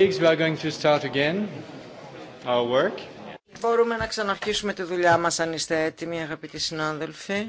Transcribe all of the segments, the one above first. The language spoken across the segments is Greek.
We Μπορούμε να ξαναρχίσουμε τη δουλειά μας αν είστε έτοιμοι αγαπητοί συνάδελφοι.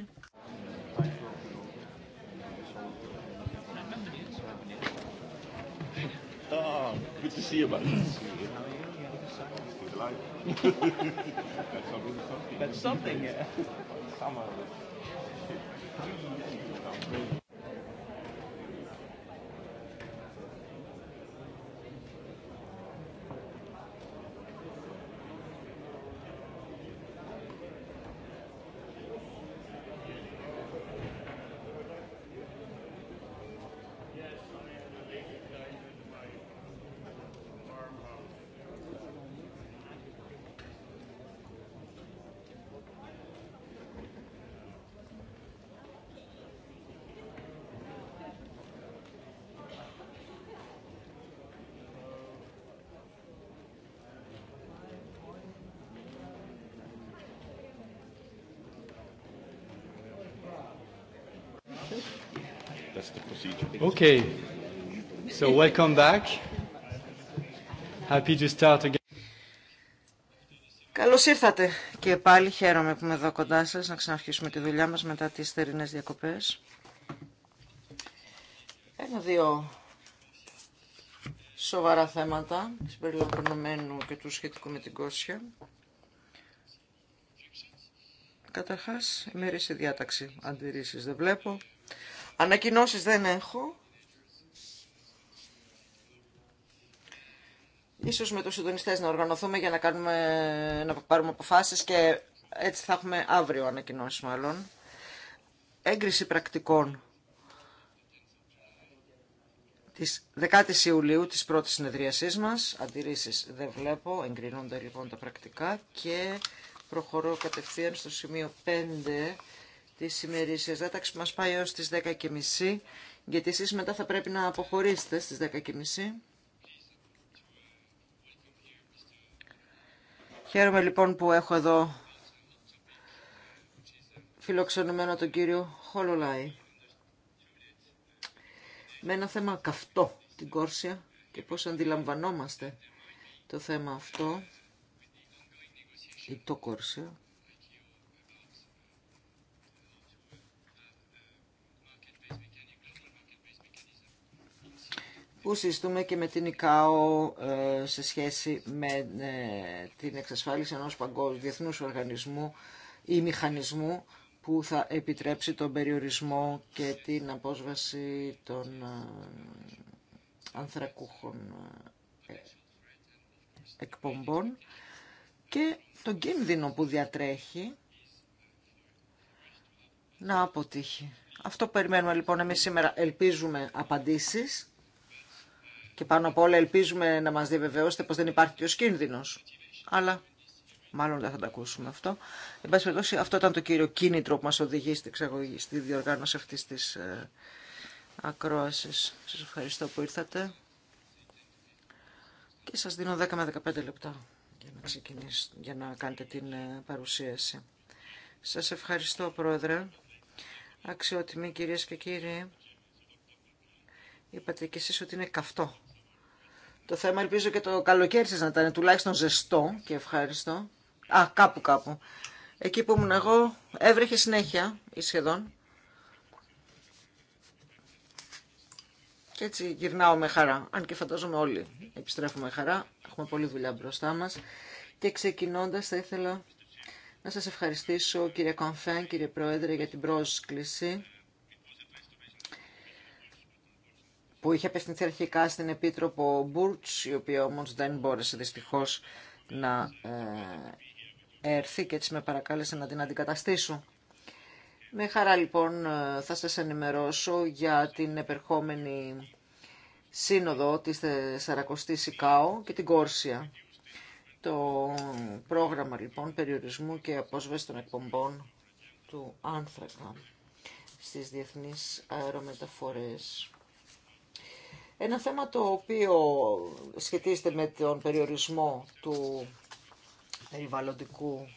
Okay. So welcome back. Happy to start again. Καλώς ήρθατε και πάλι χαίρομαι που είμαι εδώ κοντά σας να ξαναρχίσουμε τη δουλειά μας μετά τις θερινές διακοπές. Ένα-δύο σοβαρά θέματα συμπεριλαμβανομένου και του σχετικού με την Κόσια. Καταρχάς, σε διάταξη. Αντιρρήσεις δεν βλέπω. Ανακοινώσεις δεν έχω. Ίσως με τους συντονιστές να οργανωθούμε για να, κάνουμε, να πάρουμε αποφάσεις και έτσι θα έχουμε αύριο ανακοινώσεις μάλλον. Έγκριση πρακτικών της 10 η Ιουλίου της πρώτης συνεδρίασής μας. Αντιρρήσεις δεν βλέπω, Εγκρινώνται λοιπόν τα πρακτικά και προχωρώ κατευθείαν στο σημείο 5 Τη ημερήσια δέταξη μα πάει έω τι 10.30 γιατί εσεί μετά θα πρέπει να αποχωρήσετε στι 10.30. Χαίρομαι λοιπόν που έχω εδώ φιλοξενούμενο τον κύριο Χολολάη με ένα θέμα καυτό την Κόρσια και πώς αντιλαμβανόμαστε το θέμα αυτό ή το Κόρσια που συζητούμε και με την ΙΚΑΟ ε, σε σχέση με ε, την εξασφάλιση ενός παγκόσμιου διεθνούς οργανισμού ή μηχανισμού που θα επιτρέψει τον περιορισμό και την απόσβαση των ε, ανθρακούχων εκπομπών και τον κίνδυνο που διατρέχει να αποτύχει. Αυτό περιμένουμε λοιπόν εμείς σήμερα ελπίζουμε απαντήσεις και πάνω απ' όλα ελπίζουμε να μας διαβεβαιώσετε πως δεν υπάρχει ο κίνδυνος. Αλλά μάλλον δεν θα τα ακούσουμε αυτό. Εν πάση περιπτώσει αυτό ήταν το κύριο κίνητρο που μας οδηγεί στη, στη διοργάνωση αυτής της ε, ακρόασης. Σας ευχαριστώ που ήρθατε. Και σας δίνω 10 με 15 λεπτά για να, ξεκινήσετε για να κάνετε την ε, παρουσίαση. Σας ευχαριστώ Πρόεδρε. Αξιότιμοι κυρίες και κύριοι, είπατε κι εσείς ότι είναι καυτό το θέμα ελπίζω και το καλοκαίρι σας να ήταν τουλάχιστον ζεστό και ευχάριστο. Α, κάπου κάπου. Εκεί που ήμουν εγώ έβρεχε συνέχεια ή σχεδόν. Και έτσι γυρνάω με χαρά. Αν και φαντάζομαι όλοι επιστρέφουμε με χαρά. Έχουμε πολλή δουλειά μπροστά μας. Και ξεκινώντας θα ήθελα να σας ευχαριστήσω κύριε Κονφέν, κύριε Πρόεδρε για την πρόσκληση που είχε απευθυνθεί αρχικά στην Επίτροπο Μπούρτς, η οποία όμως δεν μπόρεσε δυστυχώς να ε, έρθει και έτσι με παρακάλεσε να την αντικαταστήσω. Με χαρά λοιπόν ε, θα σας ενημερώσω για την επερχόμενη σύνοδο της 40ης ΙΚΑΟ και την Κόρσια. Το πρόγραμμα λοιπόν περιορισμού και απόσβεση των εκπομπών του άνθρακα στις διεθνείς αερομεταφορές. Ένα θέμα το οποίο σχετίζεται με τον περιορισμό του περιβαλλοντικού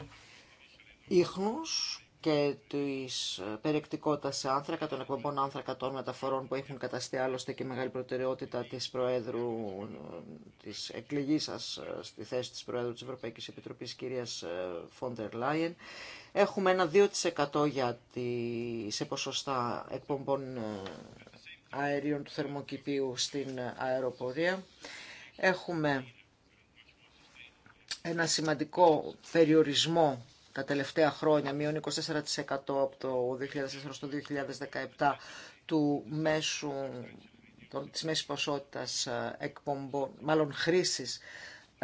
ίχνους και της περιεκτικότητας σε άνθρακα, των εκπομπών άνθρακα των μεταφορών που έχουν καταστεί άλλωστε και μεγάλη προτεραιότητα της Προέδρου, της ε, στη θέση της Προέδρου της Ευρωπαϊκής Επιτροπής, κυρίας Φόντερ Λάιεν. Έχουμε ένα 2% σε ποσοστά εκπομπών ε, αερίων του θερμοκηπίου στην αεροπορία. Έχουμε ένα σημαντικό περιορισμό τα τελευταία χρόνια, μείον 24% από το 2004 στο 2017 του μέσου, της μέσης ποσότητας ε, εκπομπών, μάλλον χρήσης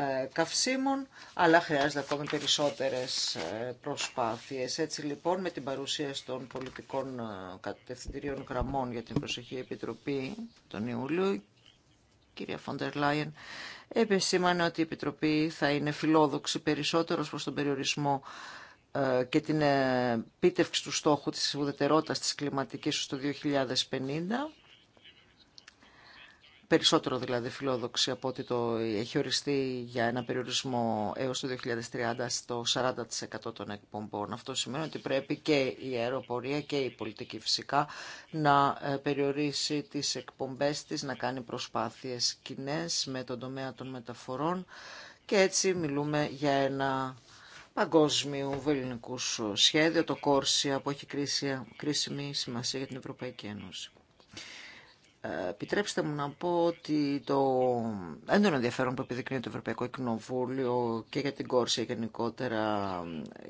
ε, καυσίμων, αλλά χρειάζεται ακόμη περισσότερες ε, προσπάθειες. Έτσι λοιπόν με την παρουσίαση των πολιτικών ε, κατευθυντηρίων γραμμών για την προσοχή επιτροπή τον Ιούλιο, η κυρία Φόντερ Λάιεν επεσήμανε ότι η επιτροπή θα είναι φιλόδοξη περισσότερο προς τον περιορισμό και την επίτευξη του στόχου της ουδετερότητας της κλιματικής στο 2050 περισσότερο δηλαδή φιλόδοξη από ότι το έχει οριστεί για ένα περιορισμό έως το 2030 στο 40% των εκπομπών. Αυτό σημαίνει ότι πρέπει και η αεροπορία και η πολιτική φυσικά να ε, περιορίσει τις εκπομπές της, να κάνει προσπάθειες κοινέ με τον τομέα των μεταφορών και έτσι μιλούμε για ένα παγκόσμιο βεληνικού σχέδιο, το Κόρσια, που έχει κρίσιμη σημασία για την Ευρωπαϊκή Ένωση. Επιτρέψτε μου να πω ότι το έντονο ενδιαφέρον που επιδεικνύει το Ευρωπαϊκό Κοινοβούλιο και για την Κόρσια γενικότερα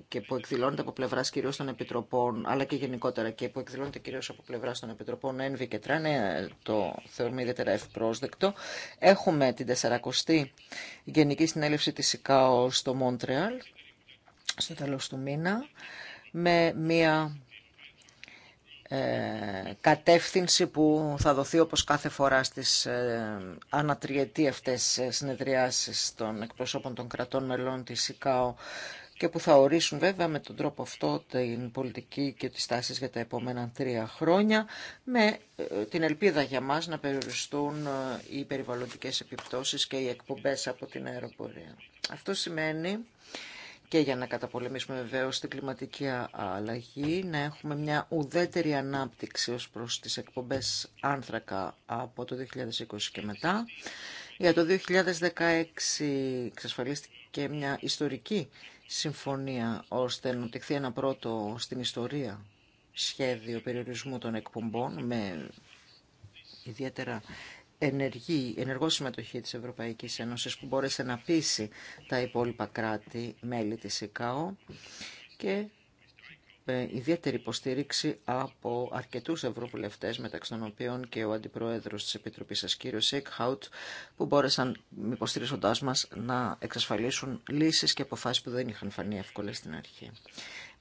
και που εκδηλώνεται από πλευρά κυρίω των Επιτροπών, αλλά και γενικότερα και που εκδηλώνεται κυρίω από πλευρά των Επιτροπών ΕΝΒΙ και ΤΡΑΝΕ, το θεωρούμε ιδιαίτερα ευπρόσδεκτο. Έχουμε την 40η Γενική Συνέλευση τη ΣΥΚΑΟ στο Μόντρεαλ στο τέλο του μήνα με μια ε, κατεύθυνση που θα δοθεί όπως κάθε φορά στις ε, ανατριετή αυτές συνεδριάσεις των εκπροσώπων των κρατών μελών της ΙΚΑΟ και που θα ορίσουν βέβαια με τον τρόπο αυτό την πολιτική και τις τάσεις για τα επόμενα τρία χρόνια με ε, την ελπίδα για μας να περιοριστούν οι περιβαλλοντικές επιπτώσεις και οι εκπομπές από την αεροπορία. Αυτό σημαίνει και για να καταπολεμήσουμε βεβαίως την κλιματική αλλαγή, να έχουμε μια ουδέτερη ανάπτυξη ως προς τις εκπομπές άνθρακα από το 2020 και μετά. Για το 2016 εξασφαλίστηκε μια ιστορική συμφωνία ώστε να τεχθεί ένα πρώτο στην ιστορία σχέδιο περιορισμού των εκπομπών με ιδιαίτερα ενεργή, ενεργό συμμετοχή της Ευρωπαϊκής Ένωσης που μπόρεσε να πείσει τα υπόλοιπα κράτη μέλη της ΕΚΑΟ και ε, ιδιαίτερη υποστήριξη από αρκετούς ευρωβουλευτές μεταξύ των οποίων και ο Αντιπρόεδρος της Επιτροπής σας κύριος Σίκχαουτ που μπόρεσαν υποστήριζοντάς μας να εξασφαλίσουν λύσεις και αποφάσεις που δεν είχαν φανεί εύκολες στην αρχή.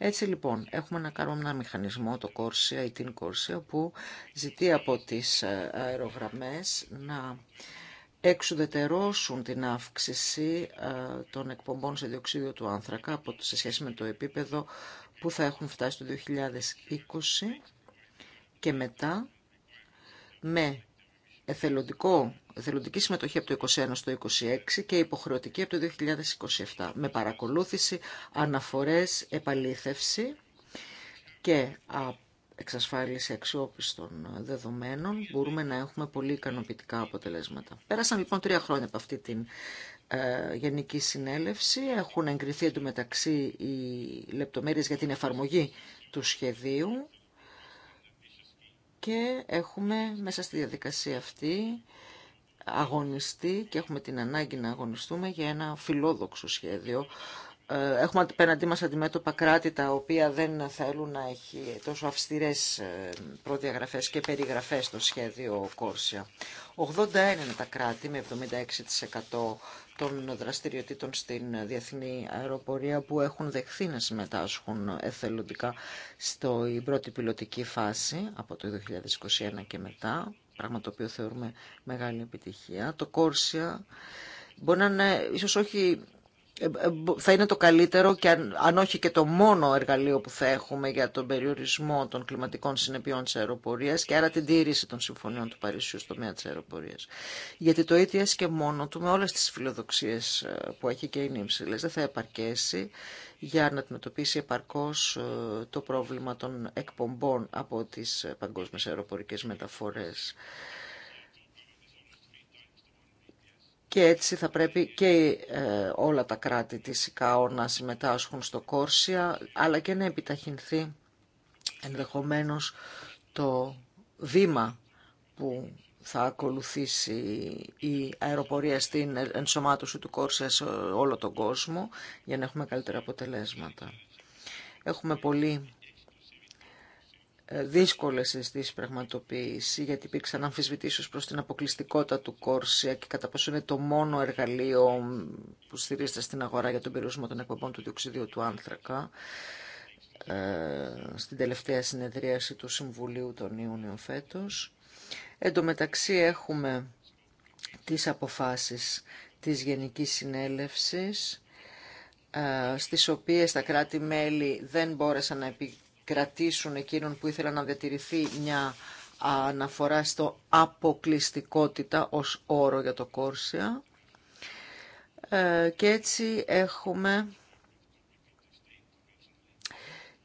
Έτσι λοιπόν έχουμε να κάνουμε ένα μηχανισμό, το Corsia ή την Corsia, που ζητεί από τις ε, αερογραμμές να εξουδετερώσουν την αύξηση ε, των εκπομπών σε διοξίδιο του άνθρακα από, σε σχέση με το επίπεδο που θα έχουν φτάσει το 2020 και μετά με εθελοντικό, εθελοντική συμμετοχή από το 2021 στο 2026 και υποχρεωτική από το 2027 με παρακολούθηση, αναφορές, επαλήθευση και εξασφάλιση αξιόπιστων δεδομένων μπορούμε να έχουμε πολύ ικανοποιητικά αποτελέσματα. Πέρασαν λοιπόν τρία χρόνια από αυτή την ε, Γενική Συνέλευση. Έχουν εγκριθεί εντωμεταξύ οι λεπτομέρειες για την εφαρμογή του σχεδίου και έχουμε μέσα στη διαδικασία αυτή αγωνιστεί και έχουμε την ανάγκη να αγωνιστούμε για ένα φιλόδοξο σχέδιο. Ε, έχουμε απέναντί μας αντιμέτωπα κράτη τα οποία δεν θέλουν να έχει τόσο αυστηρές ε, προδιαγραφές και περιγραφές στο σχέδιο Κόρσια. 81 είναι τα κράτη με 76% των δραστηριοτήτων στην διεθνή αεροπορία που έχουν δεχθεί να συμμετάσχουν εθελοντικά στην πρώτη πιλωτική φάση από το 2021 και μετά, πράγμα το οποίο θεωρούμε μεγάλη επιτυχία. Το Κόρσια μπορεί να είναι ίσως όχι ε, ε, θα είναι το καλύτερο και αν, όχι και το μόνο εργαλείο που θα έχουμε για τον περιορισμό των κλιματικών συνεπειών της αεροπορίας και άρα την τήρηση των συμφωνιών του Παρισιού στο τομέα της αεροπορίας. Γιατί το ETS και μόνο του με όλες τις φιλοδοξίες ε, που έχει και είναι υψηλές δεν θα επαρκέσει για να αντιμετωπίσει επαρκώς το πρόβλημα των εκπομπών από τις παγκόσμιες αεροπορικές μεταφορές και έτσι θα πρέπει και ε, όλα τα κράτη της ΙΚΑΟ να συμμετάσχουν στο Κόρσια, αλλά και να επιταχυνθεί ενδεχομένως το βήμα που θα ακολουθήσει η αεροπορία στην ενσωμάτωση του Κόρσια σε όλο τον κόσμο για να έχουμε καλύτερα αποτελέσματα. Έχουμε πολύ δύσκολες αισθήσει πραγματοποίηση, γιατί υπήρξαν αμφισβητήσει προς την αποκλειστικότητα του Κόρσια και κατά πόσο είναι το μόνο εργαλείο που στηρίζεται στην αγορά για τον περιορισμό των εκπομπών του διοξιδίου του άνθρακα ε, στην τελευταία συνεδρίαση του Συμβουλίου τον Ιούνιο φέτος. Εν τω μεταξύ έχουμε τις αποφάσεις της Γενικής Συνέλευσης, ε, στις οποίες τα κράτη-μέλη δεν μπόρεσαν να επικοινωνήσουν κρατήσουν εκείνων που ήθελαν να διατηρηθεί μια αναφορά στο αποκλειστικότητα ως όρο για το Κόρσια. Ε, και έτσι έχουμε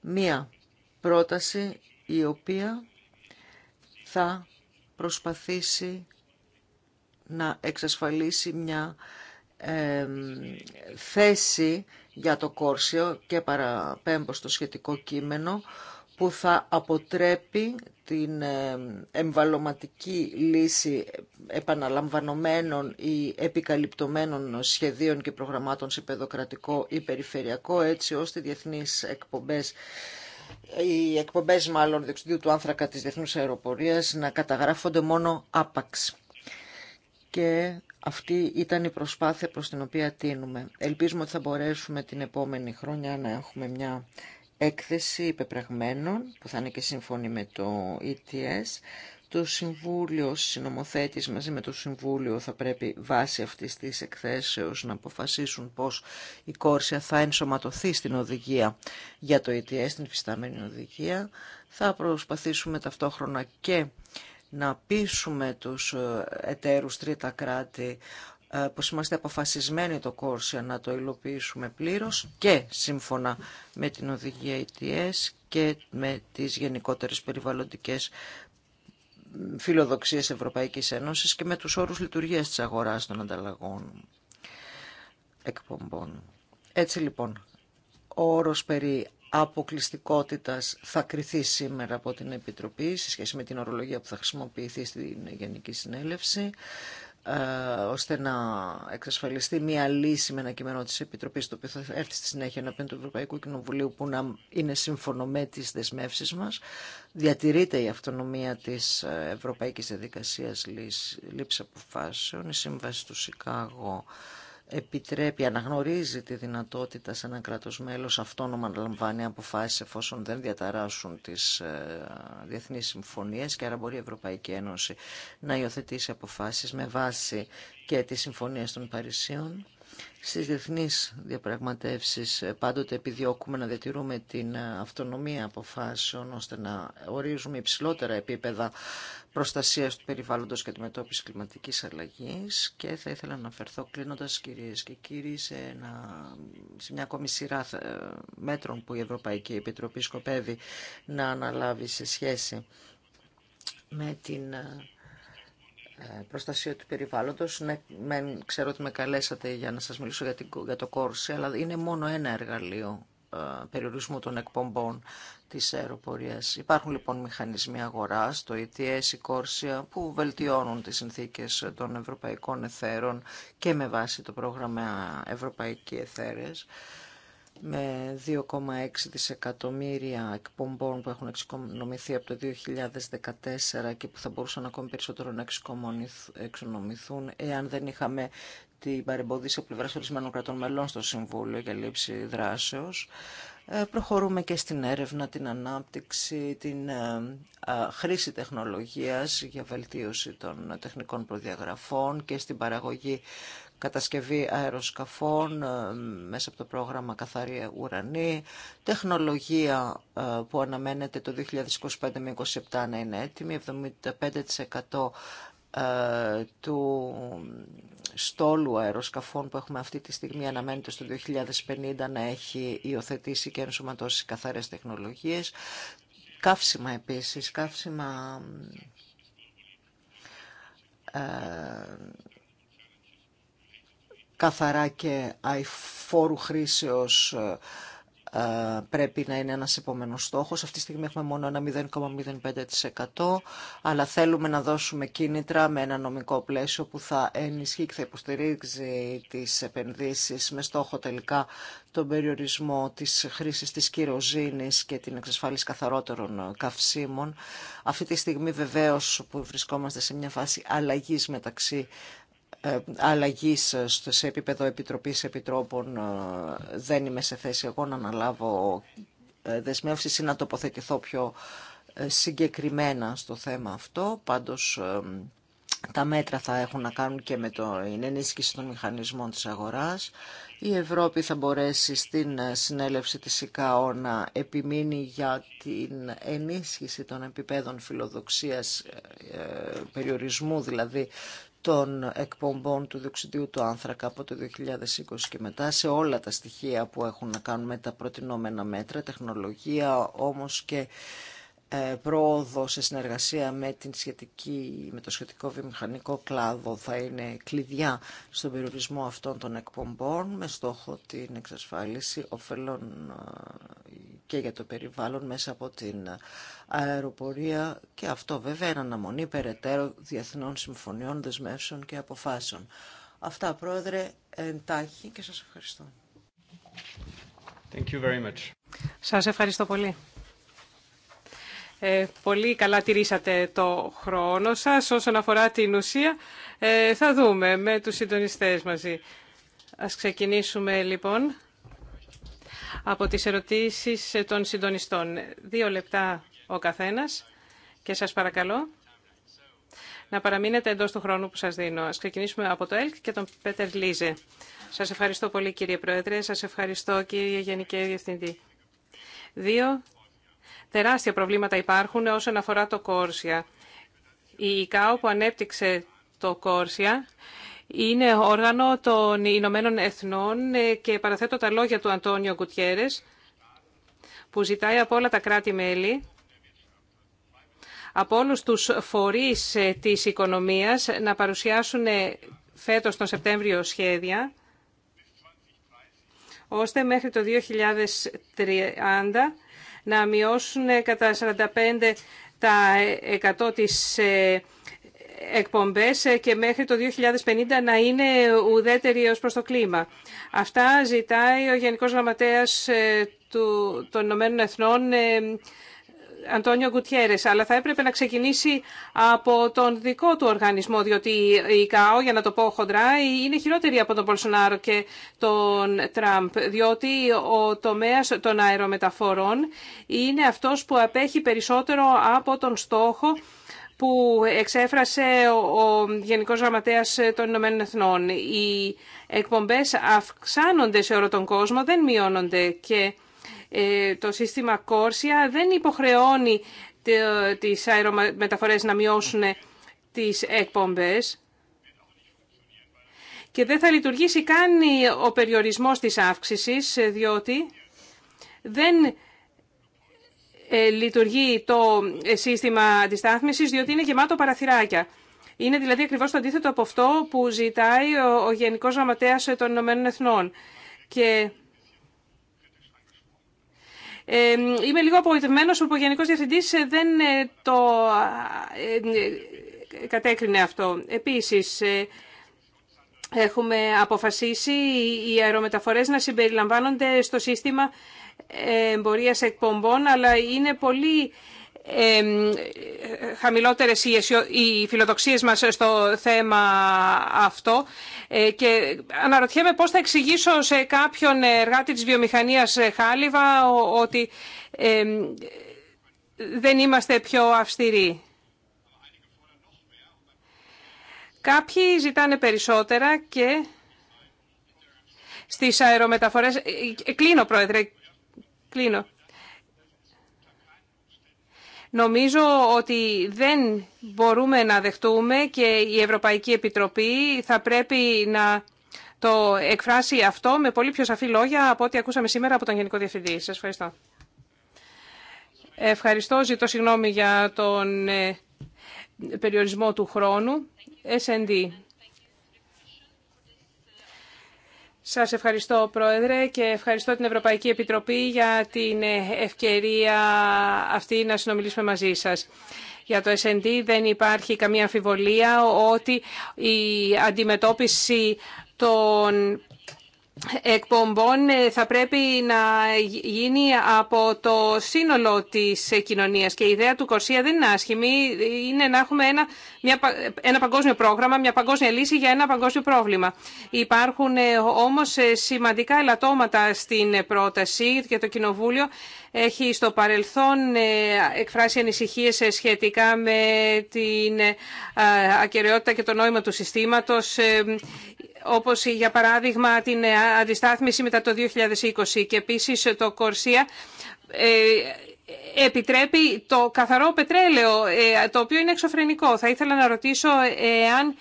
μία πρόταση η οποία θα προσπαθήσει να εξασφαλίσει μια ε, θέση για το Κόρσιο και παραπέμπω στο σχετικό κείμενο που θα αποτρέπει την ε, εμβαλωματική λύση επαναλαμβανομένων ή επικαλυπτωμένων σχεδίων και προγραμμάτων σε παιδοκρατικό ή περιφερειακό, έτσι ώστε διεθνείς εκπομπές οι εκπομπές μάλλον του άνθρακα της Διεθνούς Αεροπορίας να καταγράφονται μόνο άπαξ. Και αυτή ήταν η προσπάθεια προς την οποία τίνουμε. Ελπίζουμε ότι θα μπορέσουμε την επόμενη χρονιά να έχουμε μια έκθεση υπεπραγμένων που θα είναι και σύμφωνη με το ETS. Το Συμβούλιο Συνομοθέτης μαζί με το Συμβούλιο θα πρέπει βάσει αυτής της εκθέσεως να αποφασίσουν πώς η Κόρσια θα ενσωματωθεί στην οδηγία για το ETS, την φυστάμενη οδηγία. Θα προσπαθήσουμε ταυτόχρονα και να πείσουμε τους ε, εταίρους τρίτα κράτη ε, πως είμαστε αποφασισμένοι το Κόρσια να το υλοποιήσουμε πλήρως και σύμφωνα με την οδηγία ETS ε και με τις γενικότερες περιβαλλοντικές φιλοδοξίες Ευρωπαϊκής Ένωσης και με τους όρους λειτουργίας της αγοράς των ανταλλαγών εκπομπών. Έτσι λοιπόν, ο όρος περί αποκλειστικότητα θα κριθεί σήμερα από την Επιτροπή σε σχέση με την ορολογία που θα χρησιμοποιηθεί στην Γενική Συνέλευση ε, ώστε να εξασφαλιστεί μια λύση με ένα κείμενο της Επιτροπής το οποίο θα έρθει στη συνέχεια πει του Ευρωπαϊκού Κοινοβουλίου που να είναι σύμφωνο με τις δεσμεύσεις μας. Διατηρείται η αυτονομία της ε, Ευρωπαϊκής Διαδικασίας Λήψη Αποφάσεων, η Σύμβαση του Σικάγο επιτρέπει, αναγνωρίζει τη δυνατότητα σε ένα κράτος μέλος αυτόνομα να λαμβάνει αποφάσεις εφόσον δεν διαταράσσουν τις ε, διεθνείς συμφωνίες και άρα μπορεί η Ευρωπαϊκή Ένωση να υιοθετήσει αποφάσεις με βάση και τις συμφωνίες των Παρισίων στις διεθνείς διαπραγματεύσεις ε, πάντοτε επιδιώκουμε να διατηρούμε την ε, αυτονομία αποφάσεων ώστε να ορίζουμε υψηλότερα επίπεδα προστασίας του περιβάλλοντος και αντιμετώπιση κλιματικής αλλαγής και θα ήθελα να αναφερθώ κλείνοντας κυρίες και κύριοι σε, σε μια ακόμη σειρά ε, μέτρων που η Ευρωπαϊκή Επιτροπή σκοπεύει να αναλάβει σε σχέση με την ε, προστασία του περιβάλλοντος. Ναι, με, ξέρω ότι με καλέσατε για να σας μιλήσω για, την, το κόρση, αλλά είναι μόνο ένα εργαλείο ε, περιορισμού των εκπομπών της αεροπορίας. Υπάρχουν λοιπόν μηχανισμοί αγοράς, το ETS, ε η Κόρσια, που βελτιώνουν τις συνθήκες των ευρωπαϊκών εθέρων και με βάση το πρόγραμμα Ευρωπαϊκή Εθέρες με 2,6 δισεκατομμύρια εκπομπών που έχουν εξοικονομηθεί από το 2014 και που θα μπορούσαν ακόμη περισσότερο να εξοικονομηθούν εάν δεν είχαμε την παρεμπόδιση από πλευρά ορισμένων κρατών μελών στο Συμβούλιο για λήψη δράσεως. Ε, προχωρούμε και στην έρευνα, την ανάπτυξη, την ε, χρήση τεχνολογίας για βελτίωση των τεχνικών προδιαγραφών και στην παραγωγή κατασκευή αεροσκαφών ε, μέσα από το πρόγραμμα Καθαρή Ουρανή, τεχνολογία ε, που αναμένεται το 2025 με 27 να είναι έτοιμη, 75% ε, του στόλου αεροσκαφών που έχουμε αυτή τη στιγμή αναμένεται στο 2050 να έχει υιοθετήσει και ενσωματώσει καθαρές τεχνολογίες. Καύσιμα επίσης, καύσιμα καθαρά και αηφόρου χρήσεως ε, ε, πρέπει να είναι ένας επόμενος στόχος. Αυτή τη στιγμή έχουμε μόνο ένα 0,05% αλλά θέλουμε να δώσουμε κίνητρα με ένα νομικό πλαίσιο που θα ενισχύει και θα υποστηρίξει τις επενδύσεις με στόχο τελικά τον περιορισμό της χρήσης της κυροζήνης και την εξασφάλιση καθαρότερων καυσίμων. Αυτή τη στιγμή βεβαίως που βρισκόμαστε σε μια φάση αλλαγής μεταξύ ε, Αλλαγή σε επίπεδο επιτροπής επιτρόπων ε, δεν είμαι σε θέση εγώ να αναλάβω ε, δεσμεύσει ή να τοποθετηθώ πιο συγκεκριμένα στο θέμα αυτό. Πάντως τα μέτρα θα έχουν να κάνουν και με την ενίσχυση των μηχανισμών της αγοράς. Η Ευρώπη θα μπορέσει στην συνέλευση της ΙΚΑΟ να επιμείνει για την ενίσχυση των επιπέδων φιλοδοξίας περιορισμού, δηλαδή των εκπομπών του διοξιδίου του άνθρακα από το 2020 και μετά σε όλα τα στοιχεία που έχουν να κάνουν με τα προτινόμενα μέτρα, τεχνολογία όμως και ε, πρόοδο σε συνεργασία με, την σχετική, με το σχετικό βιομηχανικό κλάδο θα είναι κλειδιά στον περιορισμό αυτών των εκπομπών με στόχο την εξασφάλιση ωφελών ε, και για το περιβάλλον μέσα από την αεροπορία και αυτό βέβαια είναι αναμονή περαιτέρω διεθνών συμφωνιών, δεσμεύσεων και αποφάσεων. Αυτά πρόεδρε εντάχει και σας ευχαριστώ. Thank you very much. Σας ευχαριστώ πολύ. Ε, πολύ καλά τηρήσατε το χρόνο σας. Όσον αφορά την ουσία, ε, θα δούμε με τους συντονιστές μαζί. Ας ξεκινήσουμε λοιπόν από τις ερωτήσεις ε, των συντονιστών. Δύο λεπτά ο καθένας και σας παρακαλώ να παραμείνετε εντός του χρόνου που σας δίνω. Ας ξεκινήσουμε από το ΕΛΚ και τον Πέτερ Λίζε. Σας ευχαριστώ πολύ κύριε Πρόεδρε, σας ευχαριστώ κύριε Γενική Διευθυντή. Δύο τεράστια προβλήματα υπάρχουν όσον αφορά το Κόρσια. Η ΙΚΑΟ που ανέπτυξε το Κόρσια είναι όργανο των Ηνωμένων Εθνών ε, και παραθέτω τα λόγια του Αντώνιο Κουτιέρες που ζητάει από όλα τα κράτη-μέλη από όλους τους φορείς ε, της οικονομίας να παρουσιάσουν ε, φέτος τον Σεπτέμβριο σχέδια ώστε μέχρι το 2030 να μειώσουν κατά 45% τα 100 της εκπομπές ε, και μέχρι το 2050 να είναι ουδέτεροι ως προς το κλίμα. Αυτά ζητάει ο Γενικός Γραμματέας ε, των Ηνωμένων Εθνών ε, Αντώνιο Γκουτιέρες, αλλά θα έπρεπε να ξεκινήσει από τον δικό του οργανισμό, διότι η ΚΑΟ, για να το πω χοντρά, είναι χειρότερη από τον Πολσονάρο και τον Τραμπ, διότι ο τομέας των αερομεταφορών είναι αυτός που απέχει περισσότερο από τον στόχο που εξέφρασε ο Γενικός Γραμματέας των Ηνωμένων Εθνών. Οι εκπομπές αυξάνονται σε όλο τον κόσμο, δεν μειώνονται και ε, το σύστημα Κόρσια δεν υποχρεώνει τις αερομεταφορές να μειώσουν τις εκπομπές και δεν θα λειτουργήσει καν ο περιορισμός της αύξησης, διότι δεν ε, λειτουργεί το ε, σύστημα αντιστάθμισης, διότι είναι γεμάτο παραθυράκια. Είναι δηλαδή ακριβώς το αντίθετο από αυτό που ζητάει ο, ο Γενικός Γραμματέας των Ηνωμένων Εθνών. Και ε, είμαι λίγο απογοητευμένος που ο Γενικός Διευθυντής δεν το ε, κατέκρινε αυτό. Επίσης, έχουμε αποφασίσει οι αερομεταφορές να συμπεριλαμβάνονται στο σύστημα εμπορίας εκπομπών, αλλά είναι πολύ ε, χαμηλότερες οι, οι φιλοδοξίες μας στο θέμα αυτό ε, και αναρωτιέμαι πώς θα εξηγήσω σε κάποιον εργάτη της βιομηχανίας Χάλιβα ότι δεν είμαστε πιο αυστηροί. Κάποιοι ζητάνε περισσότερα και στις αερομεταφορές... Ε, κλείνω, Πρόεδρε. Κλείνω. Νομίζω ότι δεν μπορούμε να δεχτούμε και η Ευρωπαϊκή Επιτροπή θα πρέπει να το εκφράσει αυτό με πολύ πιο σαφή λόγια από ό,τι ακούσαμε σήμερα από τον Γενικό Διευθυντή. Σας ευχαριστώ. Ευχαριστώ. Ζητώ συγγνώμη για τον ε, περιορισμό του χρόνου. SND. Σας ευχαριστώ, Πρόεδρε, και ευχαριστώ την Ευρωπαϊκή Επιτροπή για την ευκαιρία αυτή να συνομιλήσουμε μαζί σας. Για το S&D δεν υπάρχει καμία αμφιβολία ότι η αντιμετώπιση των εκπομπών ε, θα πρέπει να γίνει από το σύνολο της κοινωνίας και η ιδέα του Κορσία δεν είναι άσχημη, είναι να έχουμε ένα, μια, ένα παγκόσμιο πρόγραμμα, μια παγκόσμια λύση για ένα παγκόσμιο πρόβλημα. Υπάρχουν ε, όμως ε, σημαντικά ελαττώματα στην πρόταση για το Κοινοβούλιο έχει στο παρελθόν εκφράσει ανησυχίες σχετικά με την ακεραιότητα και το νόημα του συστήματος όπως για παράδειγμα την ε, αντιστάθμιση μετά το 2020 και επίσης το Κορσία ε, επιτρέπει το καθαρό πετρέλαιο, ε, το οποίο είναι εξωφρενικό. Θα ήθελα να ρωτήσω αν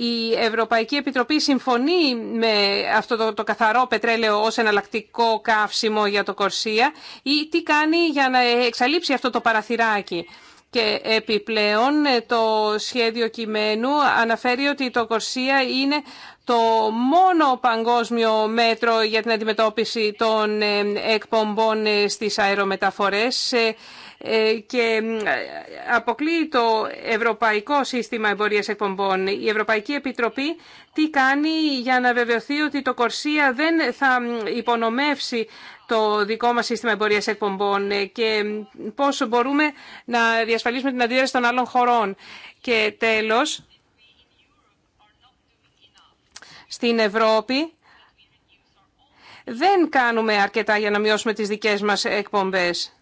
η Ευρωπαϊκή Επιτροπή συμφωνεί με αυτό το, καθαρό πετρέλαιο ως εναλλακτικό καύσιμο για το Κορσία ή τι κάνει για να εξαλείψει αυτό το παραθυράκι. Και επιπλέον το σχέδιο κειμένου αναφέρει ότι το Κορσία είναι το μόνο παγκόσμιο μέτρο για την αντιμετώπιση των ε, εκπομπών ε, στις αερομεταφορές ε, και αποκλείει το Ευρωπαϊκό Σύστημα Εμπορίας Εκπομπών. Η Ευρωπαϊκή Επιτροπή τι κάνει για να βεβαιωθεί ότι το Κορσία δεν θα υπονομεύσει το δικό μας σύστημα εμπορίας εκπομπών και πώς μπορούμε να διασφαλίσουμε την αντίδραση των άλλων χωρών. Και τέλος, στην Ευρώπη δεν κάνουμε αρκετά για να μειώσουμε τις δικές μας εκπομπές.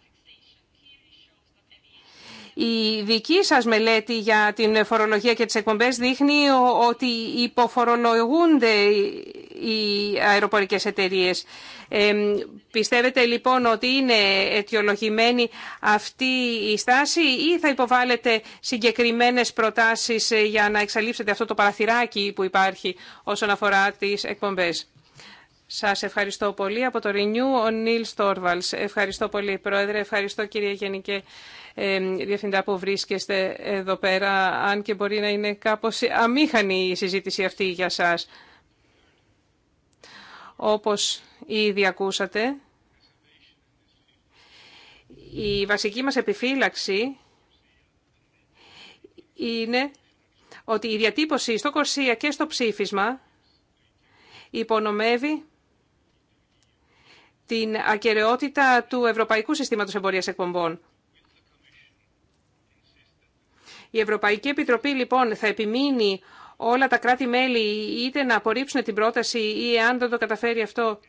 Η δική σας μελέτη για την φορολογία και τις εκπομπές δείχνει ότι υποφορολογούνται οι αεροπορικές εταιρείες. Ε, πιστεύετε λοιπόν ότι είναι αιτιολογημένη αυτή η στάση ή θα υποβάλλετε συγκεκριμένες προτάσεις για να εξαλείψετε αυτό το παραθυράκι που υπάρχει όσον αφορά τις εκπομπές. Σας ευχαριστώ πολύ. Από το Renew, ο Νίλ Στόρβαλς. Ευχαριστώ πολύ, Πρόεδρε. Ευχαριστώ, κύριε Γενικέ Διευθυντά που βρίσκεστε εδώ πέρα, αν και μπορεί να είναι κάπως αμήχανη η συζήτηση αυτή για σας. Όπως ήδη ακούσατε, η βασική μας επιφύλαξη είναι ότι η διατύπωση στο Κορσία και στο ψήφισμα υπονομεύει την ακαιρεότητα του Ευρωπαϊκού Συστήματος Εμπορίας Εκπομπών. Η Ευρωπαϊκή Επιτροπή λοιπόν θα επιμείνει όλα τα κράτη-μέλη είτε να απορρίψουν την πρόταση ή αν δεν το καταφέρει αυτό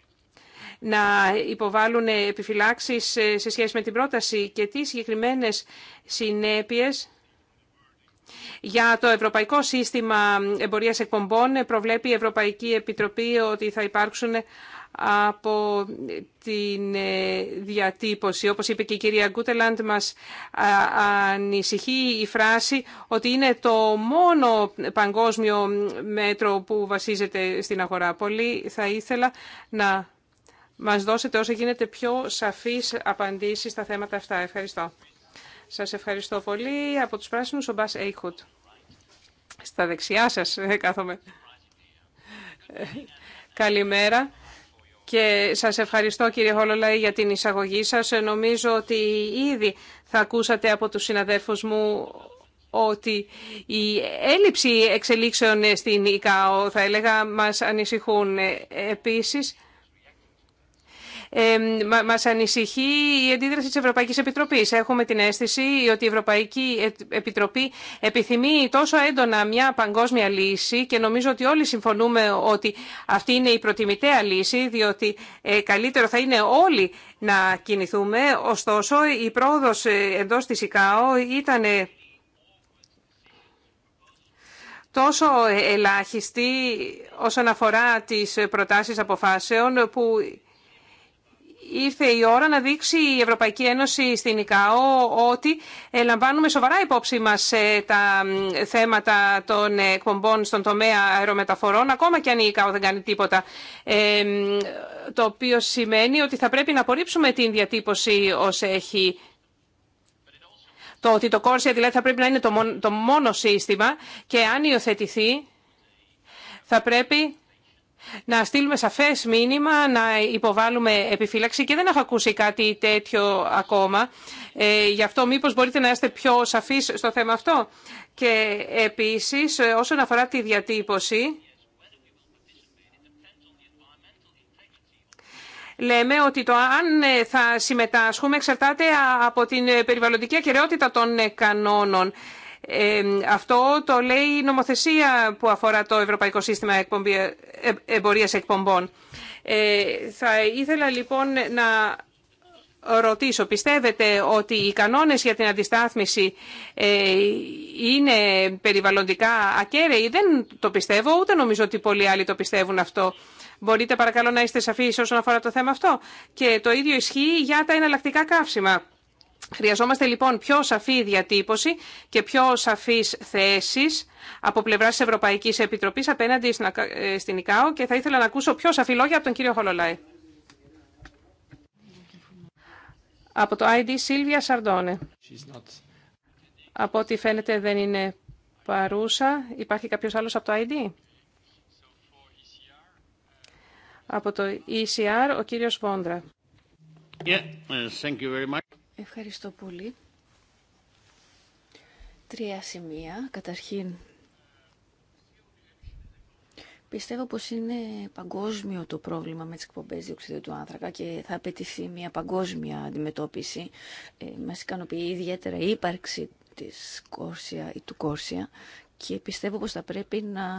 να υποβάλουν επιφυλάξεις ε, σε σχέση με την πρόταση και τι συγκεκριμένες συνέπειες για το Ευρωπαϊκό Σύστημα Εμπορίας Εκπομπών προβλέπει η Ευρωπαϊκή Επιτροπή ότι θα υπάρξουν από την ε, διατύπωση. Όπως είπε και η κυρία Γκούτελαντ, μας ανησυχεί η φράση ότι είναι το μόνο παγκόσμιο μέτρο που βασίζεται στην αγορά. Πολύ θα ήθελα να μας δώσετε όσο γίνεται πιο σαφείς απαντήσεις στα θέματα αυτά. Ευχαριστώ. Σας ευχαριστώ πολύ. Από τους πράσινους, ο Μπάς Έιχουτ. Στα δεξιά σας ε, κάθομαι. Ε, καλημέρα και σας ευχαριστώ κύριε Χολολαή για την εισαγωγή σας. Νομίζω ότι ήδη θα ακούσατε από τους συναδέλφους μου ότι η έλλειψη εξελίξεων στην ΙΚΑΟ θα έλεγα μας ανησυχούν επίσης μας ανησυχεί η αντίδραση της Ευρωπαϊκής Επιτροπής. Έχουμε την αίσθηση ότι η Ευρωπαϊκή Επιτροπή επιθυμεί τόσο έντονα μια παγκόσμια λύση και νομίζω ότι όλοι συμφωνούμε ότι αυτή είναι η προτιμητέα λύση, διότι ε, καλύτερο θα είναι όλοι να κινηθούμε. Ωστόσο, η πρόοδος ε, εντός της ΙΚΑΟ ήταν τόσο ε, ελάχιστη όσον αφορά τις προτάσεις αποφάσεων που ήρθε η ώρα να δείξει η Ευρωπαϊκή Ένωση στην ΙΚΑΟ ότι ε, λαμβάνουμε σοβαρά υπόψη μας ε, τα θέματα των εκπομπών στον τομέα αερομεταφορών, ακόμα και αν η ΙΚΑΟ δεν κάνει τίποτα. Ε, το οποίο σημαίνει ότι θα πρέπει να απορρίψουμε την διατύπωση ω έχει το ότι το Κόρσια δηλαδή θα πρέπει να είναι το μόνο σύστημα και αν υιοθετηθεί θα πρέπει να στείλουμε σαφές μήνυμα, να υποβάλουμε επιφύλαξη και δεν έχω ακούσει κάτι τέτοιο ακόμα. Ε, γι' αυτό μήπως μπορείτε να είστε πιο σαφείς στο θέμα αυτό. Και επίσης ε, όσον αφορά τη διατύπωση, λέμε ότι το αν ε, θα συμμετάσχουμε εξαρτάται από την περιβαλλοντική ακαιρεότητα των κανόνων αυτό το λέει η νομοθεσία που αφορά το Ευρωπαϊκό Σύστημα ε, Εμπορίας Εκπομπών. Ε, θα ήθελα λοιπόν να ρωτήσω, πιστεύετε ότι οι κανόνες για την αντιστάθμιση ε, είναι περιβαλλοντικά ακέραιοι. Δεν το πιστεύω, ούτε νομίζω ότι πολλοί άλλοι το πιστεύουν αυτό. Μπορείτε παρακαλώ να είστε σαφείς όσον αφορά το θέμα αυτό. Και το ίδιο ισχύει για τα εναλλακτικά καύσιμα. Χρειαζόμαστε λοιπόν πιο σαφή διατύπωση και πιο σαφείς θέσεις από πλευράς της Ευρωπαϊκής Επιτροπής απέναντι στην ε, ΙΚΑΟ και θα ήθελα να ακούσω πιο σαφή λόγια από τον κύριο Χολολάη. Από το ID Σίλβια Σαρντόνε. Not... Από ό,τι φαίνεται δεν είναι παρούσα. Υπάρχει κάποιος άλλος από το ID? Από το ECR, ο κύριος Βόντρα. Uh, thank Ευχαριστώ πολύ. Τρία σημεία. Καταρχήν, πιστεύω πως είναι παγκόσμιο το πρόβλημα με τις εκπομπές διοξιδίου του άνθρακα και θα απαιτηθεί μια παγκόσμια αντιμετώπιση. Ε, μας ικανοποιεί ιδιαίτερα η ύπαρξη της Κόρσια ή του Κόρσια και πιστεύω πως θα πρέπει να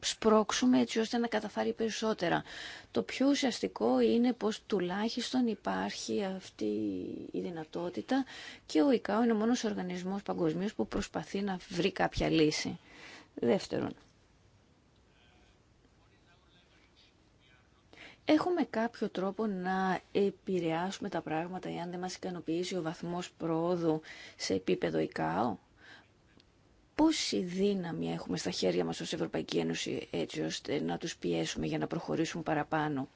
σπρώξουμε έτσι ώστε να καταφάρει περισσότερα. Το πιο ουσιαστικό είναι πως τουλάχιστον υπάρχει αυτή η δυνατότητα και ο ΙΚΑΟ είναι ο μόνος οργανισμός παγκοσμίως που προσπαθεί να βρει κάποια λύση. Δεύτερον, Έχουμε κάποιο τρόπο να επηρεάσουμε τα πράγματα εάν δεν μας ικανοποιήσει ο βαθμός πρόοδου σε επίπεδο ΙΚΑΟ πόση δύναμη έχουμε στα χέρια μας ως Ευρωπαϊκή Ένωση έτσι ώστε να τους πιέσουμε για να προχωρήσουν παραπάνω.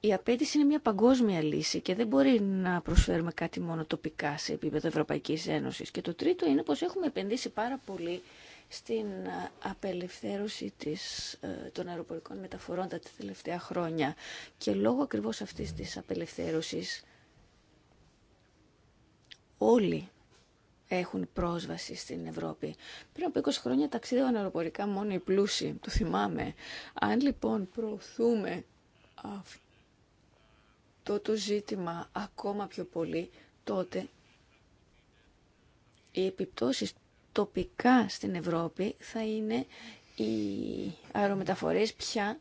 Η απέτηση είναι μια παγκόσμια λύση και δεν μπορεί να προσφέρουμε κάτι μόνο τοπικά σε επίπεδο Ευρωπαϊκής Ένωσης. Και το τρίτο είναι πως έχουμε επενδύσει πάρα πολύ στην ε, απελευθέρωση της, ε, των αεροπορικών μεταφορών τα τελευταία χρόνια. Και λόγω ακριβώς αυτής της απελευθέρωσης όλοι έχουν πρόσβαση στην Ευρώπη. Πριν από 20 χρόνια ταξίδευαν αεροπορικά μόνο οι πλούσιοι, το θυμάμαι. Αν λοιπόν προωθούμε αυτό το ζήτημα ακόμα πιο πολύ, τότε οι επιπτώσεις τοπικά στην Ευρώπη θα είναι οι αερομεταφορές πια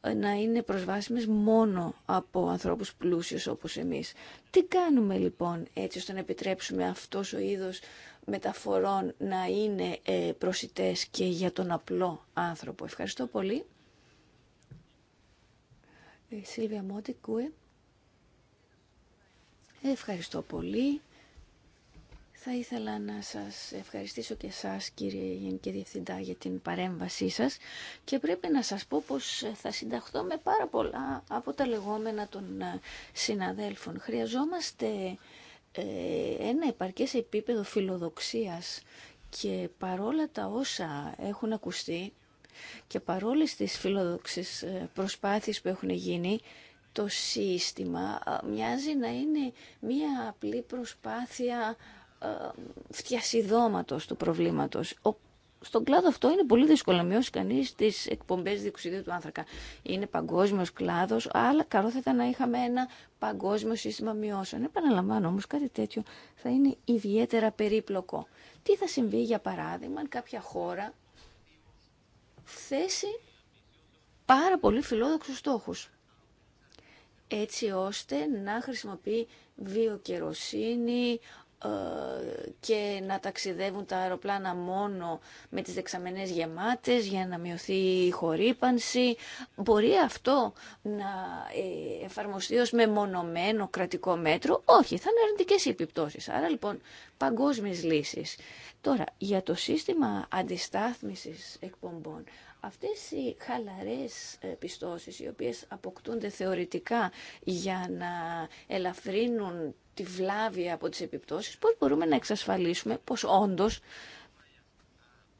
ε, να είναι προσβάσιμες μόνο από ανθρώπους πλούσιους όπως εμείς. Τι κάνουμε λοιπόν έτσι ώστε να επιτρέψουμε αυτός ο είδος μεταφορών να είναι ε, προσιτές και για τον απλό άνθρωπο. Ευχαριστώ πολύ. Ε, Σίλβια Ευχαριστώ πολύ. Θα ήθελα να σας ευχαριστήσω και εσάς κύριε Γενική Διευθυντά για την παρέμβασή σας και πρέπει να σας πω πως θα συνταχθώ με πάρα πολλά από τα λεγόμενα των ε, συναδέλφων. Χρειαζόμαστε ε, ένα επαρκές επίπεδο φιλοδοξίας και παρόλα τα όσα έχουν ακουστεί και παρόλες τις φιλοδοξίες ε, προσπάθειες που έχουν γίνει το σύστημα μοιάζει να είναι μία απλή προσπάθεια ε, φτιασιδώματος του προβλήματος. Ο στον κλάδο αυτό είναι πολύ δύσκολο να μειώσει κανεί τι εκπομπέ διοξιδίου του άνθρακα. Είναι παγκόσμιο κλάδο, αλλά καλό θα ήταν να είχαμε ένα παγκόσμιο σύστημα μειώσεων. Επαναλαμβάνω όμω, κάτι τέτοιο θα είναι ιδιαίτερα περίπλοκο. Τι θα συμβεί, για παράδειγμα, αν κάποια χώρα θέσει πάρα πολύ φιλόδοξους στόχους έτσι ώστε να χρησιμοποιεί βιοκεροσύνη, ε, και να ταξιδεύουν τα αεροπλάνα μόνο με τις δεξαμενές γεμάτες για να μειωθεί η χορύπανση. Μπορεί αυτό να ε, εφαρμοστεί ως μεμονωμένο κρατικό μέτρο. Όχι, θα είναι αρνητικές οι επιπτώσεις. Άρα λοιπόν παγκόσμιες λύσεις. Τώρα, για το σύστημα αντιστάθμισης εκπομπών, αυτές οι χαλαρές ε, πιστώσεις οι οποίες αποκτούνται θεωρητικά για να ελαφρύνουν τη βλάβη από τις επιπτώσεις, πώς μπορούμε να εξασφαλίσουμε πως όντως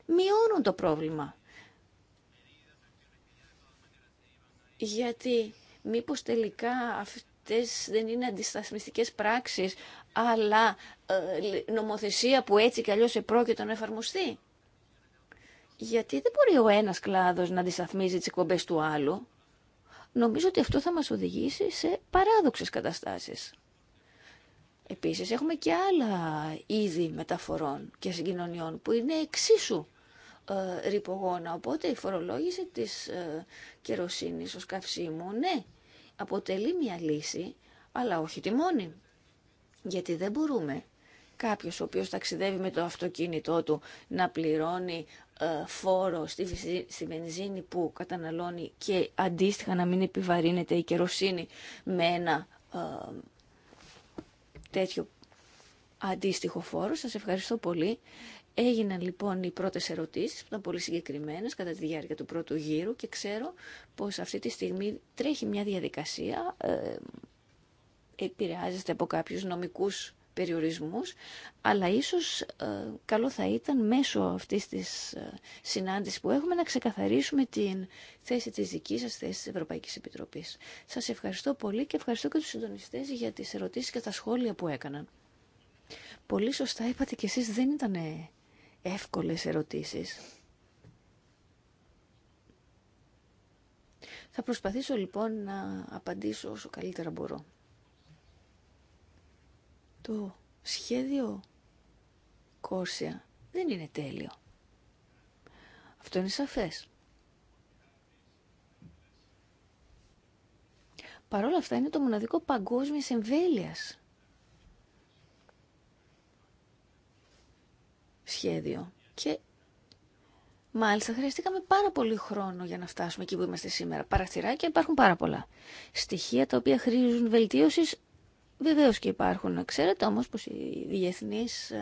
μειώνουν το πρόβλημα. Γιατί μήπως τελικά αυτές δεν είναι αντισταθμιστικές πράξεις, αλλά ε, νομοθεσία που έτσι κι αλλιώς επρόκειτο να εφαρμοστεί. Γιατί δεν μπορεί αλλα νομοθεσια ένας κλάδος να αντισταθμίζει τις εκπομπές του άλλου. Νομίζω ότι αυτό θα μας οδηγήσει σε παράδοξες καταστάσεις. Επίσης έχουμε και άλλα είδη μεταφορών και συγκοινωνιών που είναι εξίσου ε, ρηπογόνα. Οπότε η φορολόγηση της ε, κεροσύνης ως καυσίμου, ναι, αποτελεί μια λύση, αλλά όχι τη μόνη. Γιατί δεν μπορούμε κάποιος ο οποίος ταξιδεύει με το αυτοκίνητό του να πληρώνει ε, φόρο στη, στη βενζίνη που καταναλώνει και αντίστοιχα να μην επιβαρύνεται η κεροσύνη με ένα ε, τέτοιο αντίστοιχο φόρο. Σας ευχαριστώ πολύ. Έγιναν λοιπόν οι πρώτες ερωτήσεις που ήταν πολύ συγκεκριμένες κατά τη διάρκεια του πρώτου γύρου και ξέρω πως αυτή τη στιγμή τρέχει μια διαδικασία, ε, επηρεάζεται από κάποιους νομικούς περιορισμούς, αλλά ίσως ε, καλό θα ήταν μέσω αυτής της ε, συνάντησης που έχουμε να ξεκαθαρίσουμε την θέση της δικής σας, θέσης της Ευρωπαϊκής Επιτροπής. Σας ευχαριστώ πολύ και ευχαριστώ και τους συντονιστές για τις ερωτήσεις και τα σχόλια που έκαναν. Πολύ σωστά είπατε κι εσείς δεν ήταν εύκολες ερωτήσεις. Θα προσπαθήσω λοιπόν να απαντήσω όσο καλύτερα μπορώ. Το σχέδιο Κόρσια δεν είναι τέλειο. Αυτό είναι σαφές. Παρ' όλα αυτά είναι το μοναδικό παγκόσμιο εμβέλειας σχέδιο. Και μάλιστα χρειαστήκαμε πάρα πολύ χρόνο για να φτάσουμε εκεί που είμαστε σήμερα. Παραθυράκια υπάρχουν πάρα πολλά. Στοιχεία τα οποία χρήζουν βελτίωσης Βεβαίω και υπάρχουν. Ξέρετε όμως πως οι διεθνεί ε,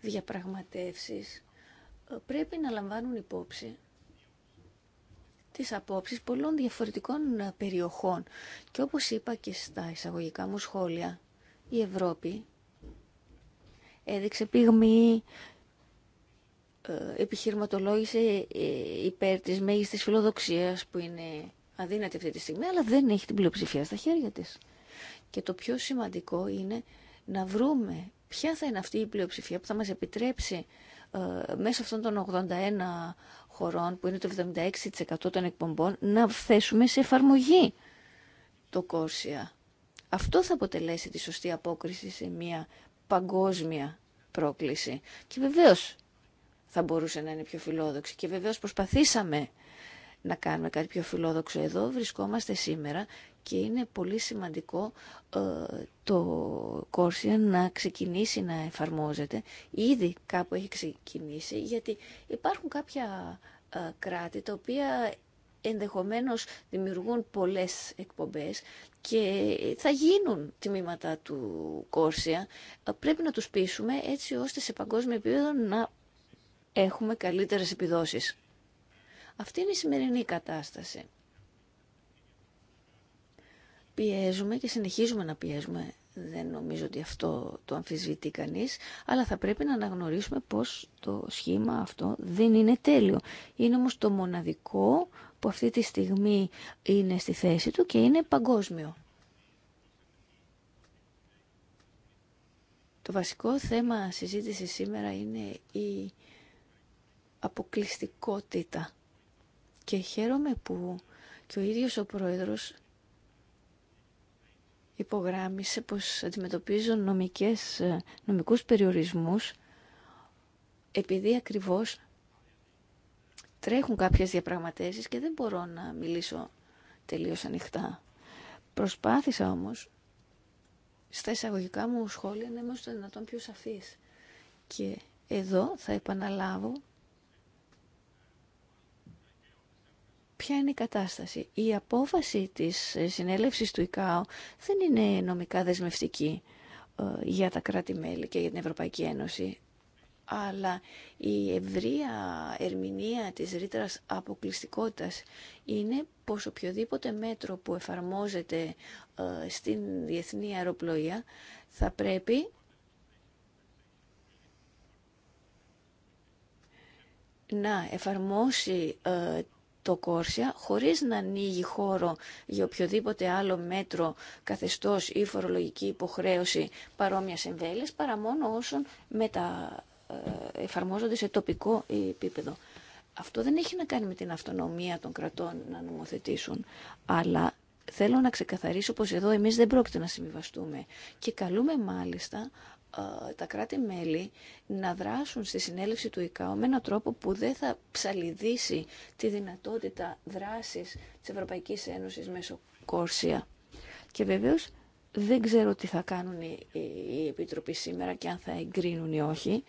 διαπραγματεύσει ε, πρέπει να λαμβάνουν υπόψη τις απόψεις πολλών διαφορετικών ε, περιοχών. Και όπως είπα και στα εισαγωγικά μου σχόλια, η Ευρώπη έδειξε πυγμή, επιχειρηματολόγησε υπέρ της μέγιστης φιλοδοξίας που είναι αδύνατη αυτή τη στιγμή, αλλά δεν έχει την πλειοψηφία στα χέρια της. Και το πιο σημαντικό είναι να βρούμε ποια θα είναι αυτή η πλειοψηφία που θα μας επιτρέψει ε, μέσα αυτών των 81 χωρών, που είναι το 76% των εκπομπών, να θέσουμε σε εφαρμογή το Κόρσια. Αυτό θα αποτελέσει τη σωστή απόκριση σε μια παγκόσμια πρόκληση. Και βεβαίως θα μπορούσε να είναι πιο φιλόδοξη. Και βεβαίως προσπαθήσαμε να κάνουμε κάτι πιο φιλόδοξο εδώ. Βρισκόμαστε σήμερα και είναι πολύ σημαντικό ε, το Κόρσια να ξεκινήσει να εφαρμόζεται. Ήδη κάπου έχει ξεκινήσει γιατί υπάρχουν κάποια ε, κράτη τα οποία ενδεχομένως δημιουργούν πολλές εκπομπές και θα γίνουν τμήματα του Κόρσια. Ε, πρέπει να τους πείσουμε έτσι ώστε σε παγκόσμιο επίπεδο να έχουμε καλύτερες επιδόσεις. Αυτή είναι η σημερινή κατάσταση. Πιέζουμε και συνεχίζουμε να πιέζουμε. Δεν νομίζω ότι αυτό το αμφισβητεί κανείς, αλλά θα πρέπει να αναγνωρίσουμε πως το σχήμα αυτό δεν είναι τέλειο. Είναι όμως το μοναδικό που αυτή τη στιγμή είναι στη θέση του και είναι παγκόσμιο. Το βασικό θέμα συζήτησης σήμερα είναι η αποκλειστικότητα. Και χαίρομαι που και ο ίδιος ο Πρόεδρος υπογράμμισε πως αντιμετωπίζουν νομικές, ε, νομικούς περιορισμούς επειδή ακριβώς τρέχουν κάποιες διαπραγματεύσεις και δεν μπορώ να μιλήσω τελείως ανοιχτά. Προσπάθησα όμως στα εισαγωγικά μου σχόλια να στο δυνατόν πιο σαφής Και εδώ θα επαναλάβω ποια είναι η κατάσταση. Η απόφαση της ε, συνέλευσης του ΙΚΑΟ δεν είναι νομικά δεσμευτική ε, για τα κράτη-μέλη και για την Ευρωπαϊκή Ένωση αλλά η ευρεία ερμηνεία της ρήτρα αποκλειστικότητας είναι πως οποιοδήποτε μέτρο που εφαρμόζεται ε, στην διεθνή αεροπλοεία θα πρέπει να εφαρμόσει το Κόρσια χωρίς να ανοίγει χώρο για οποιοδήποτε άλλο μέτρο, καθεστώς ή φορολογική υποχρέωση παρόμοια εμβέλειας παρά μόνο όσων μετα... Ε, εφαρμόζονται σε τοπικό επίπεδο. Αυτό δεν έχει να κάνει με την αυτονομία των κρατών να νομοθετήσουν, αλλά θέλω να ξεκαθαρίσω πως εδώ εμείς δεν πρόκειται να συμβιβαστούμε και καλούμε μάλιστα ε, τα κράτη-μέλη να δράσουν στη συνέλευση του ΙΚΑΟ με έναν τρόπο που δεν θα ψαλιδίσει τη δυνατότητα δράσης της Ευρωπαϊκής Ένωσης μέσω Κόρσια. Και βεβαίως δεν ξέρω τι θα κάνουν οι Επιτροποί σήμερα και αν θα εγκρίνουν ή όχι,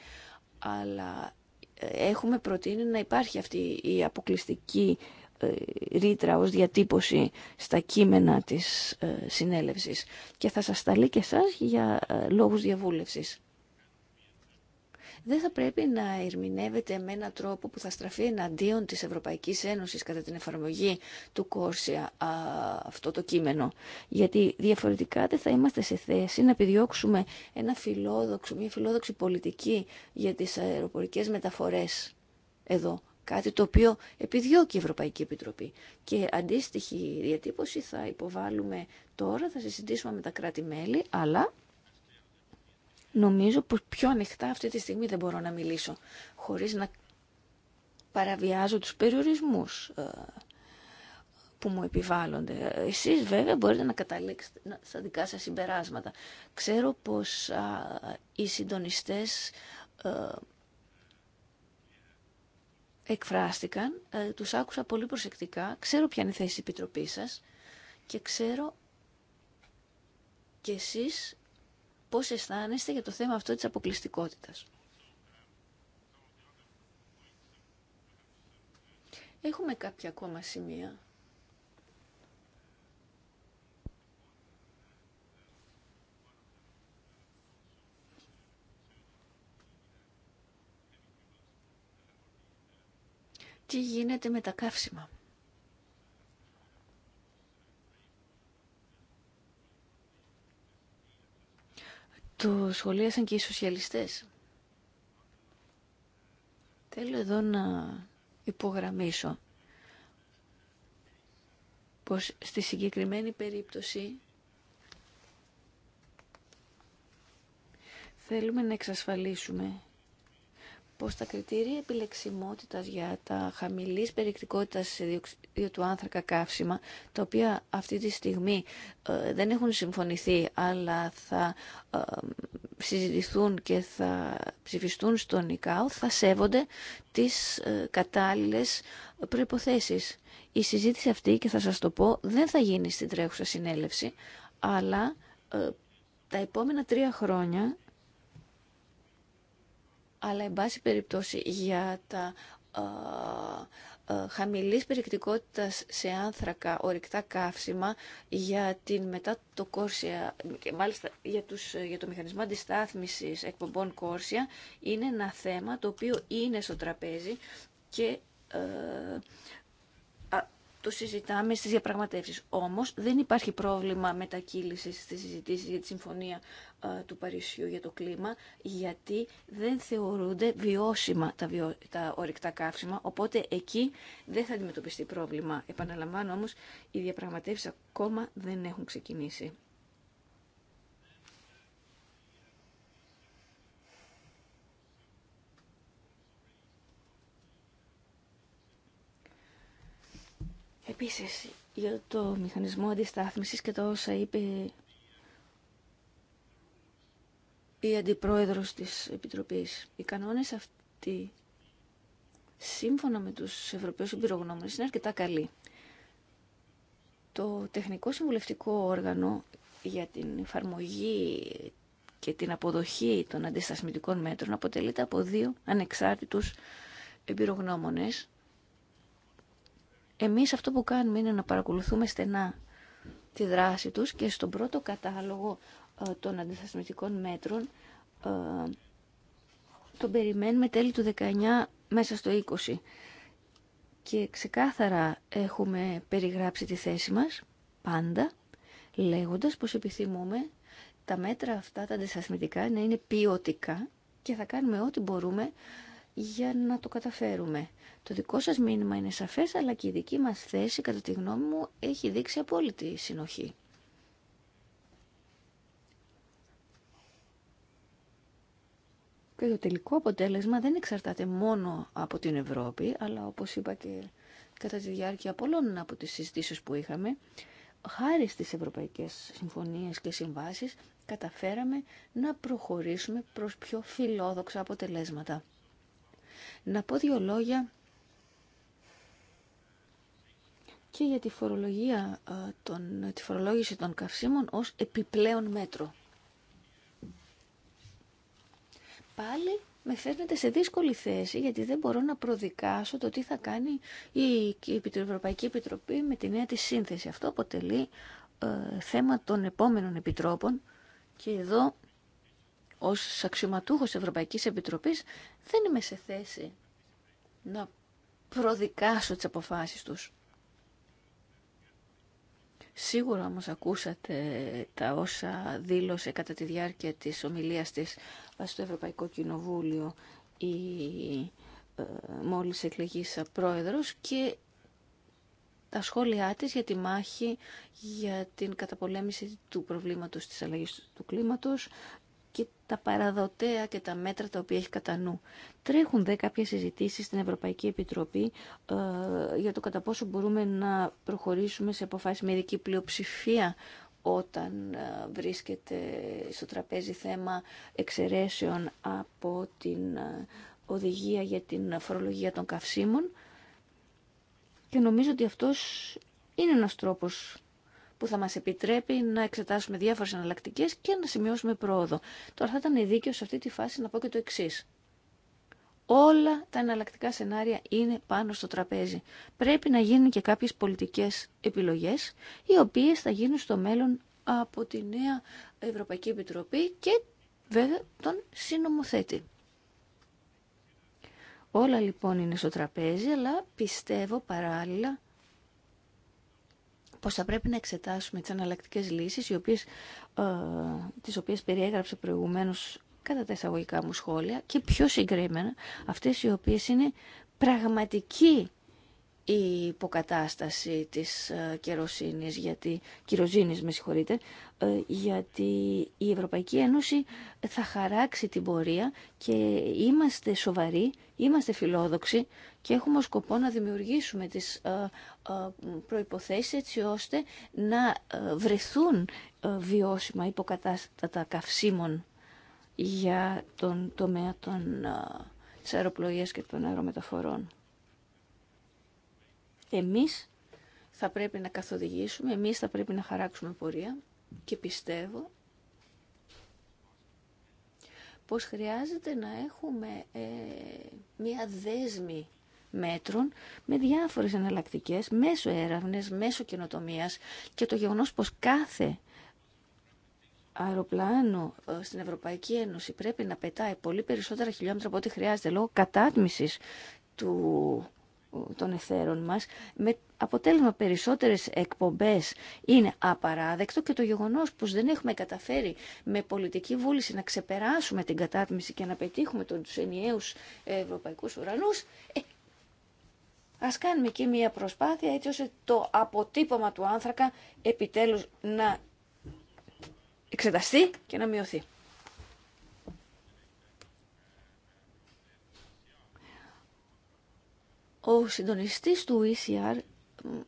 αλλά ε, έχουμε προτείνει να υπάρχει αυτή η αποκλειστική ε, ρήτρα ως διατύπωση στα κείμενα της ε, συνέλευσης και θα σας σταλεί και σας για ε, λόγους διαβούλευσης. Δεν θα πρέπει να ερμηνεύεται με έναν τρόπο που θα στραφεί εναντίον της Ευρωπαϊκής Ένωσης κατά την εφαρμογή του Κόρσια αυτό το κείμενο. Γιατί διαφορετικά δεν θα είμαστε σε θέση να επιδιώξουμε ένα φιλόδοξο, μια φιλόδοξη πολιτική για τις αεροπορικές μεταφορές εδώ Κάτι το οποίο επιδιώκει η Ευρωπαϊκή Επιτροπή. Και αντίστοιχη διατύπωση θα υποβάλουμε τώρα, θα συζητήσουμε με τα κράτη-μέλη, αλλά νομίζω πως πιο ανοιχτά αυτή τη στιγμή δεν μπορώ να μιλήσω, χωρίς να παραβιάζω τους περιορισμούς ε, που μου επιβάλλονται. Εσείς βέβαια μπορείτε να καταλήξετε στα δικά σας συμπεράσματα. Ξέρω πως οι συντονιστές ε, εκφράστηκαν, ε, τους άκουσα πολύ προσεκτικά, ξέρω ποια είναι η θέση της Επιτροπής σας και ξέρω και εσείς πώς αισθάνεστε για το θέμα αυτό της αποκλειστικότητας. Έχουμε κάποια ακόμα σημεία τι γίνεται με τα καύσιμα. Το σχολίασαν και οι σοσιαλιστές. Θέλω εδώ να υπογραμμίσω πως στη συγκεκριμένη περίπτωση θέλουμε να εξασφαλίσουμε πως τα κριτήρια επιλεξιμότητας για τα χαμηλής περιεκτικότητας σε του άνθρακα καύσιμα, τα οποία αυτή τη στιγμή ε, δεν έχουν συμφωνηθεί, αλλά θα ε, συζητηθούν και θα ψηφιστούν στον ΙΚΑΟ, θα σέβονται τις ε, κατάλληλες προϋποθέσεις. Η συζήτηση αυτή, και θα σας το πω, δεν θα γίνει στην τρέχουσα συνέλευση, αλλά ε, τα επόμενα τρία χρόνια αλλά εν πάση περιπτώσει για τα χαμηλής περιεκτικότητας σε άνθρακα ορυκτά καύσιμα για την μετά το κόρσια, και μάλιστα για, τους, για το μηχανισμό αντιστάθμισης εκπομπών κόρσια είναι ένα θέμα το οποίο είναι στο τραπέζι και ε, το συζητάμε στις διαπραγματεύσεις. Όμως δεν υπάρχει πρόβλημα μετακύλησης στις συζητήσεις για τη Συμφωνία του Παρισιού για το κλίμα, γιατί δεν θεωρούνται βιώσιμα τα, βιώ... τα ορυκτά καύσιμα, οπότε εκεί δεν θα αντιμετωπιστεί πρόβλημα. Επαναλαμβάνω όμως, οι διαπραγματεύσεις ακόμα δεν έχουν ξεκινήσει. Επίσης, για το μηχανισμό αντιστάθμισης και το όσα είπε η αντιπρόεδρος της Επιτροπής. Οι κανόνες αυτοί, σύμφωνα με τους Ευρωπαίους Εμπειρογνώμονες, είναι αρκετά καλοί. Το Τεχνικό Συμβουλευτικό Όργανο για την εφαρμογή και την αποδοχή των Αντιστασμητικών μέτρων αποτελείται από δύο ανεξάρτητους εμπειρογνώμονες εμείς αυτό που κάνουμε είναι να παρακολουθούμε στενά τη δράση τους και στον πρώτο κατάλογο ε, των αντισταθμιστικών μέτρων ε, τον περιμένουμε τέλη του 19 μέσα στο 20 και ξεκάθαρα έχουμε περιγράψει τη θέση μας πάντα λέγοντας πως επιθυμούμε τα μέτρα αυτά τα αντισταθμιστικά να είναι ποιοτικά και θα κάνουμε ό,τι μπορούμε για να το καταφέρουμε. Το δικό σας μήνυμα είναι σαφές, αλλά και η δική μας θέση, κατά τη γνώμη μου, έχει δείξει απόλυτη συνοχή. Και το τελικό αποτέλεσμα δεν εξαρτάται μόνο από την Ευρώπη, αλλά όπως είπα και κατά τη διάρκεια πολλών από τις συζητήσεις που είχαμε, χάρη στις ευρωπαϊκές συμφωνίες και συμβάσεις, καταφέραμε να προχωρήσουμε προς πιο φιλόδοξα αποτελέσματα. Να πω δύο λόγια και για τη φορολογία, ε, τον, τη φορολόγηση των καυσίμων ως επιπλέον μέτρο. Πάλι με φέρνετε σε δύσκολη θέση γιατί δεν μπορώ να προδικάσω το τι θα κάνει η Ευρωπαϊκή Επιτροπή με τη νέα της σύνθεση. Αυτό αποτελεί ε, θέμα των επόμενων επιτρόπων και εδώ ως αξιωματούχος Ευρωπαϊκής Επιτροπής δεν είμαι σε θέση να προδικάσω τις αποφάσεις τους. Σίγουρα όμως ακούσατε τα όσα δήλωσε κατά τη διάρκεια της ομιλίας της στο Ευρωπαϊκό Κοινοβούλιο η ε, μόλις εκλεγήσα πρόεδρος και τα σχόλιά της για τη μάχη για την καταπολέμηση του προβλήματος της αλλαγής του κλίματος, και τα παραδοτέα και τα μέτρα τα οποία έχει κατά νου. Τρέχουν δε κάποιες συζητήσεις στην Ευρωπαϊκή Επιτροπή ε, για το κατά πόσο μπορούμε να προχωρήσουμε σε αποφάσεις με ειδική πλειοψηφία όταν ε, βρίσκεται στο τραπέζι θέμα εξαιρέσεων από την ε, οδηγία για την φορολογία των καυσίμων και νομίζω ότι αυτός είναι ένας τρόπος που θα μας επιτρέπει να εξετάσουμε διάφορες εναλλακτικές και να σημειώσουμε πρόοδο. Τώρα θα ήταν δίκαιο σε αυτή τη φάση να πω και το εξή. Όλα τα εναλλακτικά σενάρια είναι πάνω στο τραπέζι. Πρέπει να γίνουν και κάποιες πολιτικές επιλογές, οι οποίες θα γίνουν στο μέλλον από τη νέα Ευρωπαϊκή Επιτροπή και βέβαια τον συνομοθέτη. Όλα λοιπόν είναι στο τραπέζι, αλλά πιστεύω παράλληλα πως θα πρέπει να εξετάσουμε τις αναλλακτικέ λύσεις, οι οποίες, ε, τις οποίες περιέγραψε προηγουμένως κατά τα εισαγωγικά μου σχόλια και πιο συγκεκριμένα αυτές οι οποίες είναι πραγματική η υποκατάσταση της ε, κεροσύνης, γιατί, κυροζήνης με συγχωρείτε, ε, γιατί η Ευρωπαϊκή Ένωση θα χαράξει την πορεία και είμαστε σοβαροί, είμαστε φιλόδοξοι και έχουμε σκοπό να δημιουργήσουμε τις ε, προϋποθέσεις έτσι ώστε να βρεθούν βιώσιμα υποκατάστατα καυσίμων για τον τομέα των, της και των αερομεταφορών. Εμείς θα πρέπει να καθοδηγήσουμε, εμείς θα πρέπει να χαράξουμε πορεία και πιστεύω πως χρειάζεται να έχουμε ε, μία δέσμη μέτρων με διάφορες εναλλακτικέ μέσω έρευνες, μέσω καινοτομία και το γεγονός πως κάθε αεροπλάνο ε, στην Ευρωπαϊκή Ένωση πρέπει να πετάει πολύ περισσότερα χιλιόμετρα από ό,τι χρειάζεται λόγω κατάτμισης του των εθέρων μας με αποτέλεσμα περισσότερες εκπομπές είναι απαράδεκτο και το γεγονός πως δεν έχουμε καταφέρει με πολιτική βούληση να ξεπεράσουμε την κατάτμιση και να πετύχουμε τους ενιαίους ευρωπαϊκούς ουρανούς ε, ας κάνουμε και μια προσπάθεια έτσι ώστε το αποτύπωμα του άνθρακα επιτέλους να εξεταστεί και να μειωθεί. Ο συντονιστής του ECR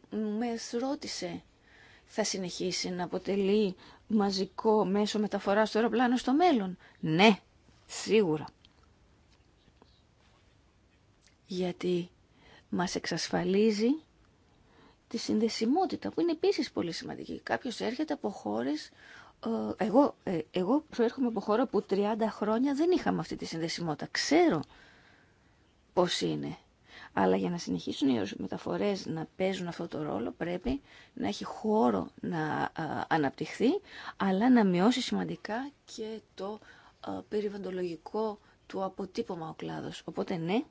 με ρώτησε θα συνεχίσει να αποτελεί μαζικό μέσο μεταφοράς του αεροπλάνου στο μέλλον. Ναι, σίγουρα. Γιατί μας εξασφαλίζει τη συνδεσιμότητα που είναι επίσης πολύ σημαντική. Κάποιος έρχεται από χώρες ε, εγώ, ε, εγώ προέρχομαι από χώρα που 30 χρόνια δεν είχαμε αυτή τη συνδεσιμότητα. Ξέρω πώς είναι. Αλλά για να συνεχίσουν οι μεταφορές να παίζουν αυτό το ρόλο πρέπει να έχει χώρο να αναπτυχθεί αλλά να μειώσει σημαντικά και το περιβαντολογικό του αποτύπωμα ο κλάδος. Οπότε ναι,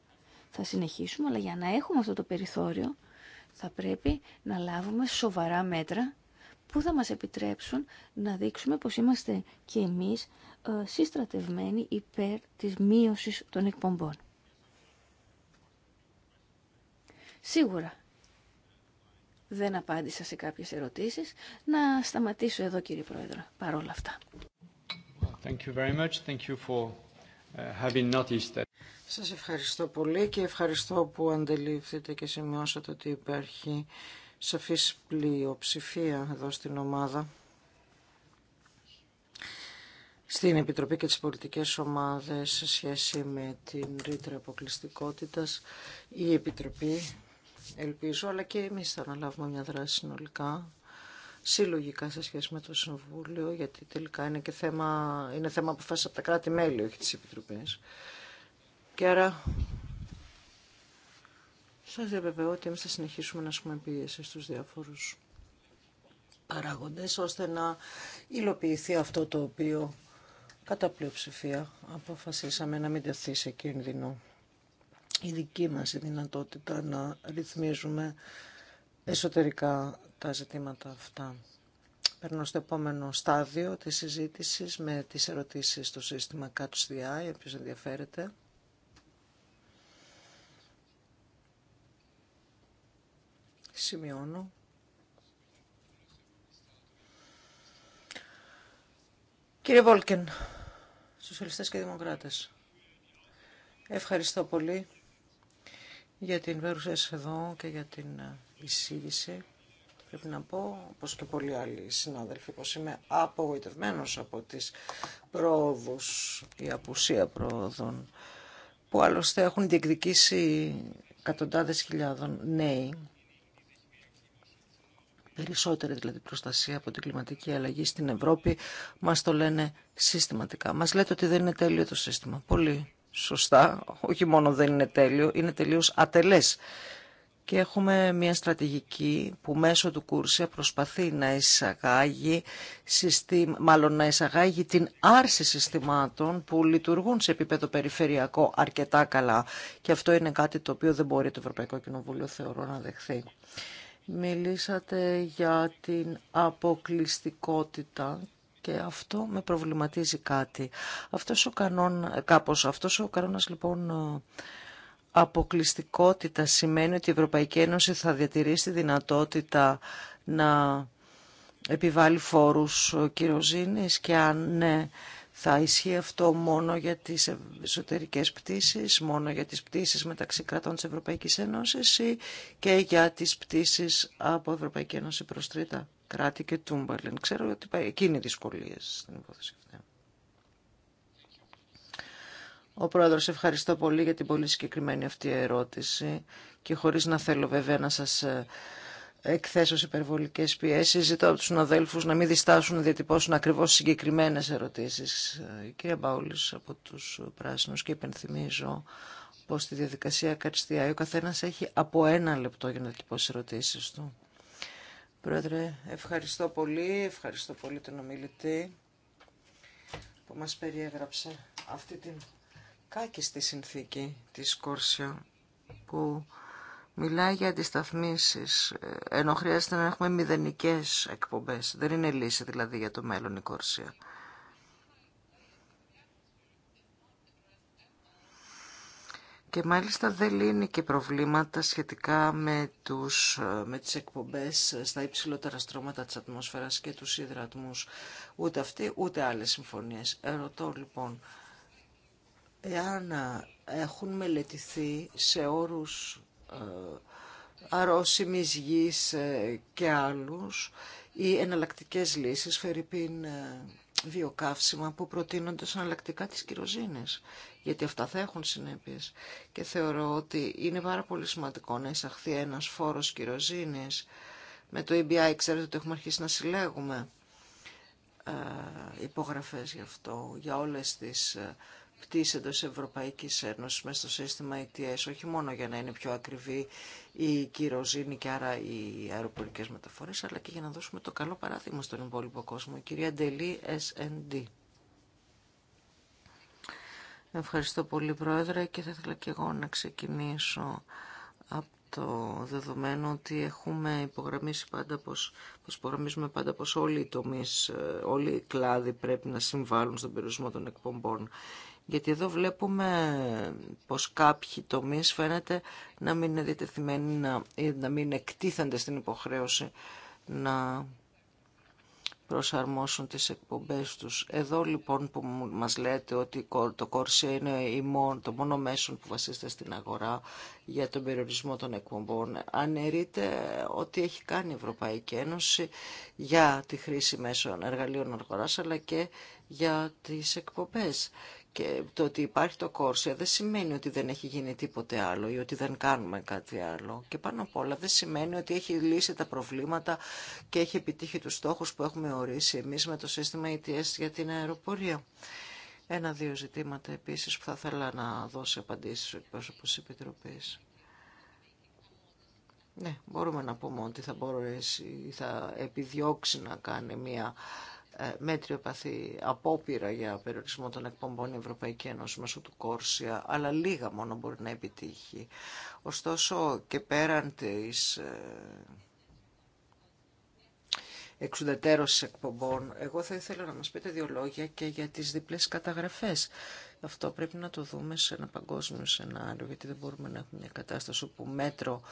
θα συνεχίσουμε, αλλά για να έχουμε αυτό το περιθώριο θα πρέπει να λάβουμε σοβαρά μέτρα που θα μας επιτρέψουν να δείξουμε πως είμαστε και εμείς συστρατευμένοι υπέρ της μείωσης των εκπομπών. Σίγουρα δεν απάντησα σε κάποιες ερωτήσεις. Να σταματήσω εδώ κύριε Πρόεδρε, παρόλα αυτά. Σας ευχαριστώ πολύ και ευχαριστώ που αντελήφθητε και σημειώσατε ότι υπάρχει σαφής πλειοψηφία εδώ στην ομάδα, στην Επιτροπή και τις πολιτικές ομάδες σε σχέση με την ρήτρα αποκλειστικότητας. Η Επιτροπή ελπίζω, αλλά και εμείς θα αναλάβουμε μια δράση συνολικά, συλλογικά σε σχέση με το Συμβούλιο, γιατί τελικά είναι και θέμα, είναι θέμα από τα κράτη-μέλη, όχι τις Επιτροπές. Και άρα σας διαβεβαιώ ότι εμείς θα συνεχίσουμε να ασκούμε πίεση στους διάφορους παράγοντες, ώστε να υλοποιηθεί αυτό το οποίο κατά πλειοψηφία αποφασίσαμε να μην τεθεί σε κίνδυνο η δική μας η δυνατότητα να ρυθμίζουμε εσωτερικά τα ζητήματα αυτά. Περνώ στο επόμενο στάδιο της συζήτησης με τις ερωτήσεις στο σύστημα Catch the Eye, όποιος ενδιαφέρεται. Σημειώνω. Κύριε Βόλκεν, Σοσιαλιστές και Δημοκράτες, ευχαριστώ πολύ για την παρουσία εδώ και για την ε, εισήγηση. Πρέπει να πω, πως και πολλοί άλλοι συνάδελφοι, πως είμαι απογοητευμένος από τις πρόοδους, η απουσία πρόοδων, που άλλωστε έχουν διεκδικήσει εκατοντάδες χιλιάδων νέοι, περισσότερη δηλαδή προστασία από την κλιματική αλλαγή στην Ευρώπη, μας το λένε συστηματικά. Μας λέτε ότι δεν είναι τέλειο το σύστημα. Πολύ σωστά, όχι μόνο δεν είναι τέλειο, είναι τελείως ατελές. Και έχουμε μια στρατηγική που μέσω του Κούρσια προσπαθεί να εισαγάγει, μάλλον να εισαγάγει την άρση συστημάτων που λειτουργούν σε επίπεδο περιφερειακό αρκετά καλά. Και αυτό είναι κάτι το οποίο δεν μπορεί το Ευρωπαϊκό Κοινοβούλιο θεωρώ να δεχθεί. Μιλήσατε για την αποκλειστικότητα και αυτό με προβληματίζει κάτι. Αυτός ο κανόνα αυτός ο κανόνας λοιπόν αποκλειστικότητα σημαίνει ότι η Ευρωπαϊκή Ένωση θα διατηρήσει τη δυνατότητα να επιβάλλει φόρους κυροζήνης και αν ναι, θα ισχύει αυτό μόνο για τις εσωτερικές πτήσεις, μόνο για τις πτήσεις μεταξύ κρατών της Ευρωπαϊκής Ένωσης και για τις πτήσεις από Ευρωπαϊκή Ένωση προς τρίτα κράτη και Τούμπαλεν. Ξέρω ότι εκεί είναι οι δυσκολίες στην υπόθεση αυτή. Ο πρόεδρο, ευχαριστώ πολύ για την πολύ συγκεκριμένη αυτή ερώτηση και χωρί να θέλω βέβαια να σα ε, εκθέσω σε υπερβολικές πιέσεις, ζητώ από του συναδέλφου να μην διστάσουν να διατυπώσουν ακριβώ συγκεκριμένε ερωτήσεις. Ε, η κυρία Μπάουλης από του πράσινου, και υπενθυμίζω πως στη διαδικασία Καριστιάη ο καθένας έχει από ένα λεπτό για να διατυπώσει ερωτήσεις του. Πρόεδρε, ευχαριστώ πολύ. Ευχαριστώ πολύ τον ομιλητή που μας περιέγραψε αυτή την κάκιστη συνθήκη της Κόρσιο που μιλάει για αντισταθμίσεις ε, ενώ χρειάζεται να έχουμε μηδενικές εκπομπές. Δεν είναι λύση δηλαδή για το μέλλον η Κόρσια. και μάλιστα δεν λύνει και προβλήματα σχετικά με, τους, ε, με τις εκπομπές στα υψηλότερα στρώματα της ατμόσφαιρας και τους υδρατμούς. Ούτε αυτή ούτε άλλες συμφωνίες. Ερωτώ λοιπόν, εάν ε, έχουν μελετηθεί σε όρους ε, αρρώσιμης γης ε, και άλλους οι εναλλακτικές λύσεις, Φερρυπίν βιοκαύσιμα που προτείνονται σαν αλλακτικά της κυροζήνης, γιατί αυτά θα έχουν συνέπειες. Και θεωρώ ότι είναι πάρα πολύ σημαντικό να εισαχθεί ένας φόρος κυροζήνης. Με το EBI ξέρετε ότι έχουμε αρχίσει να συλλέγουμε ε, υπογραφές γι' αυτό, για όλες τις ε, πτήση εντό Ευρωπαϊκή Ένωση μέσα στο σύστημα ETS, όχι μόνο για να είναι πιο ακριβή η κυροζήνη και άρα οι αεροπορικέ μεταφορέ, αλλά και για να δώσουμε το καλό παράδειγμα στον υπόλοιπο κόσμο. Η κυρία Ντελή, SND. Ευχαριστώ πολύ, Πρόεδρε, και θα ήθελα και εγώ να ξεκινήσω από το δεδομένο ότι έχουμε υπογραμμίσει πάντα πως, πως υπογραμμίζουμε πάντα πως όλοι οι τομείς, ε, όλοι οι κλάδοι πρέπει να συμβάλλουν στον περιορισμό των εκπομπών. Γιατί εδώ βλέπουμε πως κάποιοι τομείς φαίνεται να μην είναι διατεθειμένοι να, να μην εκτίθενται στην υποχρέωση να προσαρμόσουν τις εκπομπές τους. Εδώ λοιπόν που μας λέτε ότι το κόρσια είναι το μόνο μέσο που βασίζεται στην αγορά για τον περιορισμό των εκπομπών, αναιρείται ότι έχει κάνει η Ευρωπαϊκή Ένωση για τη χρήση μέσων εργαλείων αγοράς αλλά και για τις εκπομπές. Και το ότι υπάρχει το Κόρσια δεν σημαίνει ότι δεν έχει γίνει τίποτε άλλο ή ότι δεν κάνουμε κάτι άλλο. Και πάνω απ' όλα δεν σημαίνει ότι έχει λύσει τα προβλήματα και έχει επιτύχει τους στόχους που έχουμε ορίσει εμείς με το σύστημα ETS για την αεροπορία. Ένα-δύο ζητήματα επίσης που θα ήθελα να δώσει απαντήσεις ο εκπρόσωπος της Επιτροπής. Ναι, μπορούμε να πούμε ότι θα μπορέσει, θα επιδιώξει να κάνει μια ε, μέτριοπαθή απόπειρα για περιορισμό των εκπομπών η Ευρωπαϊκή Ένωση μέσω του Κόρσια, αλλά λίγα μόνο μπορεί να επιτύχει. Ωστόσο και πέραν της ε, εξουδετέρωσης εκπομπών, εγώ θα ήθελα να μας πείτε δύο λόγια και για τις διπλές καταγραφές. Αυτό πρέπει να το δούμε σε ένα παγκόσμιο σενάριο, γιατί δεν μπορούμε να έχουμε μια κατάσταση που μέτρο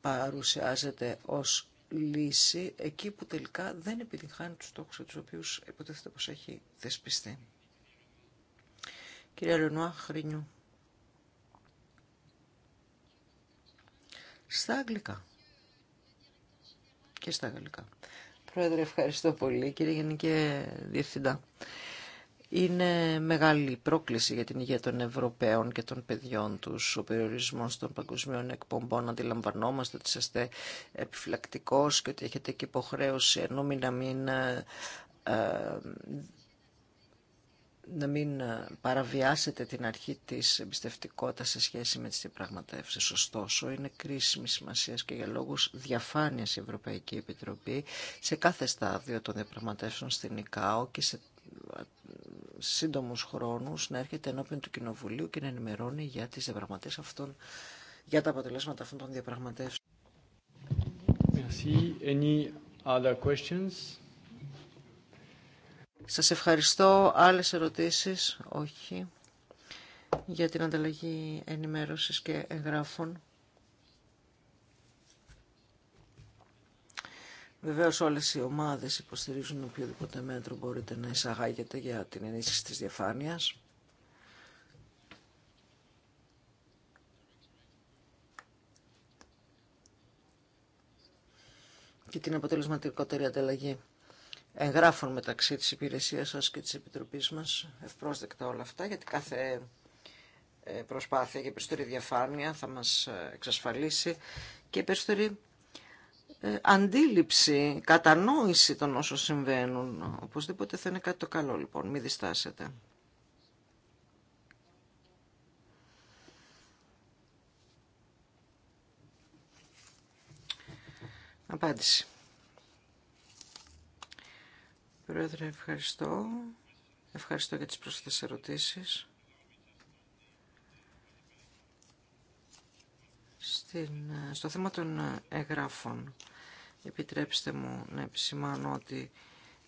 παρουσιάζεται ως λύση εκεί που τελικά δεν επιτυγχάνει τους στόχους για τους οποίους υποτίθεται πως έχει θεσπιστεί. Κυρία Λενουά Χρυνιού. Στα αγγλικά και στα γαλλικά. Πρόεδρε, ευχαριστώ πολύ κύριε Γενική Διευθυντά. Είναι μεγάλη πρόκληση για την υγεία των Ευρωπαίων και των παιδιών τους. Ο περιορισμό των παγκοσμίων εκπομπών αντιλαμβανόμαστε ότι είστε επιφυλακτικός και ότι έχετε και υποχρέωση ενώ να μην, να μην ε, ε, ε, παραβιάσετε την αρχή της εμπιστευτικότητα σε σχέση με τι διαπραγματεύσει, Ωστόσο, είναι κρίσιμη σημασία και για λόγους διαφάνειας η Ευρωπαϊκή Επιτροπή σε κάθε στάδιο των διαπραγματεύσεων στην ΙΚΑΟ και σε σύντομους χρόνους να έρχεται ενώπιον του Κοινοβουλίου και να ενημερώνει για τις διαπραγματεύσεις αυτών, για τα αποτελέσματα αυτών των διαπραγματεύσεων. Σα Σας ευχαριστώ. Άλλες ερωτήσεις? Όχι. Για την ανταλλαγή ενημέρωσης και εγγράφων. Βεβαίω όλε οι ομάδε υποστηρίζουν οποιοδήποτε μέτρο μπορείτε να εισαγάγετε για την ενίσχυση τη διαφάνεια. και την αποτελεσματικότερη ανταλλαγή εγγράφων μεταξύ της υπηρεσίας σας και της Επιτροπής μας. Ευπρόσδεκτα όλα αυτά, γιατί κάθε ε, προσπάθεια για περισσότερη διαφάνεια θα μας ε, εξασφαλίσει και περισσότερη ε, αντίληψη, κατανόηση των όσων συμβαίνουν. Οπωσδήποτε θα είναι κάτι το καλό λοιπόν, μην διστάσετε. Απάντηση. Πρόεδρε, ευχαριστώ. Ευχαριστώ για τις πρόσθετες ερωτήσεις. Στην, στο θέμα των εγγράφων, επιτρέψτε μου να επισημάνω ότι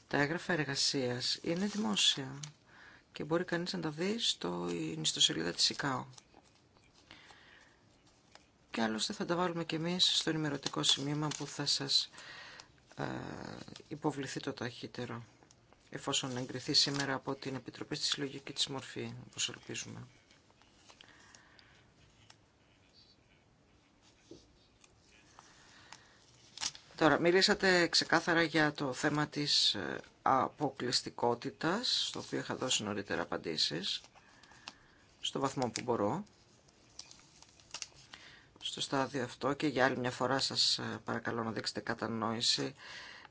τα έγγραφα εργασίας είναι δημόσια και μπορεί κανείς να τα δει στο ιστοσελίδα της ΙΚΑΟ. Και άλλωστε θα τα βάλουμε και εμείς στο ενημερωτικό σημείωμα που θα σας ε, υποβληθεί το ταχύτερο, εφόσον εγκριθεί σήμερα από την Επιτροπή στη Συλλογική της Μορφή, όπως ελπίζουμε. Τώρα, μιλήσατε ξεκάθαρα για το θέμα της ε, αποκλειστικότητας, στο οποίο είχα δώσει νωρίτερα απαντήσεις, στο βαθμό που μπορώ. Στο στάδιο αυτό και για άλλη μια φορά σας ε, παρακαλώ να δείξετε κατανόηση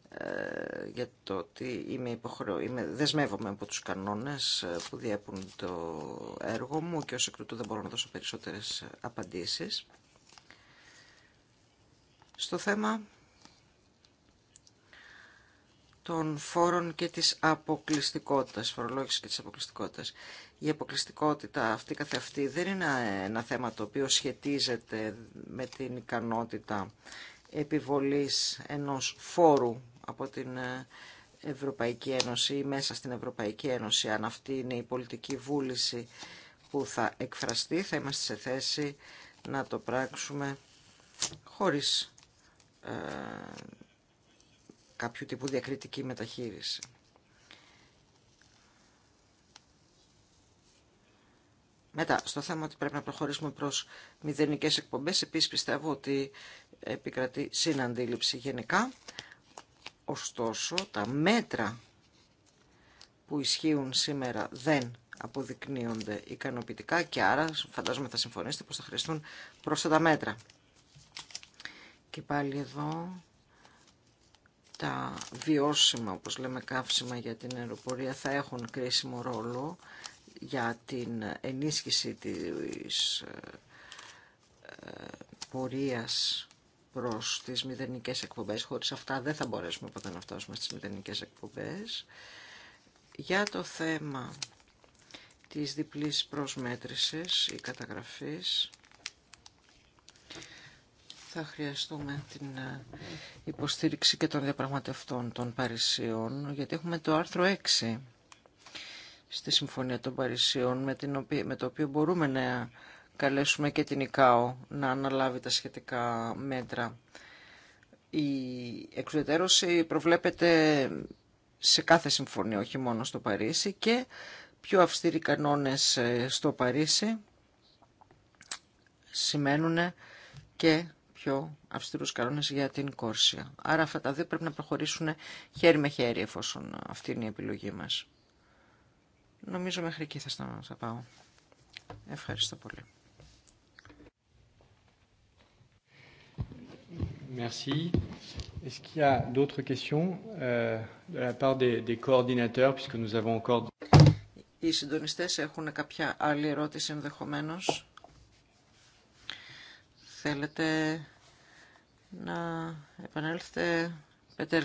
ε, για το ότι είμαι, υποχρεω... δεσμεύομαι από τους κανόνες που διέπουν το έργο μου και ως εκ τούτου δεν μπορώ να δώσω περισσότερες απαντήσεις. Στο θέμα των φόρων και της αποκλειστικότητας, φορολόγησης και της αποκλειστικότητας. Η αποκλειστικότητα αυτή καθε αυτή δεν είναι ένα θέμα το οποίο σχετίζεται με την ικανότητα επιβολής ενός φόρου από την Ευρωπαϊκή Ένωση ή μέσα στην Ευρωπαϊκή Ένωση. Αν αυτή είναι η πολιτική βούληση που θα εκφραστεί, θα είμαστε σε θέση να το πράξουμε χωρίς ε, κάποιο τύπου διακριτική μεταχείριση. Μετά, στο θέμα ότι πρέπει να προχωρήσουμε προς μηδενικές εκπομπές, επίσης πιστεύω ότι επικρατεί συναντήληψη γενικά. Ωστόσο, τα μέτρα που ισχύουν σήμερα δεν αποδεικνύονται ικανοποιητικά και άρα φαντάζομαι θα συμφωνήσετε πως θα χρειαστούν τα μέτρα. Και πάλι εδώ τα βιώσιμα, όπως λέμε, καύσιμα για την αεροπορία θα έχουν κρίσιμο ρόλο για την ενίσχυση της ε, ε, πορείας προς τις μηδενικές εκπομπές. Χωρίς αυτά δεν θα μπορέσουμε ποτέ να φτάσουμε στις μηδενικές εκπομπές. Για το θέμα της διπλής προσμέτρησης ή καταγραφής, θα χρειαστούμε την ε, υποστήριξη και των διαπραγματευτών των Παρισιών, γιατί έχουμε το άρθρο 6 στη Συμφωνία των Παρισιών, με, την οποία, με το οποίο μπορούμε να καλέσουμε και την ΙΚΑΟ να αναλάβει τα σχετικά μέτρα. Η εξουδετερώση προβλέπεται σε κάθε συμφωνία, όχι μόνο στο Παρίσι, και πιο αυστηροί κανόνες ε, στο Παρίσι σημαίνουν και πιο αυστηρούς κανόνες για την Κόρσια. Άρα αυτά τα δύο πρέπει να προχωρήσουν χέρι με χέρι εφόσον αυτή είναι η επιλογή μας. Νομίζω μέχρι εκεί θα, σταμα, θα πάω. Ευχαριστώ πολύ. Merci. Est-ce qu'il y a d'autres questions euh, de la part des, des coordinateurs, puisque nous avons encore... Οι συντονιστές έχουν κάποια άλλη ερώτηση ενδεχομένως. Θέλετε να επανέλθετε, Πέτερ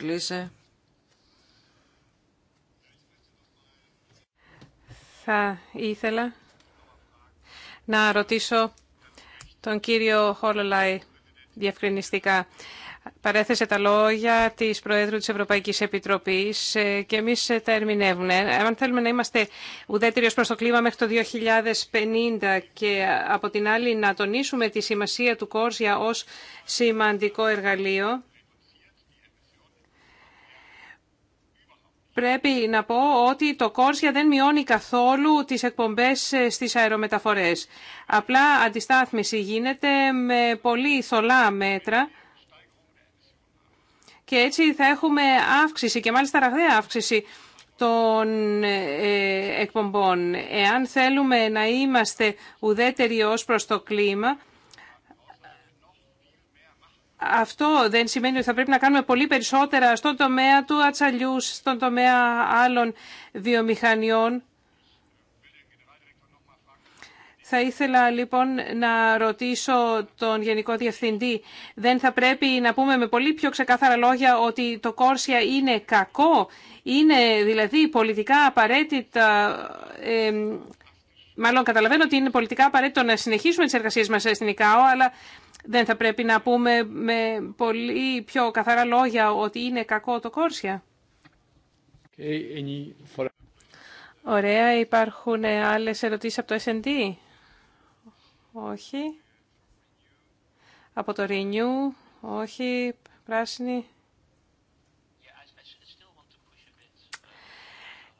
Θα ήθελα να ρωτήσω τον κύριο Χόλολάι διευκρινιστικά παρέθεσε τα λόγια της Προέδρου της Ευρωπαϊκής Επιτροπής ε, και εμεί ε, τα ερμηνεύουμε. Αν θέλουμε να είμαστε ουδέτεροι ω προς το κλίμα μέχρι το 2050 και ε, από την άλλη να τονίσουμε τη σημασία του Κόρσια ως σημαντικό εργαλείο, Πρέπει να πω ότι το Κόρσια δεν μειώνει καθόλου τις εκπομπές στις αερομεταφορές. Απλά αντιστάθμιση γίνεται με πολύ θολά μέτρα και έτσι θα έχουμε αύξηση και μάλιστα ραγδαία αύξηση των ε, εκπομπών. Εάν θέλουμε να είμαστε ουδέτεροι ως προς το κλίμα, αυτό δεν σημαίνει ότι θα πρέπει να κάνουμε πολύ περισσότερα στον τομέα του ατσαλιού, στον τομέα άλλων βιομηχανιών θα ήθελα λοιπόν να ρωτήσω τον Γενικό Διευθυντή. Δεν θα πρέπει να πούμε με πολύ πιο ξεκάθαρα λόγια ότι το Κόρσια είναι κακό. Είναι δηλαδή πολιτικά απαραίτητα... μάλλον καταλαβαίνω ότι είναι πολιτικά απαραίτητο να συνεχίσουμε τις εργασίες μας στην ΙΚΑΟ, αλλά δεν θα πρέπει να πούμε με πολύ πιο καθαρά λόγια ότι είναι κακό το Κόρσια. Ωραία, υπάρχουν άλλες ερωτήσεις από το S&D. Όχι. Από το Renew. Όχι. Πράσινη.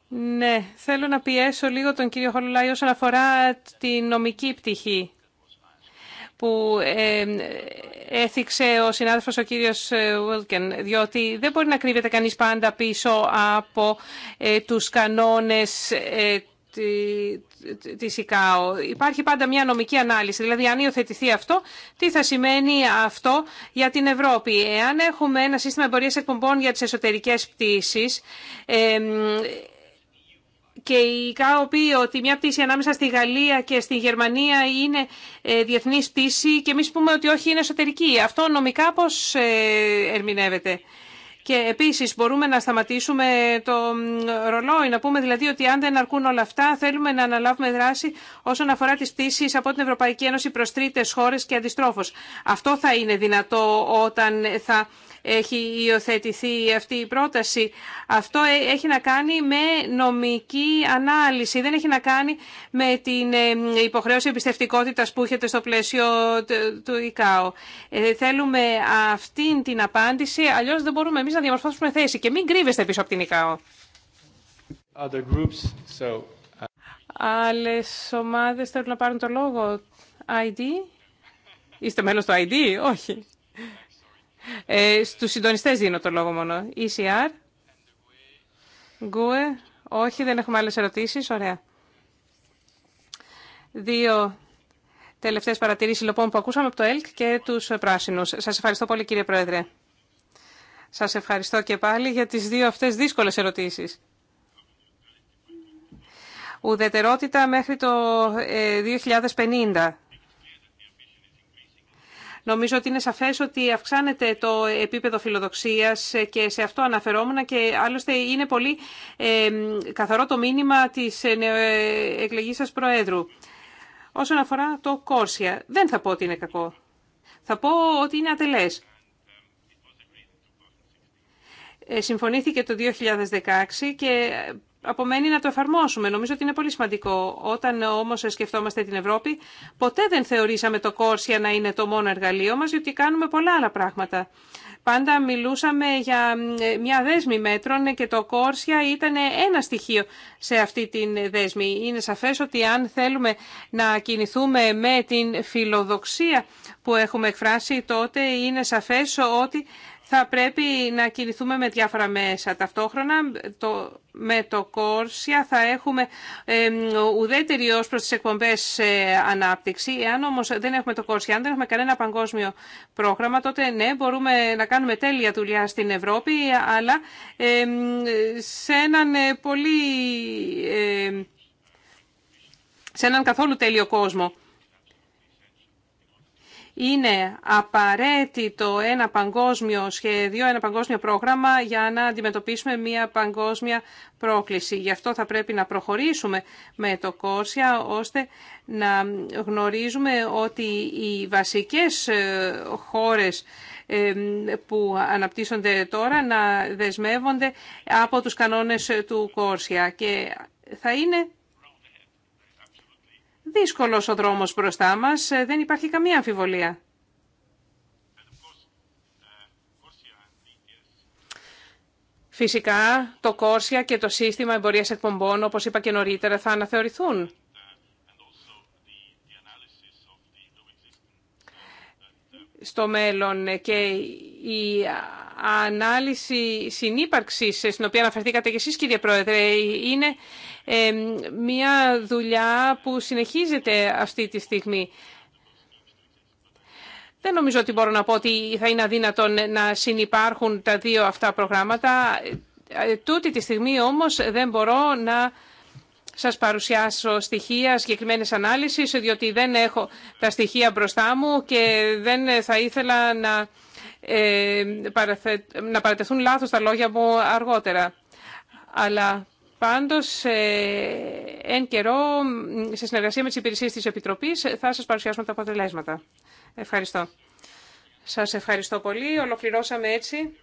Ναι, θέλω να πιέσω λίγο τον κύριο Χολουλάη όσον αφορά τη νομική πτυχή που έθιξε ο συνάδελφος ο κύριος Βίλκεν, διότι δεν μπορεί να κρύβεται κανείς πάντα πίσω από ε, τους κανόνες ε, Υπάρχει πάντα μια νομική ανάλυση. Δηλαδή, αν υιοθετηθεί αυτό, τι θα σημαίνει αυτό για την Ευρώπη. Εάν έχουμε ένα σύστημα εμπορία εκπομπών για τις εσωτερικέ πτήσει και η ΚΑΟ πει ότι μια πτήση ανάμεσα στη Γαλλία και στη Γερμανία είναι ε, διεθνή πτήση και εμεί πούμε ότι όχι είναι εσωτερική. Αυτό νομικά πώ ε, ερμηνεύεται. Και επίσης μπορούμε να σταματήσουμε το ρολόι, να πούμε δηλαδή ότι αν δεν αρκούν όλα αυτά θέλουμε να αναλάβουμε δράση όσον αφορά τις πτήσεις από την Ευρωπαϊκή Ένωση προς τρίτες χώρες και αντιστρόφως. Αυτό θα είναι δυνατό όταν θα έχει υιοθετηθεί αυτή η πρόταση. Αυτό ε, έχει να κάνει με νομική ανάλυση. Δεν έχει να κάνει με την ε, υποχρέωση εμπιστευτικότητας που έχετε στο πλαίσιο του ΙΚΑΟ. Ε, θέλουμε αυτή την απάντηση, Αλλιώ δεν μπορούμε εμεί να διαμορφώσουμε θέση. Και μην κρύβεστε πίσω από την ΙΚΑΟ. Άλλε ομάδε uh, Άλλες ομάδες θέλουν να πάρουν το λόγο. ID. Είστε μέλος του ID, όχι. Ε, στους συντονιστές δίνω το λόγο μόνο. ECR. Γκουε. Όχι, δεν έχουμε άλλες ερωτήσεις. Ωραία. Δύο τελευταίες παρατηρήσεις λοιπόν που ακούσαμε από το ΕΛΚ και τους πράσινους. Σας ευχαριστώ πολύ κύριε Πρόεδρε. Σας ευχαριστώ και πάλι για τις δύο αυτές δύσκολες ερωτήσεις. Ουδετερότητα μέχρι το 2050. Ε, Νομίζω ότι είναι σαφέ ότι αυξάνεται το επίπεδο φιλοδοξίας και σε αυτό αναφερόμουν και άλλωστε είναι πολύ ε, καθαρό το μήνυμα της ε, ε, εκλεγής σας Προέδρου. Όσον αφορά το Κόρσια, δεν θα πω ότι είναι κακό. Θα πω ότι είναι ατελές. Συμφωνήθηκε το 2016 και απομένει να το εφαρμόσουμε. Νομίζω ότι είναι πολύ σημαντικό. Όταν όμω σκεφτόμαστε την Ευρώπη, ποτέ δεν θεωρήσαμε το Κόρσια να είναι το μόνο εργαλείο μα διότι κάνουμε πολλά άλλα πράγματα. Πάντα μιλούσαμε για μια δέσμη μέτρων και το Κόρσια ήταν ένα στοιχείο σε αυτή τη δέσμη. Είναι σαφές ότι αν θέλουμε να κινηθούμε με την φιλοδοξία που έχουμε εκφράσει, τότε είναι σαφές ότι θα πρέπει να κινηθούμε με διάφορα μέσα. Ταυτόχρονα το με το Κόρσια θα έχουμε ουδέτερη ως προς τις εκπομπές ε, ανάπτυξη. Εάν όμως δεν έχουμε το Κόρσια, αν δεν έχουμε κανένα παγκόσμιο πρόγραμμα, τότε ναι, μπορούμε να κάνουμε τέλεια δουλειά στην Ευρώπη, αλλά σε έναν ε, πολύ... Ε, σε έναν καθόλου τέλειο κόσμο. Είναι απαραίτητο ένα παγκόσμιο σχέδιο, ένα παγκόσμιο πρόγραμμα για να αντιμετωπίσουμε μια παγκόσμια πρόκληση. Γι' αυτό θα πρέπει να προχωρήσουμε με το Κόρσια ώστε να γνωρίζουμε ότι οι βασικές ε, χώρες ε, που αναπτύσσονται τώρα να δεσμεύονται από τους κανόνες του Κόρσια και θα είναι δύσκολος ο δρόμος μπροστά μας, ε, δεν υπάρχει καμία αμφιβολία. Φυσικά, το κόρσια και το σύστημα εμπορίας εκπομπών, όπως είπα και νωρίτερα, θα αναθεωρηθούν. Στο μέλλον ε, και η ανάλυση συνύπαρξη στην οποία αναφερθήκατε και εσεί, κύριε Πρόεδρε, είναι μια δουλειά που συνεχίζεται αυτή τη στιγμή. Δεν νομίζω ότι μπορώ να πω ότι θα είναι αδύνατον να συνυπάρχουν τα δύο αυτά προγράμματα. Ε, τούτη τη στιγμή όμως δεν μπορώ να σας παρουσιάσω στοιχεία συγκεκριμένες ανάλυσης, διότι δεν έχω τα στοιχεία μπροστά μου και δεν θα ήθελα να ε, να παρατεθούν λάθος τα λόγια μου αργότερα. Αλλά πάντως, ε, εν καιρό, σε συνεργασία με τις υπηρεσίες της Επιτροπής, θα σας παρουσιάσουμε τα αποτελέσματα. Ευχαριστώ. Σας ευχαριστώ πολύ. Ολοκληρώσαμε έτσι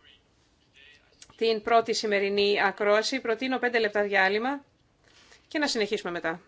την πρώτη σημερινή ακρόαση. Προτείνω πέντε λεπτά διάλειμμα και να συνεχίσουμε μετά.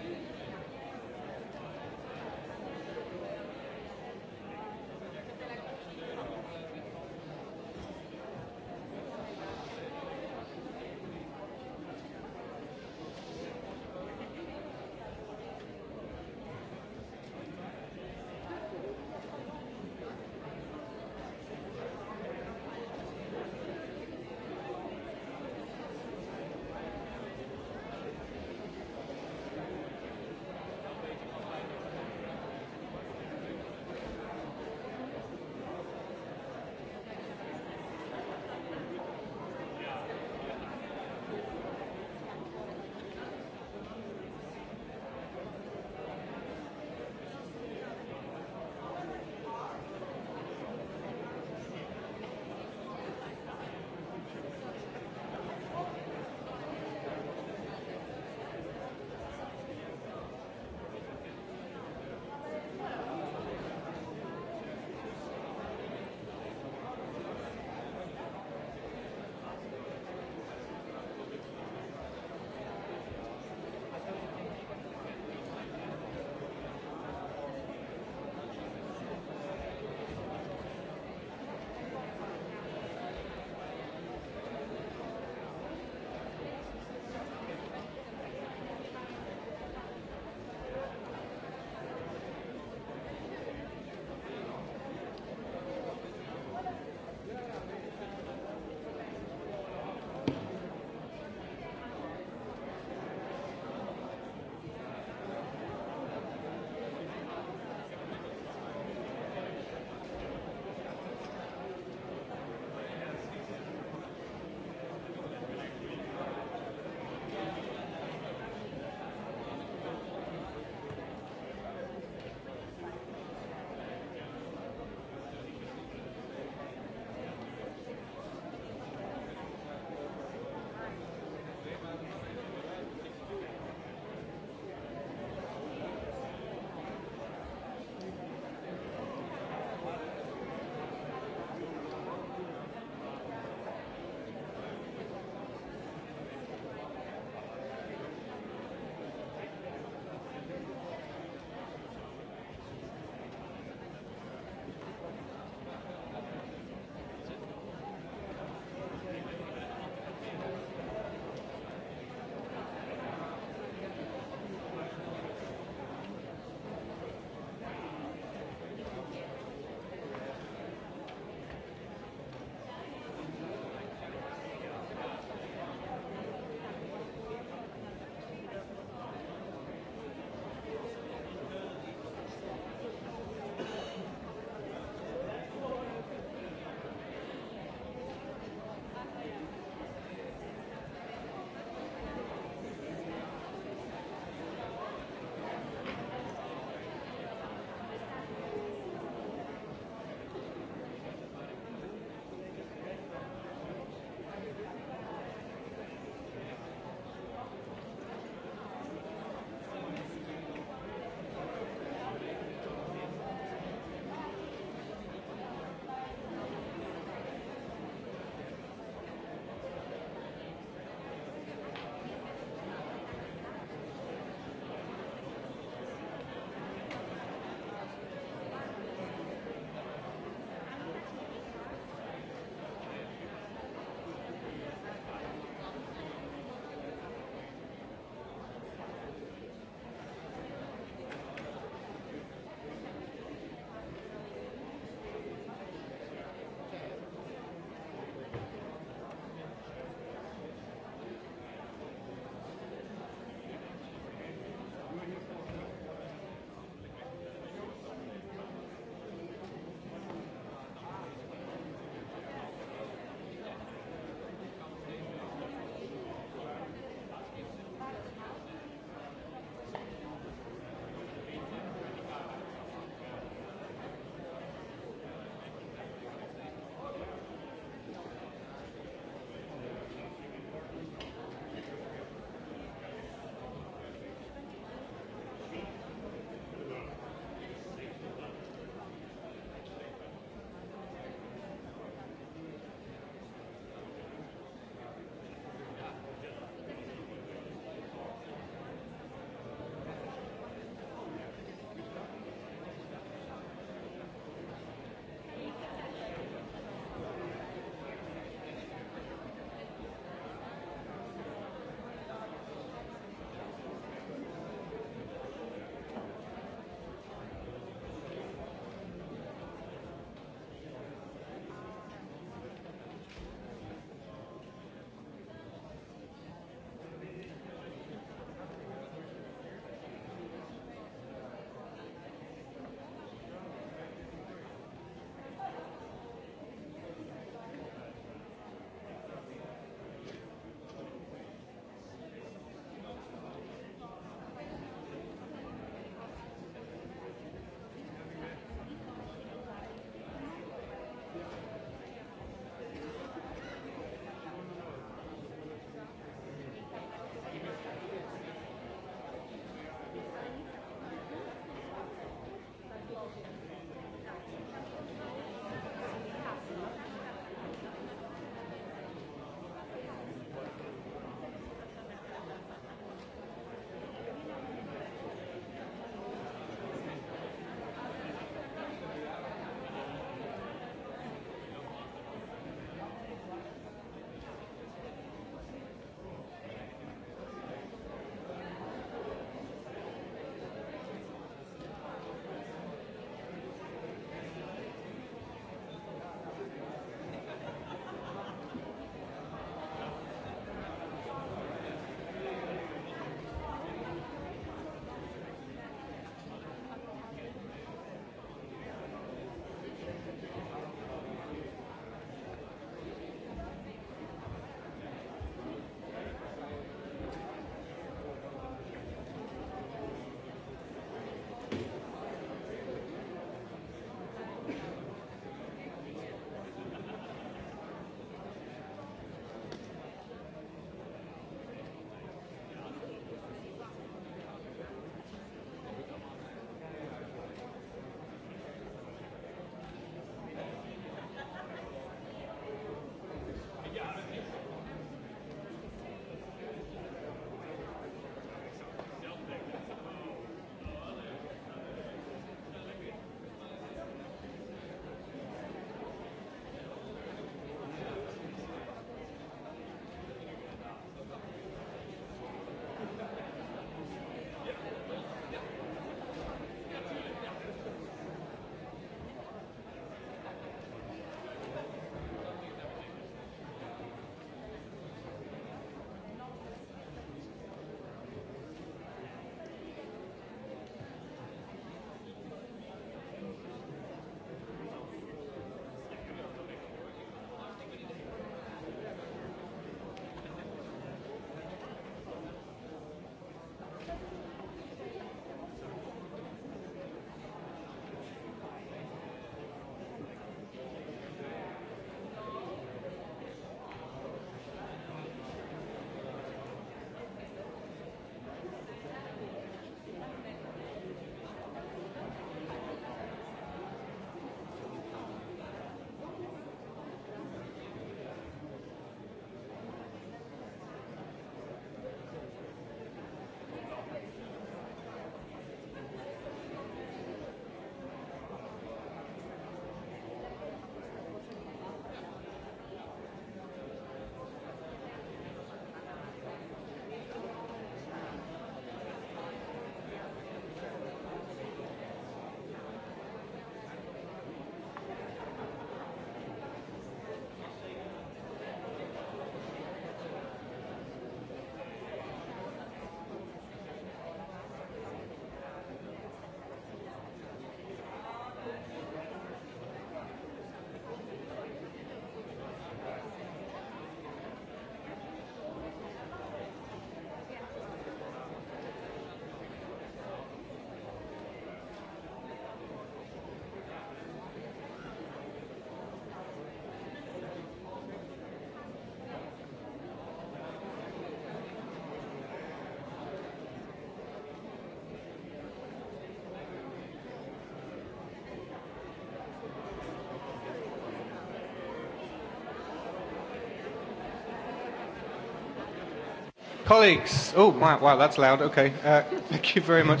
Colleagues, oh wow, that's loud. Okay, uh, thank you very much.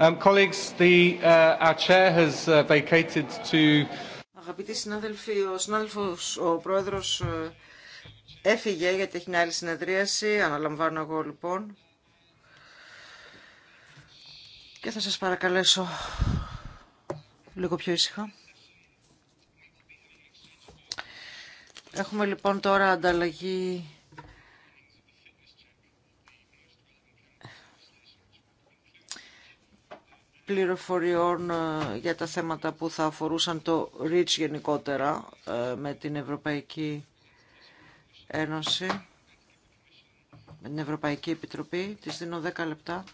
Um, colleagues, the uh, our chair has uh, vacated to. Αγαπητοί συνάδελφοι, ο συνάδελφος, ο πρόεδρος ε, έφυγε γιατί έχει μια άλλη συνεδρίαση. Αναλαμβάνω εγώ λοιπόν. Και θα σας παρακαλέσω λίγο πιο ήσυχα. Έχουμε λοιπόν τώρα ανταλλαγή πληροφοριών ε, για τα θέματα που θα αφορούσαν το REACH γενικότερα ε, με την Ευρωπαϊκή Ένωση, με την Ευρωπαϊκή Επιτροπή. Της δίνω 10 λεπτά.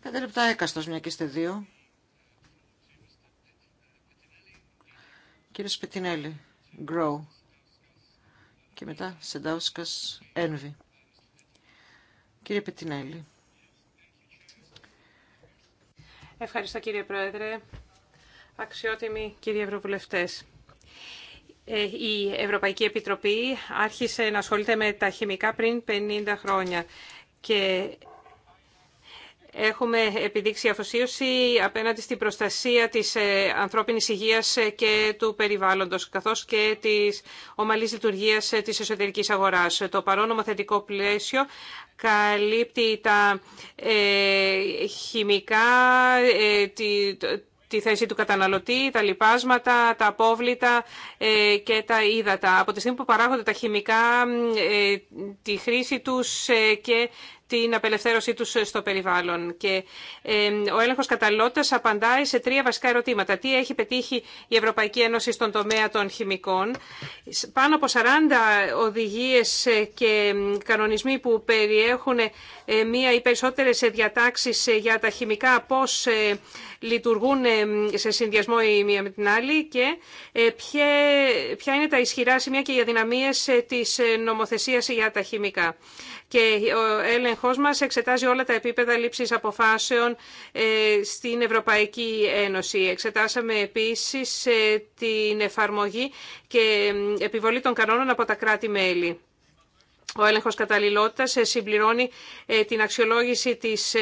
Πέντε λεπτά έκαστος, μια και είστε δύο. Κύριε Σπιτινέλη, Grow. Και μετά Σεντάουσκας, Envy. Κύριε Πετινέλη. Ευχαριστώ κύριε Πρόεδρε. Αξιότιμοι κύριοι Ευρωβουλευτές. Ε, η Ευρωπαϊκή Επιτροπή άρχισε να ασχολείται με τα χημικά πριν 50 χρόνια και Έχουμε επιδείξει αφοσίωση απέναντι στην προστασία της ε, ανθρώπινης υγείας ε, και του περιβάλλοντος, καθώς και της ομαλής λειτουργίας ε, της εσωτερικής αγοράς. Το παρόν θετικό πλαίσιο καλύπτει τα χημικά, τη, τη θέση του καταναλωτή, τα λιπάσματα, τα απόβλητα και τα ύδατα. Από τη στιγμή που παράγονται τα χημικά, τη χρήση τους και την απελευθέρωσή τους στο περιβάλλον. Και ο έλεγχος καταλότητας απαντάει σε τρία βασικά ερωτήματα. Τι έχει πετύχει η Ευρωπαϊκή Ένωση στον τομέα των χημικών. Πάνω από 40 οδηγίες ε, και κανονισμοί που περιέχουν ε, μία ή περισσότερες διατάξεις ε, για τα χημικά, πώς λειτουργούν σε συνδυασμό η μία με την άλλη και ποια είναι τα ισχυρά σημεία και οι αδυναμίες της νομοθεσίας για τα χημικά και ο έλεγχός μας εξετάζει όλα τα επίπεδα λήψης αποφάσεων ε, στην Ευρωπαϊκή Ένωση. Εξετάσαμε επίσης ε, την εφαρμογή και επιβολή των κανόνων από τα κράτη-μέλη ο έλεγχος καταλληλότητας ε, συμπληρώνει ε, την αξιολόγηση της ε,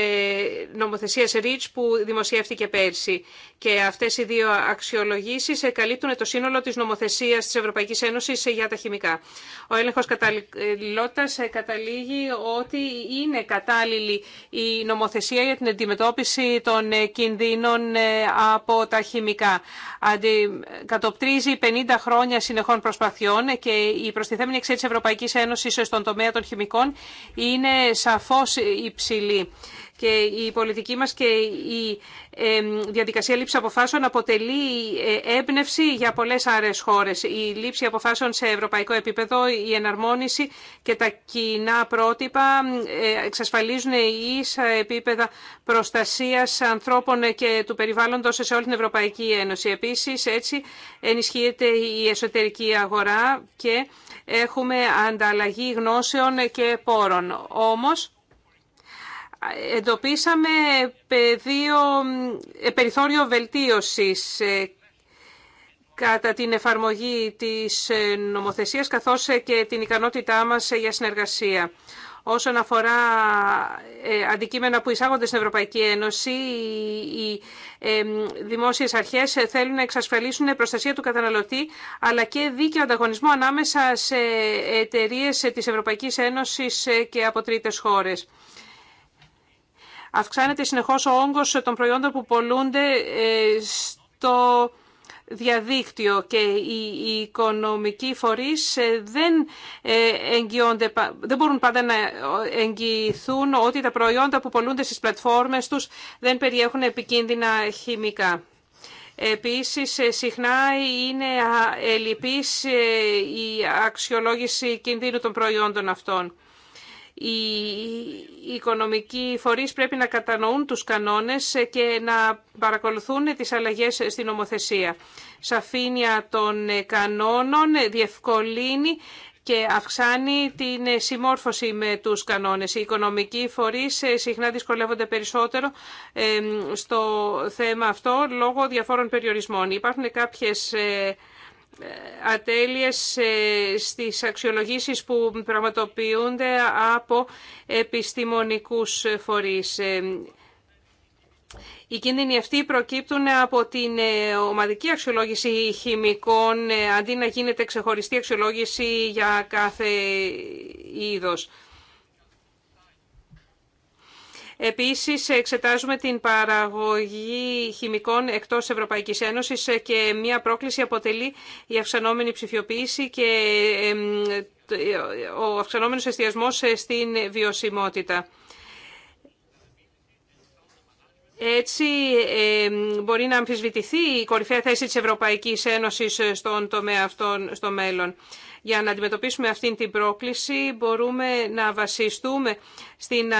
νομοθεσίας REACH που δημοσιεύτηκε πέρσι. Και αυτές οι δύο αξιολογήσεις καλύπτουν το σύνολο της νομοθεσίας της Ευρωπαϊκής Ένωσης για τα χημικά. Ο έλεγχος καταλληλότητας καταλήγει ότι είναι κατάλληλη η νομοθεσία για την αντιμετώπιση των κινδύνων από τα χημικά. Κατοπτρίζει 50 χρόνια συνεχών προσπαθειών και η προστιθέμενη εξέλιξη Ευρωπαϊκής Ένωσης στο στον τομέα των χημικών είναι σαφώς υψηλή. Και η πολιτική μας και η διαδικασία λήψη αποφάσεων αποτελεί ε, έμπνευση για πολλές άρες χώρες. Η λήψη αποφάσεων σε ευρωπαϊκό επίπεδο, η εναρμόνιση και τα κοινά πρότυπα ε, εξασφαλίζουν ίσα επίπεδα προστασίας ανθρώπων και του περιβάλλοντος σε όλη την Ευρωπαϊκή Ένωση. Επίσης, έτσι ενισχύεται η εσωτερική αγορά και έχουμε ανταλλαγή γνώσεων και πόρων. Όμως, εντοπίσαμε πεδίο, ε, περιθώριο βελτίωσης ε, κατά την εφαρμογή της ε, νομοθεσίας καθώς και την ικανότητά μας για συνεργασία. Όσον αφορά ε, αντικείμενα που εισάγονται στην Ευρωπαϊκή Ένωση, οι ε, δημόσιες αρχές θέλουν να εξασφαλίσουν προστασία του καταναλωτή, αλλά και δίκαιο ανταγωνισμό ανάμεσα σε εταιρείε της Ευρωπαϊκής Ένωσης και από τρίτες χώρες. Αυξάνεται συνεχώς ο όγκος των προϊόντων που πολλούνται ε, στο διαδίκτυο και οι οικονομικοί φορείς ε, δεν, ε, δεν μπορούν πάντα να ε, εγγυηθούν ότι τα προϊόντα που πολλούνται στις πλατφόρμες τους δεν περιέχουν επικίνδυνα χημικά. Επίσης, συχνά είναι ελλειπής η αξιολόγηση κινδύνου των προϊόντων αυτών οι οικονομικοί φορείς πρέπει να κατανοούν τους κανόνες και να παρακολουθούν τις αλλαγές στην νομοθεσία. Σαφήνεια των κανόνων διευκολύνει και αυξάνει την συμμόρφωση με τους κανόνες. Οι οικονομικοί φορείς συχνά δυσκολεύονται περισσότερο ε, στο θέμα αυτό λόγω διαφόρων περιορισμών. Υπάρχουν κάποιες ε, ε, ατέλειες ε, στις αξιολογήσεις που πραγματοποιούνται από επιστημονικούς φορείς. Ε, οι κίνδυνοι αυτοί προκύπτουν από την ομαδική αξιολόγηση χημικών αντί να γίνεται ξεχωριστή αξιολόγηση για κάθε είδος. Επίσης, εξετάζουμε την παραγωγή χημικών εκτός Ευρωπαϊκής Ένωσης και μία πρόκληση αποτελεί η αυξανόμενη ψηφιοποίηση και ο αυξανόμενος εστιασμός στην βιωσιμότητα. Έτσι μπορεί να αμφισβητηθεί η κορυφαία θέση της Ευρωπαϊκής Ένωσης στον τομέα αυτόν στο μέλλον για να αντιμετωπίσουμε αυτήν την πρόκληση μπορούμε να βασιστούμε στην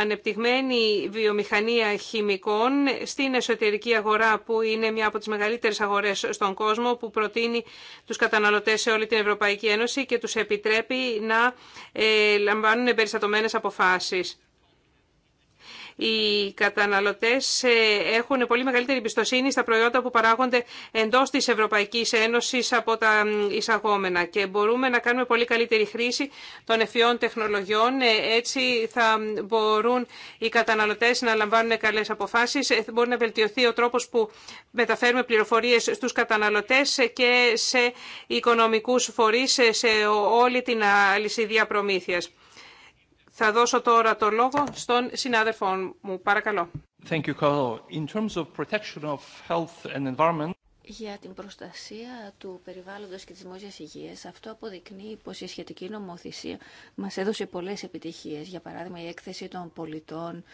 ανεπτυγμένη βιομηχανία χημικών, στην εσωτερική αγορά που είναι μια από τις μεγαλύτερες αγορές στον κόσμο που προτείνει τους καταναλωτές σε όλη την Ευρωπαϊκή Ένωση και τους επιτρέπει να ε, λαμβάνουν περιστατωμένες αποφάσεις. Οι καταναλωτές ε, έχουν πολύ μεγαλύτερη εμπιστοσύνη στα προϊόντα που παράγονται εντός της Ευρωπαϊκής Ένωσης από τα εισαγόμενα και μπορούμε να κάνουμε πολύ καλύτερη χρήση των ευφυών τεχνολογιών. Ε, έτσι θα μπορούν οι καταναλωτές να λαμβάνουν καλές αποφάσεις. Ε, μπορεί να βελτιωθεί ο τρόπος που μεταφέρουμε πληροφορίες στους καταναλωτές και σε οικονομικούς φορείς σε όλη την αλυσίδια προμήθειας. Θα δώσω τώρα το λόγο στον συνάδελφό μου. Παρακαλώ. Thank you, In terms of protection of health and environment... Για την προστασία του περιβάλλοντος και της δημόσιας υγείας, αυτό αποδεικνύει πως η σχετική νομοθεσία μας έδωσε πολλές επιτυχίες. Για παράδειγμα, η έκθεση των πολιτών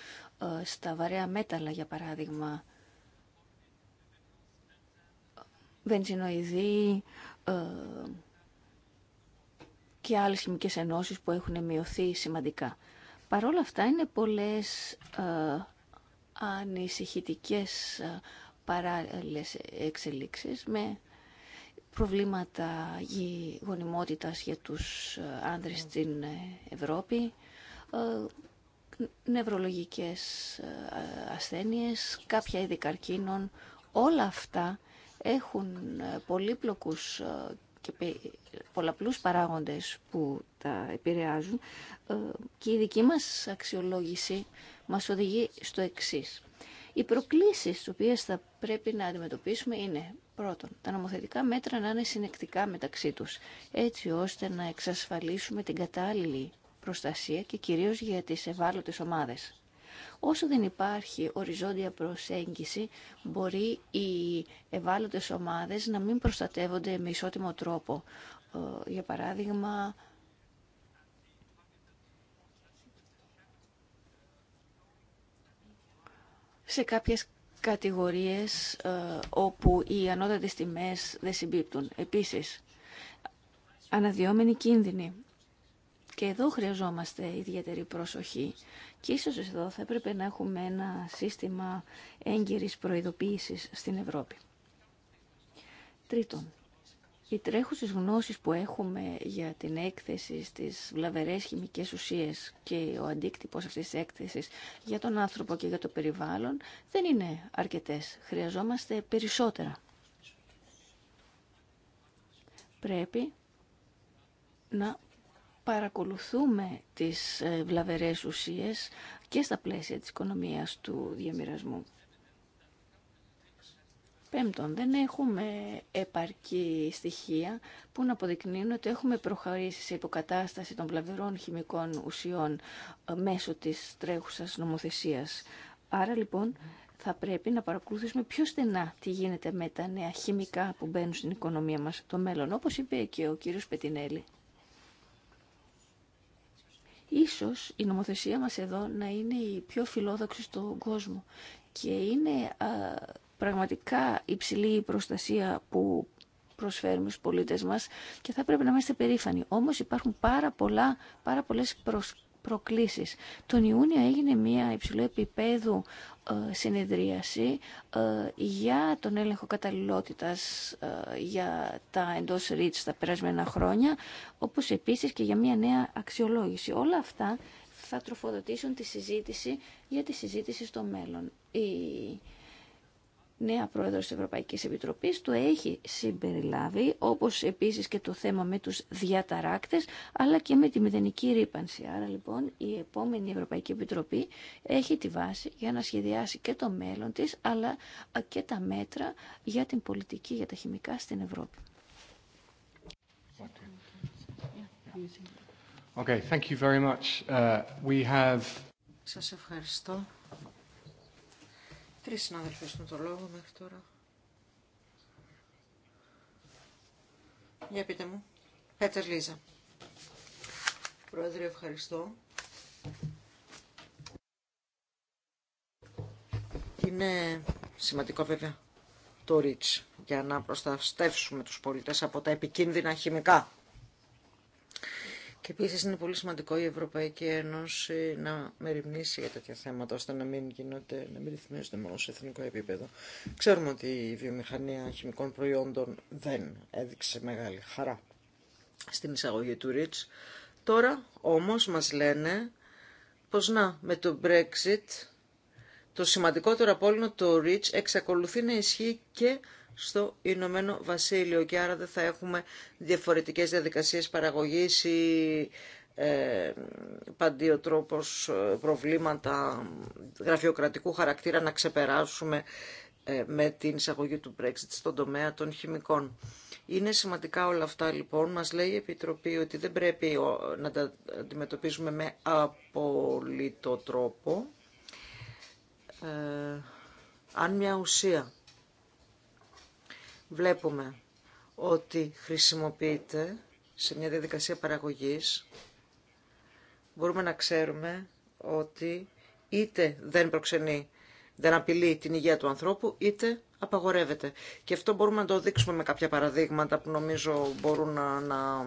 ε, στα βαρέα μέταλλα, για παράδειγμα, βενζινοειδή, ε, και άλλες χημικές ενώσεις που έχουν μειωθεί σημαντικά. Παρ' όλα αυτά είναι πολλές ε, ανησυχητικές ε, παράλληλες εξελίξεις με προβλήματα γονιμότητας για τους ε, άνδρες στην ε, Ευρώπη, ε, νευρολογικές ασθένειες, κάποια είδη καρκίνων. Όλα αυτά έχουν πολύπλοκους και πολλαπλούς παράγοντες που τα επηρεάζουν ε, και η δική μας αξιολόγηση μας οδηγεί στο εξής. Οι προκλήσεις τις οποίες θα πρέπει να αντιμετωπίσουμε είναι πρώτον τα νομοθετικά μέτρα να είναι συνεκτικά μεταξύ τους έτσι ώστε να εξασφαλίσουμε την κατάλληλη προστασία και κυρίως για τις ευάλωτες ομάδες. Όσο δεν υπάρχει οριζόντια προσέγγιση, μπορεί οι ευάλωτες ομάδες να μην προστατεύονται με ισότιμο τρόπο. Ε, για παράδειγμα, σε κάποιες κατηγορίες ε, όπου οι ανώτατες τιμές δεν συμπίπτουν. Επίσης, αναδυόμενοι κίνδυνοι. Και εδώ χρειαζόμαστε ιδιαίτερη προσοχή. Και ίσως εδώ θα έπρεπε να έχουμε ένα σύστημα έγκυρης προειδοποίησης στην Ευρώπη. Τρίτον, οι τρέχουσες γνώσεις που έχουμε για την έκθεση στις βλαβερές χημικές ουσίες και ο αντίκτυπος αυτής της έκθεσης για τον άνθρωπο και για το περιβάλλον δεν είναι αρκετές. Χρειαζόμαστε περισσότερα. Πρέπει να παρακολουθούμε τις ε, βλαβερές ουσίες και στα πλαίσια της οικονομίας του διαμοιρασμού. Πέμπτον, δεν έχουμε επαρκή στοιχεία που να αποδεικνύουν ότι έχουμε προχωρήσει σε υποκατάσταση των βλαβερών χημικών ουσιών ε, μέσω της τρέχουσας νομοθεσίας. Άρα λοιπόν θα πρέπει να παρακολουθήσουμε πιο στενά τι γίνεται με τα νέα χημικά που μπαίνουν στην οικονομία μας το μέλλον, όπως είπε και ο κύριος Πετινέλη. Ίσως η νομοθεσία μας εδώ να είναι η πιο φιλόδοξη στον κόσμο και είναι α, πραγματικά υψηλή η προστασία που προσφέρουμε στους πολίτες μας και θα πρέπει να είμαστε περήφανοι. Όμως υπάρχουν πάρα, πολλά, πάρα πολλές προσ προκλήσεις. Τον Ιούνιο έγινε μια υψηλό επίπεδου ε, συνεδρίαση ε, για τον έλεγχο καταλληλότητας ε, για τα εντός ρίτς τα περασμένα χρόνια, όπως επίσης και για μια νέα αξιολόγηση. Όλα αυτά θα τροφοδοτήσουν τη συζήτηση για τη συζήτηση στο μέλλον νέα πρόεδρος της Ευρωπαϊκής Επιτροπής το έχει συμπεριλάβει, όπως επίσης και το θέμα με τους διαταράκτες, αλλά και με τη μηδενική ρήπανση. Άρα λοιπόν η επόμενη Ευρωπαϊκή Επιτροπή έχει τη βάση για να σχεδιάσει και το μέλλον της, αλλά και τα μέτρα για την πολιτική για τα χημικά στην Ευρώπη. Okay, thank you very much. Uh, we have... Σας ευχαριστώ. Τρεις συναδελφές του το λόγο μέχρι τώρα. Για πείτε μου. Πέτερ Λίζα. Πρόεδρε, ευχαριστώ. Είναι σημαντικό βέβαια το ριτς για να προστατεύσουμε τους πολίτες από τα επικίνδυνα χημικά. Και επίση είναι πολύ σημαντικό η Ευρωπαϊκή Ένωση να μεριμνήσει για τέτοια θέματα, ώστε να μην γίνονται, να μην ρυθμίζονται μόνο σε εθνικό επίπεδο. Ξέρουμε ότι η βιομηχανία χημικών προϊόντων δεν έδειξε μεγάλη χαρά στην εισαγωγή του Ριτς. Τώρα όμως μας λένε πως να, με το Brexit το σημαντικότερο από όλο το Ριτς εξακολουθεί να ισχύει και στο Ηνωμένο Βασίλειο και άρα δεν θα έχουμε διαφορετικές διαδικασίες παραγωγής ή ε, παντιοτρόπως ε, προβλήματα γραφειοκρατικού χαρακτήρα να ξεπεράσουμε ε, με την εισαγωγή του Brexit στον τομέα των χημικών. Είναι σημαντικά όλα αυτά λοιπόν. Μας λέει η Επιτροπή ότι δεν πρέπει να τα αντιμετωπίζουμε με απολύτο τρόπο. Ε, αν μια ουσία βλέπουμε ότι χρησιμοποιείται σε μια διαδικασία παραγωγής, μπορούμε να ξέρουμε ότι είτε δεν προξενεί, δεν απειλεί την υγεία του ανθρώπου, είτε απαγορεύεται. Και αυτό μπορούμε να το δείξουμε με κάποια παραδείγματα που νομίζω μπορούν να, να,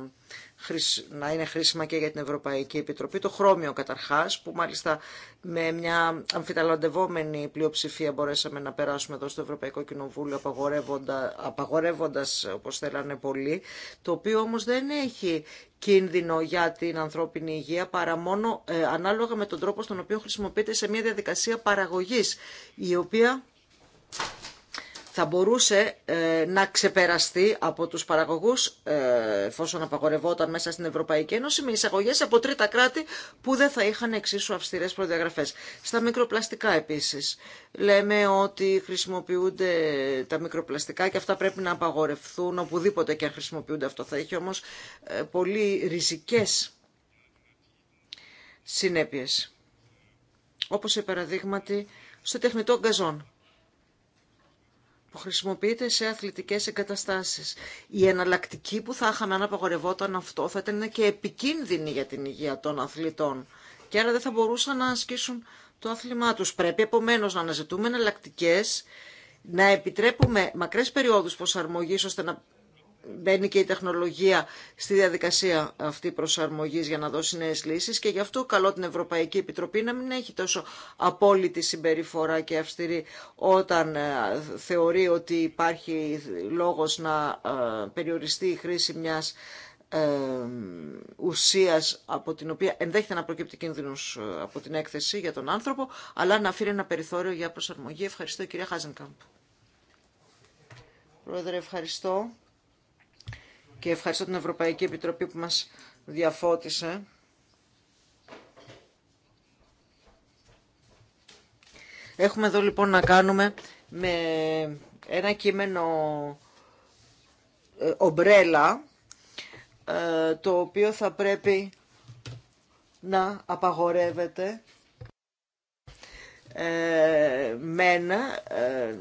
να είναι χρήσιμα και για την Ευρωπαϊκή Επιτροπή. Το χρώμιο καταρχάς, που μάλιστα με μια αμφιταλαντευόμενη πλειοψηφία μπορέσαμε να περάσουμε εδώ στο Ευρωπαϊκό Κοινοβούλιο απαγορεύοντα, απαγορεύοντας όπως θέλανε πολλοί, το οποίο όμως δεν έχει κίνδυνο για την ανθρώπινη υγεία παρά μόνο ε, ανάλογα με τον τρόπο στον οποίο χρησιμοποιείται σε μια διαδικασία παραγωγής η οποία θα μπορούσε ε, να ξεπεραστεί από τους παραγωγούς, ε, εφόσον απαγορευόταν μέσα στην Ευρωπαϊκή Ένωση, με εισαγωγές από τρίτα κράτη που δεν θα είχαν εξίσου αυστηρές προδιαγραφές. Στα μικροπλαστικά επίσης. Λέμε ότι χρησιμοποιούνται τα μικροπλαστικά και αυτά πρέπει να απαγορευθούν οπουδήποτε και αν χρησιμοποιούνται. Αυτό θα έχει όμως ε, πολύ ριζικές συνέπειες. Όπως σε παραδείγματι στο τεχνητό γκαζόν που χρησιμοποιείται σε αθλητικές εγκαταστάσεις. Η εναλλακτική που θα είχαμε αν απαγορευόταν αυτό θα ήταν και επικίνδυνη για την υγεία των αθλητών και άρα δεν θα μπορούσαν να ασκήσουν το άθλημά τους. Πρέπει επομένως να αναζητούμε εναλλακτικέ να επιτρέπουμε μακρές περιόδους προσαρμογή ώστε να μπαίνει και η τεχνολογία στη διαδικασία αυτή προσαρμογής για να δώσει νέε λύσεις και γι' αυτό καλό την Ευρωπαϊκή Επιτροπή να μην έχει τόσο απόλυτη συμπεριφορά και αυστηρή όταν ε, θεωρεί ότι υπάρχει λόγος να ε, περιοριστεί η χρήση μια ε, ουσίας από την οποία ενδέχεται να προκύπτει κίνδυνος από την έκθεση για τον άνθρωπο, αλλά να αφήνει ένα περιθώριο για προσαρμογή. Ευχαριστώ κυρία Χάζενκαμπ. Πρόεδρε, ευχαριστώ και ευχαριστώ την Ευρωπαϊκή Επιτροπή που μας διαφώτισε. Έχουμε εδώ λοιπόν να κάνουμε με ένα κείμενο ε, ομπρέλα ε, το οποίο θα πρέπει να απαγορεύεται ε, μεν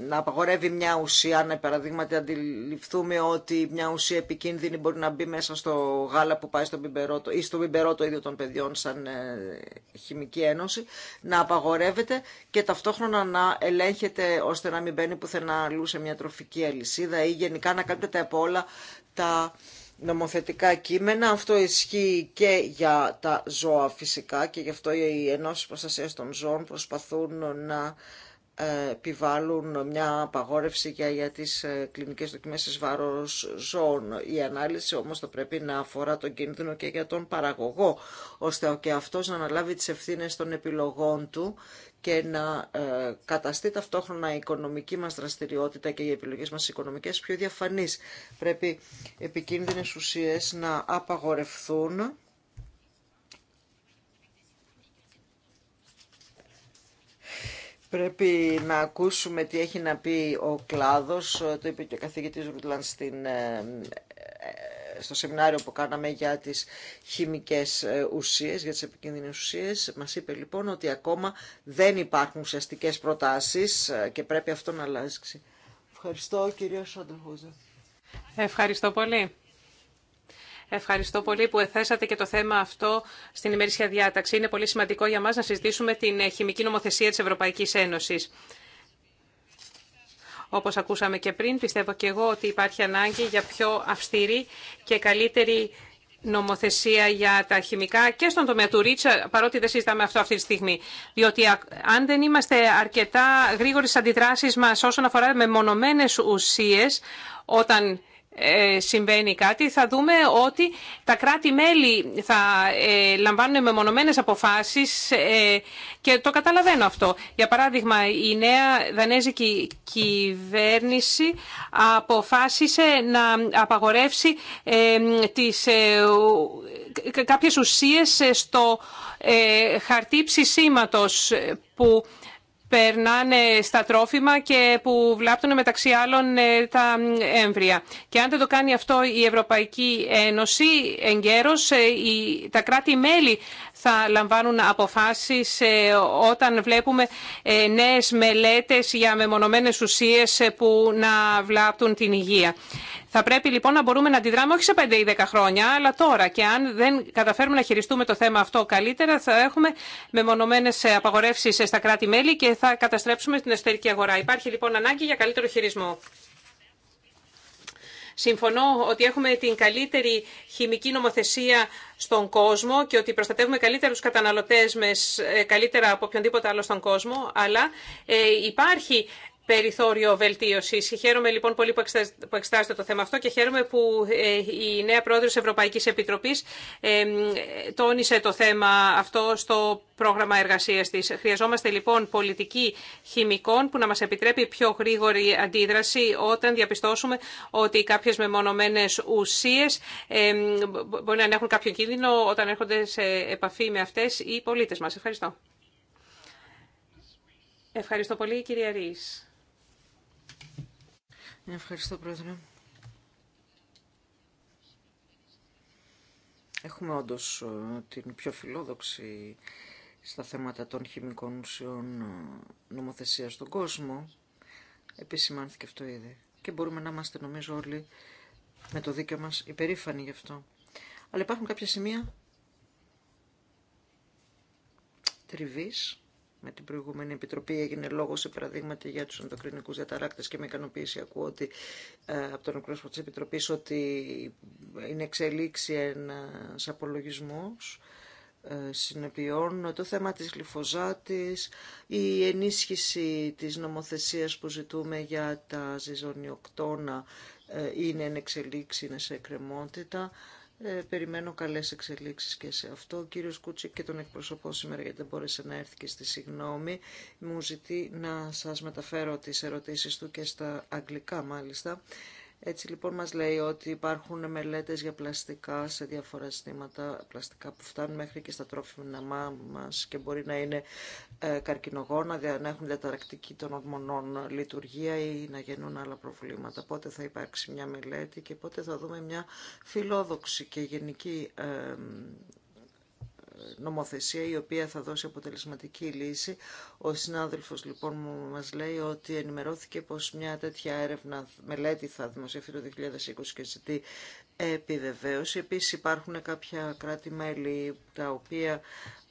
να απαγορεύει μια ουσία, να παραδείγματι αντιληφθούμε ότι μια ουσία επικίνδυνη μπορεί να μπει μέσα στο γάλα που πάει στο μπιμπερό, ή στο μπιμπερό το ίδιο των παιδιών σαν ε, χημική ένωση, να απαγορεύεται και ταυτόχρονα να ελέγχεται ώστε να μην μπαίνει πουθενά αλλού σε μια τροφική αλυσίδα ή γενικά να καλύπτεται από όλα τα νομοθετικά κείμενα. Αυτό ισχύει και για τα ζώα φυσικά και γι' αυτό οι ενώσεις προστασία των ζώων προσπαθούν να επιβάλλουν μια απαγόρευση για, για τις ε, κλινικές δοκιμές εις βάρος ζώων. Η ανάλυση όμως θα πρέπει να αφορά τον κίνδυνο και για τον παραγωγό, ώστε και αυτός να αναλάβει τις ευθύνες των επιλογών του και να ε, καταστεί ταυτόχρονα η οικονομική μας δραστηριότητα και οι επιλογές μας οικονομικές πιο διαφανείς. Πρέπει επικίνδυνες ουσίες να απαγορευθούν Πρέπει να ακούσουμε τι έχει να πει ο κλάδος, το είπε και ο καθηγητής Ρουτλάν στην, ε, ε, στο σεμινάριο που κάναμε για τις χημικές ε, ουσίες, για τις επικίνδυνες ουσίες. Μας είπε λοιπόν ότι ακόμα δεν υπάρχουν ουσιαστικέ προτάσεις και πρέπει αυτό να αλλάξει. Ευχαριστώ κύριο Σαντεχούζα. Ευχαριστώ πολύ. Ευχαριστώ πολύ που εθέσατε και το θέμα αυτό στην ημερήσια διάταξη. Είναι πολύ σημαντικό για μας να συζητήσουμε την ε, χημική νομοθεσία της Ευρωπαϊκής Ένωσης. Όπως ακούσαμε και πριν, πιστεύω και εγώ ότι υπάρχει ανάγκη για πιο αυστηρή και καλύτερη νομοθεσία για τα χημικά και στον τομέα του Ρίτσα, παρότι δεν συζητάμε αυτό αυτή τη στιγμή. Διότι αν δεν είμαστε αρκετά γρήγοροι στις αντιδράσεις μας όσον αφορά μονομένες ουσίες, όταν ε, συμβαίνει κάτι, θα δούμε ότι τα κράτη-μέλη θα ε, λαμβάνουν μεμονωμένες αποφάσεις ε, και το καταλαβαίνω αυτό. Για παράδειγμα, η νέα δανέζικη κυβέρνηση αποφάσισε να απαγορεύσει τις κάποιες ουσίες στο χαρτί ψησίματος που περνάνε στα τρόφιμα και που βλάπτουν μεταξύ άλλων ε, τα έμβρια. Και αν δεν το κάνει αυτό η Ευρωπαϊκή Ένωση, εγκαίρως ε, τα κράτη-μέλη θα λαμβάνουν αποφάσεις ε, όταν βλέπουμε νέες μελέτες για μεμονωμένες ουσίες που να βλάπτουν την υγεία. Θα πρέπει λοιπόν να μπορούμε να αντιδράμε όχι σε 5 ή 10 χρόνια, αλλά τώρα. Και αν δεν καταφέρουμε να χειριστούμε το θέμα αυτό καλύτερα, θα έχουμε μεμονωμένε απαγορεύσει στα κράτη-μέλη και θα καταστρέψουμε την εσωτερική αγορά. Υπάρχει λοιπόν ανάγκη για καλύτερο χειρισμό. Συμφωνώ ότι έχουμε την καλύτερη χημική νομοθεσία στον κόσμο και ότι προστατεύουμε καλύτερου καταναλωτέ ε, καλύτερα από οποιονδήποτε άλλο στον κόσμο, αλλά ε, υπάρχει περιθώριο βελτίωση. Χαίρομαι λοιπόν πολύ που εξετάζετε το θέμα αυτό και χαίρομαι που ε, η νέα πρόεδρος Ευρωπαϊκής Επιτροπής τόνισε το θέμα αυτό στο πρόγραμμα εργασία τη. Χρειαζόμαστε λοιπόν πολιτική χημικών που να μα επιτρέπει πιο γρήγορη αντίδραση όταν διαπιστώσουμε ότι κάποιε μεμονωμένε ουσίες μπορεί να έχουν κάποιο κίνδυνο όταν έρχονται σε επαφή με αυτέ οι πολίτε μα. Ευχαριστώ. Ευχαριστώ πολύ κυρία Ρίς. Ευχαριστώ, Πρόεδρε. Έχουμε όντως ε, την πιο φιλόδοξη στα θέματα των χημικών ουσιών ε, νομοθεσία στον κόσμο. Επισημάνθηκε αυτό ήδη. Και μπορούμε να είμαστε νομίζω όλοι με το δίκαιο μας υπερήφανοι γι' αυτό. Αλλά υπάρχουν κάποια σημεία τριβής με την προηγούμενη επιτροπή έγινε λόγο σε παραδείγματα για του ενδοκρινικού διαταράκτε και με ικανοποίηση ακούω ότι ε, από τον εκπρόσωπο τη επιτροπή ότι είναι εξελίξη ένα απολογισμό ε, συνεπειών. Το θέμα της γλυφοζάτης, η ενίσχυση της νομοθεσίας που ζητούμε για τα ζυζονιοκτώνα ε, είναι εν εξελίξη, είναι σε εκκρεμότητα. Ε, περιμένω καλές εξελίξεις και σε αυτό. Ο κύριος Κουτσί και τον εκπροσωπώ σήμερα γιατί δεν μπόρεσε να έρθει και στη συγγνώμη. Μου ζητεί να σας μεταφέρω τις ερωτήσεις του και στα αγγλικά μάλιστα. Έτσι λοιπόν μας λέει ότι υπάρχουν μελέτες για πλαστικά σε διάφορα αισθήματα, πλαστικά που φτάνουν μέχρι και στα τρόφιμα μας και μπορεί να είναι ε, καρκινογόνα, να έχουν διαταρακτική των ορμονών λειτουργία ή να γεννούν άλλα προβλήματα. Πότε θα υπάρξει μια μελέτη και πότε θα δούμε μια φιλόδοξη και γενική ε, νομοθεσία η οποία θα δώσει αποτελεσματική λύση. Ο συνάδελφος λοιπόν μου μας λέει ότι ενημερώθηκε πως μια τέτοια έρευνα μελέτη θα δημοσιευθεί το 2020 και ζητεί επιβεβαίωση. Επίσης υπάρχουν κάποια κράτη-μέλη τα οποία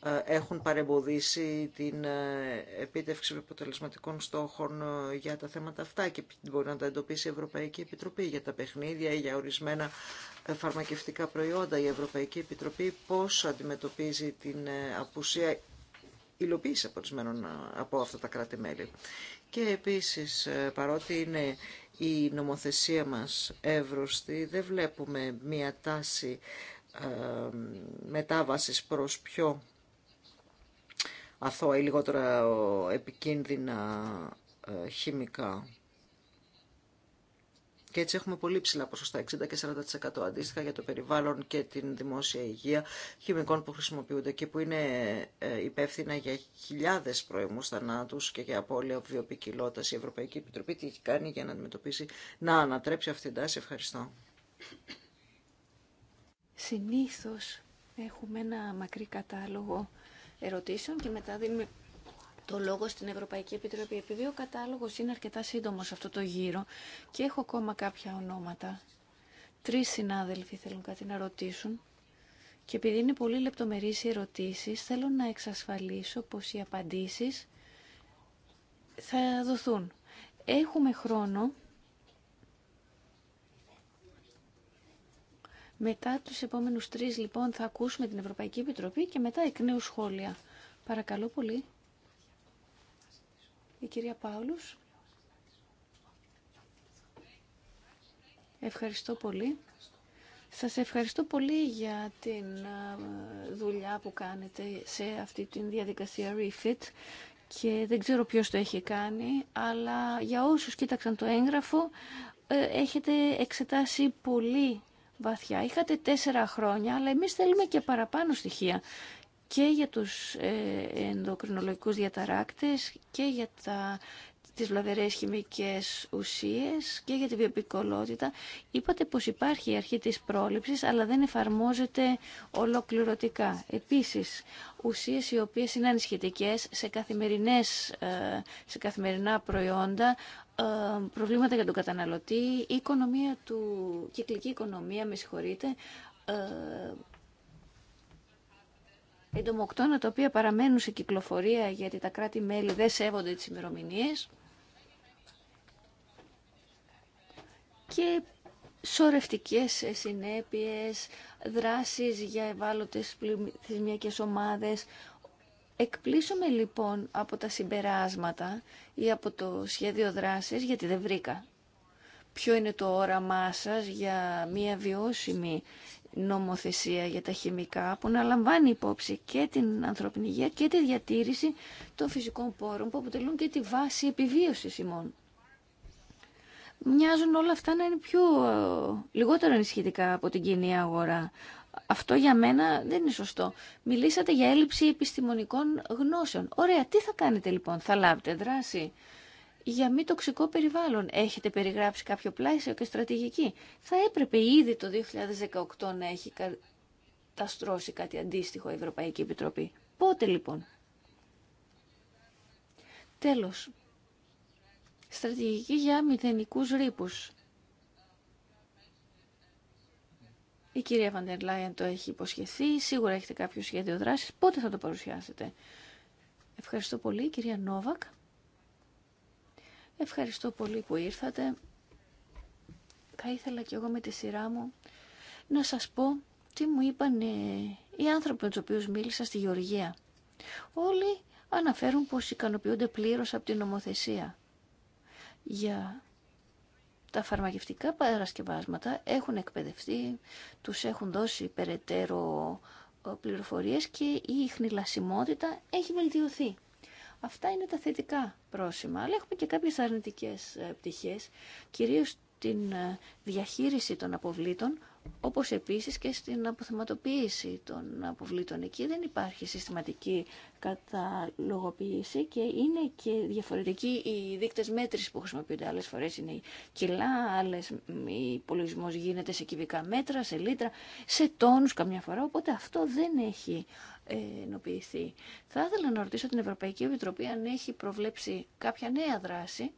ε, έχουν παρεμποδίσει την ε, επίτευξη αποτελεσματικών στόχων ε, για τα θέματα αυτά και μπορεί να τα εντοπίσει η Ευρωπαϊκή Επιτροπή για τα παιχνίδια ή για ορισμένα φαρμακευτικά προϊόντα. Η Ευρωπαϊκή Επιτροπή πώς αντιμετωπίζει την απουσία υλοποίηση από, από αυτά τα κράτη-μέλη. Και επίσης, παρότι είναι η νομοθεσία μας εύρωστη, δεν βλέπουμε μία τάση μετάβασης προς πιο αθώα ή λιγότερα επικίνδυνα ε, χημικά. Και έτσι έχουμε πολύ ψηλά ποσοστά, 60 και 40% αντίστοιχα για το περιβάλλον και την δημόσια υγεία χημικών που χρησιμοποιούνται και που είναι ε, υπεύθυνα για χιλιάδες προεμούς θανάτους και για απώλεια βιοπικιλότητας. Η Ευρωπαϊκή Επιτροπή τι έχει κάνει για να αντιμετωπίσει, να ανατρέψει αυτήν την τάση. Ευχαριστώ. Συνήθως έχουμε ένα μακρύ κατάλογο ερωτήσεων και μετά δίνουμε το λόγο στην Ευρωπαϊκή Επιτροπή. Επειδή ο κατάλογος είναι αρκετά σύντομος αυτό το γύρο και έχω ακόμα κάποια ονόματα, τρεις συνάδελφοι θέλουν κάτι να ρωτήσουν και επειδή είναι πολύ λεπτομερεί οι ερωτήσεις, θέλω να εξασφαλίσω πως οι απαντήσεις θα δοθούν. Έχουμε χρόνο Μετά τους επόμενους τρεις λοιπόν θα ακούσουμε την Ευρωπαϊκή Επιτροπή και μετά εκ νέου σχόλια. Παρακαλώ πολύ. Η κυρία Πάουλους. Ευχαριστώ πολύ. Σας ευχαριστώ πολύ για την δουλειά που κάνετε σε αυτή τη διαδικασία refit και δεν ξέρω ποιος το έχει κάνει, αλλά για όσους κοίταξαν το έγγραφο ε, έχετε εξετάσει πολύ βαθιά. Είχατε τέσσερα χρόνια, αλλά εμείς θέλουμε και παραπάνω στοιχεία και για τους ε, ενδοκρινολογικούς διαταράκτες και για τα τις βλαβερές χημικές ουσίες και για τη βιοπικολότητα. Είπατε πως υπάρχει η αρχή της πρόληψης, αλλά δεν εφαρμόζεται ολοκληρωτικά. Επίσης, ουσίες οι οποίες είναι ανισχυτικές σε, ε, σε καθημερινά προϊόντα, ε, προβλήματα για τον καταναλωτή, η οικονομία του, κυκλική οικονομία, με συγχωρείτε, ε, εντομοκτώνα τα οποία παραμένουν σε κυκλοφορία γιατί τα κράτη-μέλη δεν σέβονται τις ημερομηνίε. και σορευτικές συνέπειες, δράσεις για ευάλωτες πληθυσμιακές ομάδες, Εκπλήσουμε λοιπόν από τα συμπεράσματα ή από το σχέδιο δράσης, γιατί δεν βρήκα ποιο είναι το όραμά σας για μια βιώσιμη νομοθεσία για τα χημικά που να λαμβάνει υπόψη και την ανθρώπινη υγεία και τη διατήρηση των φυσικών πόρων που αποτελούν και τη βάση επιβίωσης ημών. Μοιάζουν όλα αυτά να είναι πιο ε, λιγότερο ενισχυτικά από την κοινή αγορά. Αυτό για μένα δεν είναι σωστό. Μιλήσατε για έλλειψη επιστημονικών γνώσεων. Ωραία, τι θα κάνετε λοιπόν, θα λάβετε δράση για μη τοξικό περιβάλλον. Έχετε περιγράψει κάποιο πλαίσιο και στρατηγική. Θα έπρεπε ήδη το 2018 να έχει καταστρώσει κάτι αντίστοιχο η Ευρωπαϊκή Επιτροπή. Πότε λοιπόν. Τέλος. Στρατηγική για μηδενικούς ρήπους. Η κυρία Βαντερ το έχει υποσχεθεί. Σίγουρα έχετε κάποιο σχέδιο δράση. Πότε θα το παρουσιάσετε. Ευχαριστώ πολύ, κυρία Νόβακ. Ευχαριστώ πολύ που ήρθατε. Θα ήθελα κι εγώ με τη σειρά μου να σας πω τι μου είπαν ε, οι άνθρωποι με τους οποίους μίλησα στη Γεωργία. Όλοι αναφέρουν πως ικανοποιούνται πλήρως από την νομοθεσία για τα φαρμακευτικά παρασκευάσματα έχουν εκπαιδευτεί, τους έχουν δώσει περαιτέρω ε, πληροφορίες και η χνηλασιμότητα έχει βελτιωθεί. Αυτά είναι τα θετικά πρόσημα, αλλά έχουμε και κάποιες αρνητικές ε, πτυχές, κυρίως την ε, διαχείριση των αποβλήτων όπως επίσης και στην αποθεματοποίηση των αποβλήτων. Εκεί δεν υπάρχει συστηματική καταλογοποίηση και είναι και διαφορετικοί οι δείκτες μέτρηση που χρησιμοποιούνται. Άλλες φορές είναι οι κιλά, άλλες υπολογισμό γίνεται σε κυβικά μέτρα, σε λίτρα, σε τόνους καμιά φορά, οπότε αυτό δεν έχει ε, ενοποιηθεί. Θα ήθελα να ρωτήσω την Ευρωπαϊκή Επιτροπή αν έχει προβλέψει κάποια νέα δράση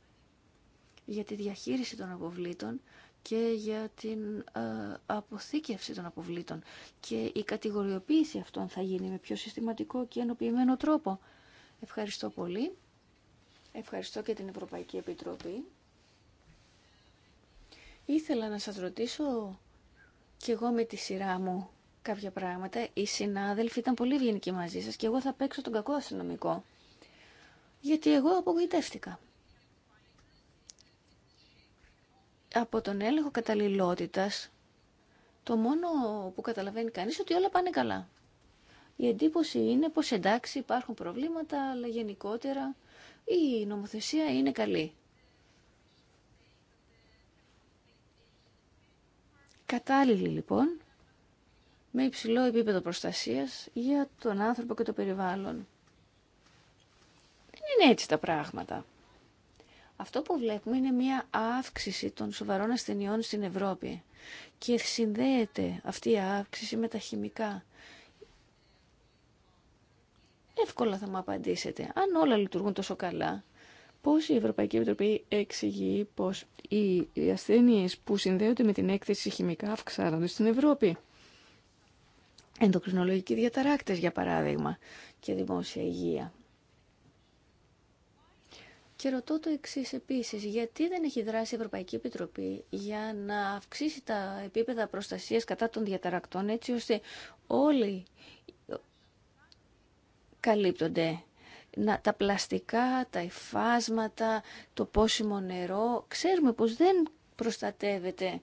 για τη διαχείριση των αποβλήτων και για την ε, αποθήκευση των αποβλήτων. Και η κατηγοριοποίηση αυτών θα γίνει με πιο συστηματικό και ενοποιημένο τρόπο. Ευχαριστώ πολύ. Ευχαριστώ και την Ευρωπαϊκή Επιτροπή. Ήθελα να σας ρωτήσω και εγώ με τη σειρά μου κάποια πράγματα. Οι συνάδελφοι ήταν πολύ ευγενικοί μαζί σας και εγώ θα παίξω τον κακό αστυνομικό. Γιατί εγώ απογοητεύτηκα. από τον έλεγχο καταλληλότητας το μόνο που καταλαβαίνει κανείς ότι όλα πάνε καλά. Η εντύπωση είναι πως εντάξει υπάρχουν προβλήματα, αλλά γενικότερα η νομοθεσία είναι καλή. Κατάλληλη λοιπόν, με υψηλό επίπεδο προστασίας για τον άνθρωπο και το περιβάλλον. Δεν είναι έτσι τα πράγματα. Αυτό που βλέπουμε είναι μια αύξηση των σοβαρών ασθενειών στην Ευρώπη και συνδέεται αυτή η αύξηση με τα χημικά. Εύκολα θα μου απαντήσετε. Αν όλα λειτουργούν τόσο καλά, πώς η Ευρωπαϊκή Επιτροπή εξηγεί πως οι ασθένειες που συνδέονται με την έκθεση χημικά αυξάνονται στην Ευρώπη. Ενδοκρινολογικοί διαταράκτες, για παράδειγμα, και δημόσια υγεία. Και ρωτώ το εξή επίση, γιατί δεν έχει δράσει η Ευρωπαϊκή Επιτροπή για να αυξήσει τα επίπεδα προστασία κατά των διαταρακτών, έτσι ώστε όλοι καλύπτονται. Να, τα πλαστικά, τα υφάσματα, το πόσιμο νερό, ξέρουμε πως δεν προστατεύεται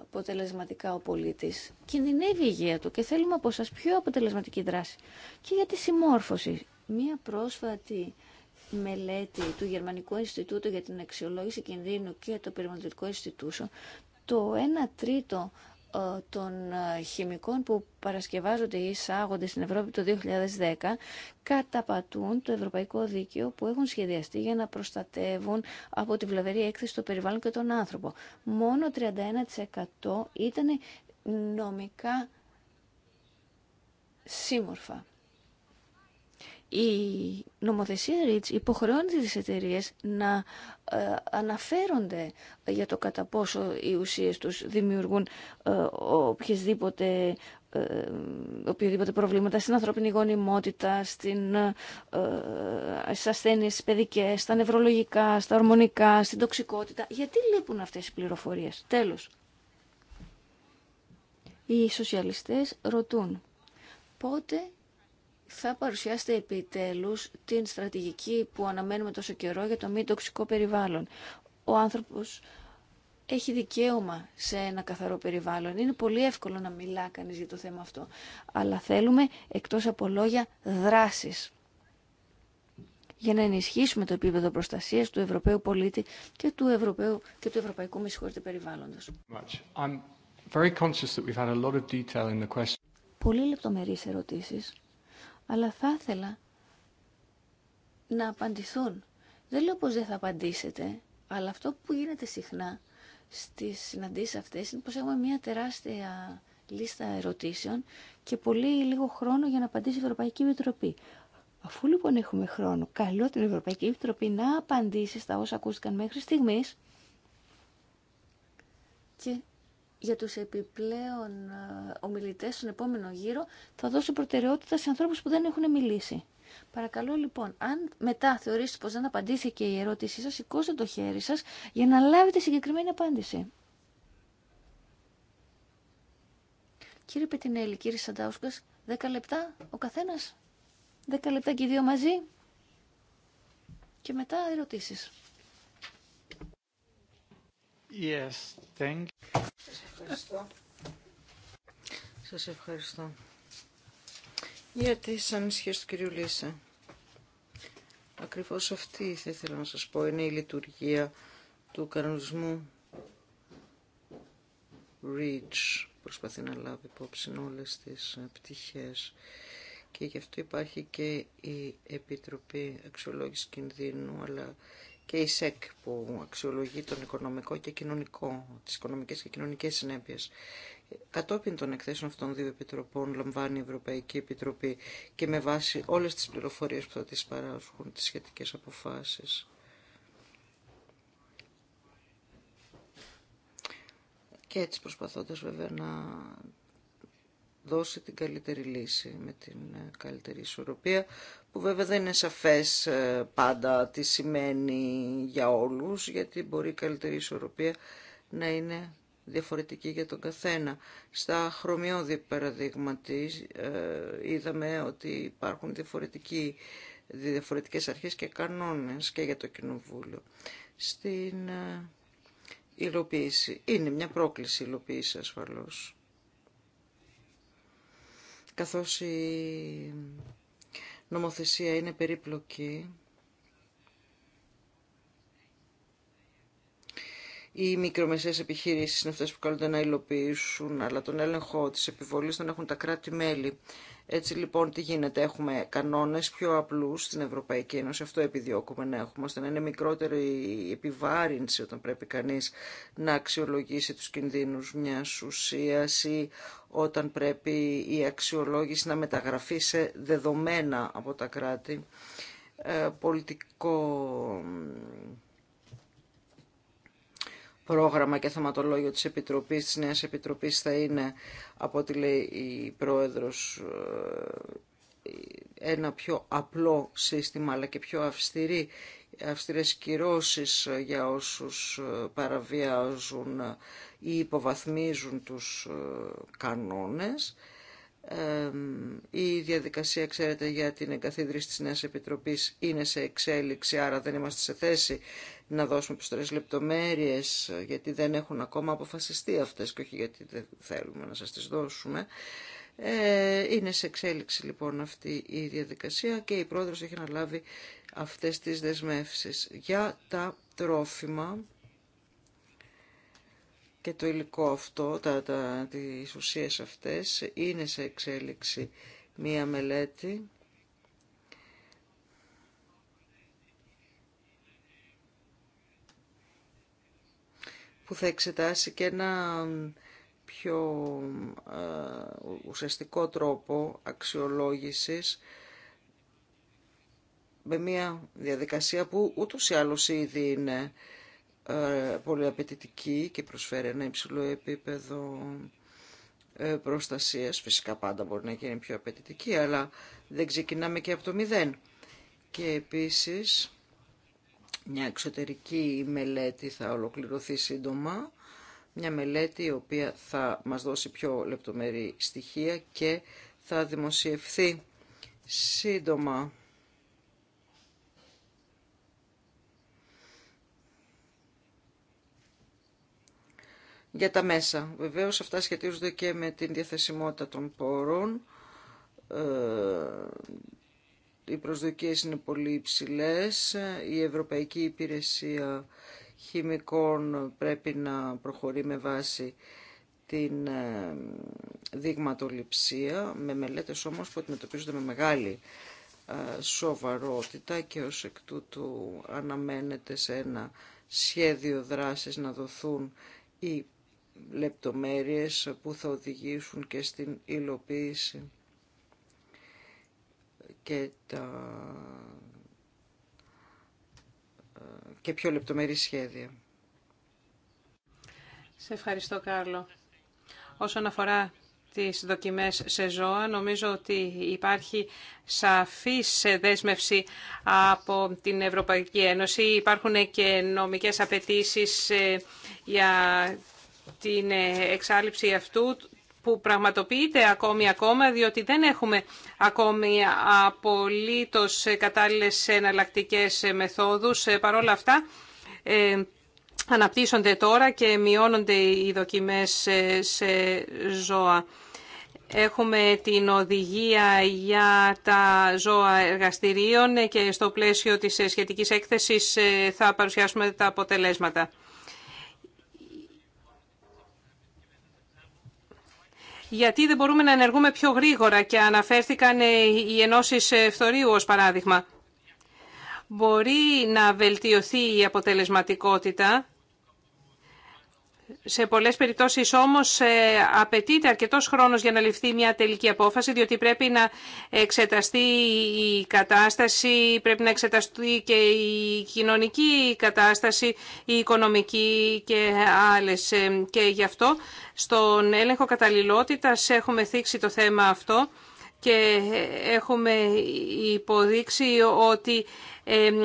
αποτελεσματικά ο πολίτης. Κινδυνεύει η υγεία του και θέλουμε από σας πιο αποτελεσματική δράση. Και για τη συμμόρφωση. Μία πρόσφατη μελέτη του Γερμανικού Ινστιτούτου για την Αξιολόγηση Κινδύνου και το Περιβαλλοντικό Ινστιτούσο, το 1 τρίτο ε, των ε, χημικών που παρασκευάζονται ή εισάγονται στην Ευρώπη το 2010 καταπατούν το ευρωπαϊκό δίκαιο που έχουν σχεδιαστεί για να προστατεύουν από τη βλαβερή έκθεση το περιβάλλον και τον άνθρωπο. Μόνο 31% ήταν νομικά σύμμορφα. Η νομοθεσία REACH υποχρεώνει τις εταιρείε να ε, αναφέρονται για το κατά πόσο οι ουσίες τους δημιουργούν ε, οποιοδήποτε ε, οποιοδήποτε προβλήματα στην ανθρώπινη γονιμότητα, στην, ε, στις ασθένειες παιδικές, στα νευρολογικά, στα ορμονικά, στην τοξικότητα. Γιατί λείπουν αυτές οι πληροφορίες. Τέλος. Οι σοσιαλιστές ρωτούν πότε θα παρουσιάσετε επιτέλους την στρατηγική που αναμένουμε τόσο καιρό για το μη τοξικό περιβάλλον. Ο άνθρωπος έχει δικαίωμα σε ένα καθαρό περιβάλλον. Είναι πολύ εύκολο να μιλά κανείς για το θέμα αυτό. Αλλά θέλουμε, εκτός από λόγια, δράσεις για να ενισχύσουμε το επίπεδο προστασίας του Ευρωπαίου πολίτη και του, Ευρωπαίου, και του Ευρωπαϊκού με συγχωρείτε περιβάλλοντος. Πολύ λεπτομερείς ερωτήσεις αλλά θα ήθελα να απαντηθούν. Δεν λέω πως δεν θα απαντήσετε, αλλά αυτό που γίνεται συχνά στις συναντήσεις αυτές είναι πως έχουμε μια τεράστια λίστα ερωτήσεων και πολύ λίγο χρόνο για να απαντήσει η Ευρωπαϊκή Επιτροπή. Αφού λοιπόν έχουμε χρόνο, καλό την Ευρωπαϊκή Επιτροπή να απαντήσει στα όσα ακούστηκαν μέχρι στιγμής και για τους επιπλέον ε, ομιλητές στον επόμενο γύρο θα δώσω προτεραιότητα σε ανθρώπους που δεν έχουν μιλήσει. Παρακαλώ λοιπόν, αν μετά θεωρήσετε πως δεν απαντήθηκε η ερώτησή σας, σηκώστε το χέρι σας για να λάβετε συγκεκριμένη απάντηση. Κύριε Πετινέλη, κύριε Σαντάουσκας, 10 λεπτά ο καθένας, 10 λεπτά και οι δύο μαζί και μετά ερωτήσεις. Yes, thank you. Σας ευχαριστώ. Σας ευχαριστώ. Για σαν του κυρίου Λίσσα. Ακριβώς αυτή θα ήθελα να σας πω. Είναι η λειτουργία του κανονισμού REACH. Προσπαθεί να λάβει υπόψη όλες τις ε, πτυχές. Και γι' αυτό υπάρχει και η Επιτροπή Αξιολόγηση Κινδύνου, αλλά και η ΣΕΚ που αξιολογεί τον οικονομικό και κοινωνικό, τις οικονομικές και κοινωνικές συνέπειες. Κατόπιν των εκθέσεων αυτών των δύο επιτροπών λαμβάνει η Ευρωπαϊκή Επιτροπή και με βάση όλες τις πληροφορίες που θα τις παράσχουν τις σχετικές αποφάσεις. Και έτσι προσπαθώντας βέβαια να δώσει την καλύτερη λύση με την ε, καλύτερη ισορροπία που βέβαια δεν είναι σαφές ε, πάντα τι σημαίνει για όλους γιατί μπορεί η καλύτερη ισορροπία να είναι διαφορετική για τον καθένα. Στα χρωμιώδη παραδείγματα ε, είδαμε ότι υπάρχουν διαφορετικοί, διαφορετικές αρχές και κανόνες και για το Κοινοβούλιο. Στην υλοποίηση. Είναι μια πρόκληση η υλοποίηση ασφαλώς καθώς η νομοθεσία είναι περίπλοκη οι μικρομεσαίες επιχειρήσεις είναι αυτές που καλούνται να υλοποιήσουν, αλλά τον έλεγχο της επιβολής τον έχουν τα κράτη-μέλη. Έτσι λοιπόν τι γίνεται, έχουμε κανόνες πιο απλούς στην Ευρωπαϊκή Ένωση, αυτό επιδιώκουμε να έχουμε, ώστε να είναι μικρότερη η επιβάρυνση όταν πρέπει κανείς να αξιολογήσει τους κινδύνους μιας ουσίας ή όταν πρέπει η αξιολόγηση να μεταγραφεί σε δεδομένα από τα κράτη. Ε, πολιτικό πρόγραμμα και θεματολόγιο της Επιτροπής, της Νέας Επιτροπής θα είναι, από ό,τι λέει η Πρόεδρος, ε, ένα πιο απλό σύστημα αλλά και πιο αυστηρή, αυστηρές κυρώσεις για όσους ε, παραβιάζουν ή υποβαθμίζουν τους ε, κανόνες η διαδικασία, ξέρετε, για την εγκαθίδρυση της Νέας Επιτροπής είναι σε εξέλιξη, άρα δεν είμαστε σε θέση να δώσουμε πιστωρές λεπτομέρειες, γιατί δεν έχουν ακόμα αποφασιστεί αυτές και όχι γιατί δεν θέλουμε να σας τις δώσουμε. Ε, είναι σε εξέλιξη λοιπόν αυτή η διαδικασία και η πρόεδρος έχει αναλάβει αυτές τις δεσμεύσεις για τα τρόφιμα και το υλικό αυτό, τα, τα, τις ουσίες αυτές, είναι σε εξέλιξη μία μελέτη που θα εξετάσει και ένα πιο ε, ουσιαστικό τρόπο αξιολόγησης με μια διαδικασία που ούτως ή άλλως ήδη είναι ε, πολύ απαιτητική και προσφέρει ένα υψηλό επίπεδο ε, προστασίας. Φυσικά πάντα μπορεί να γίνει πιο απαιτητική, αλλά δεν ξεκινάμε και από το μηδέν. Και επίσης μια εξωτερική μελέτη θα ολοκληρωθεί σύντομα, μια μελέτη η οποία θα μας δώσει πιο λεπτομερή στοιχεία και θα δημοσιευθεί σύντομα. για τα μέσα. Βεβαίως αυτά σχετίζονται και με την διαθεσιμότητα των πόρων. Ε, οι προσδοκίες είναι πολύ υψηλές. Η Ευρωπαϊκή Υπηρεσία Χημικών πρέπει να προχωρεί με βάση την ε, δειγματοληψία, με μελέτες όμως που αντιμετωπίζονται με μεγάλη ε, σοβαρότητα και ως εκ τούτου αναμένεται σε ένα σχέδιο δράσης να δοθούν οι λεπτομέρειες που θα οδηγήσουν και στην υλοποίηση και, τα... Ε, και πιο λεπτομερή σχέδια. Σε ευχαριστώ Κάρλο. Όσον αφορά τις δοκιμές σε ζώα. Νομίζω ότι υπάρχει σαφής δέσμευση από την Ευρωπαϊκή Ένωση. Υπάρχουν και νομικές απαιτήσεις ε, για την ε, εξάλληψη αυτού που πραγματοποιείται ακόμη ακόμα, διότι δεν έχουμε ακόμη απολύτως κατάλληλες εναλλακτικέ μεθόδους. Ε, παρόλα αυτά, ε, αναπτύσσονται τώρα και μειώνονται οι δοκιμές σε ζώα. Έχουμε την οδηγία για τα ζώα εργαστηρίων και στο πλαίσιο της σχετικής έκθεσης θα παρουσιάσουμε τα αποτελέσματα. γιατί δεν μπορούμε να ενεργούμε πιο γρήγορα και αναφέρθηκαν οι ενώσεις φθορείου ως παράδειγμα. Μπορεί να βελτιωθεί η αποτελεσματικότητα σε πολλές περιπτώσεις όμως ε, απαιτείται αρκετός χρόνος για να ληφθεί μια τελική απόφαση διότι πρέπει να εξεταστεί η κατάσταση, πρέπει να εξεταστεί και η κοινωνική κατάσταση, η οικονομική και άλλες. Ε, και γι' αυτό στον έλεγχο καταλληλότητα έχουμε θίξει το θέμα αυτό και έχουμε υποδείξει ότι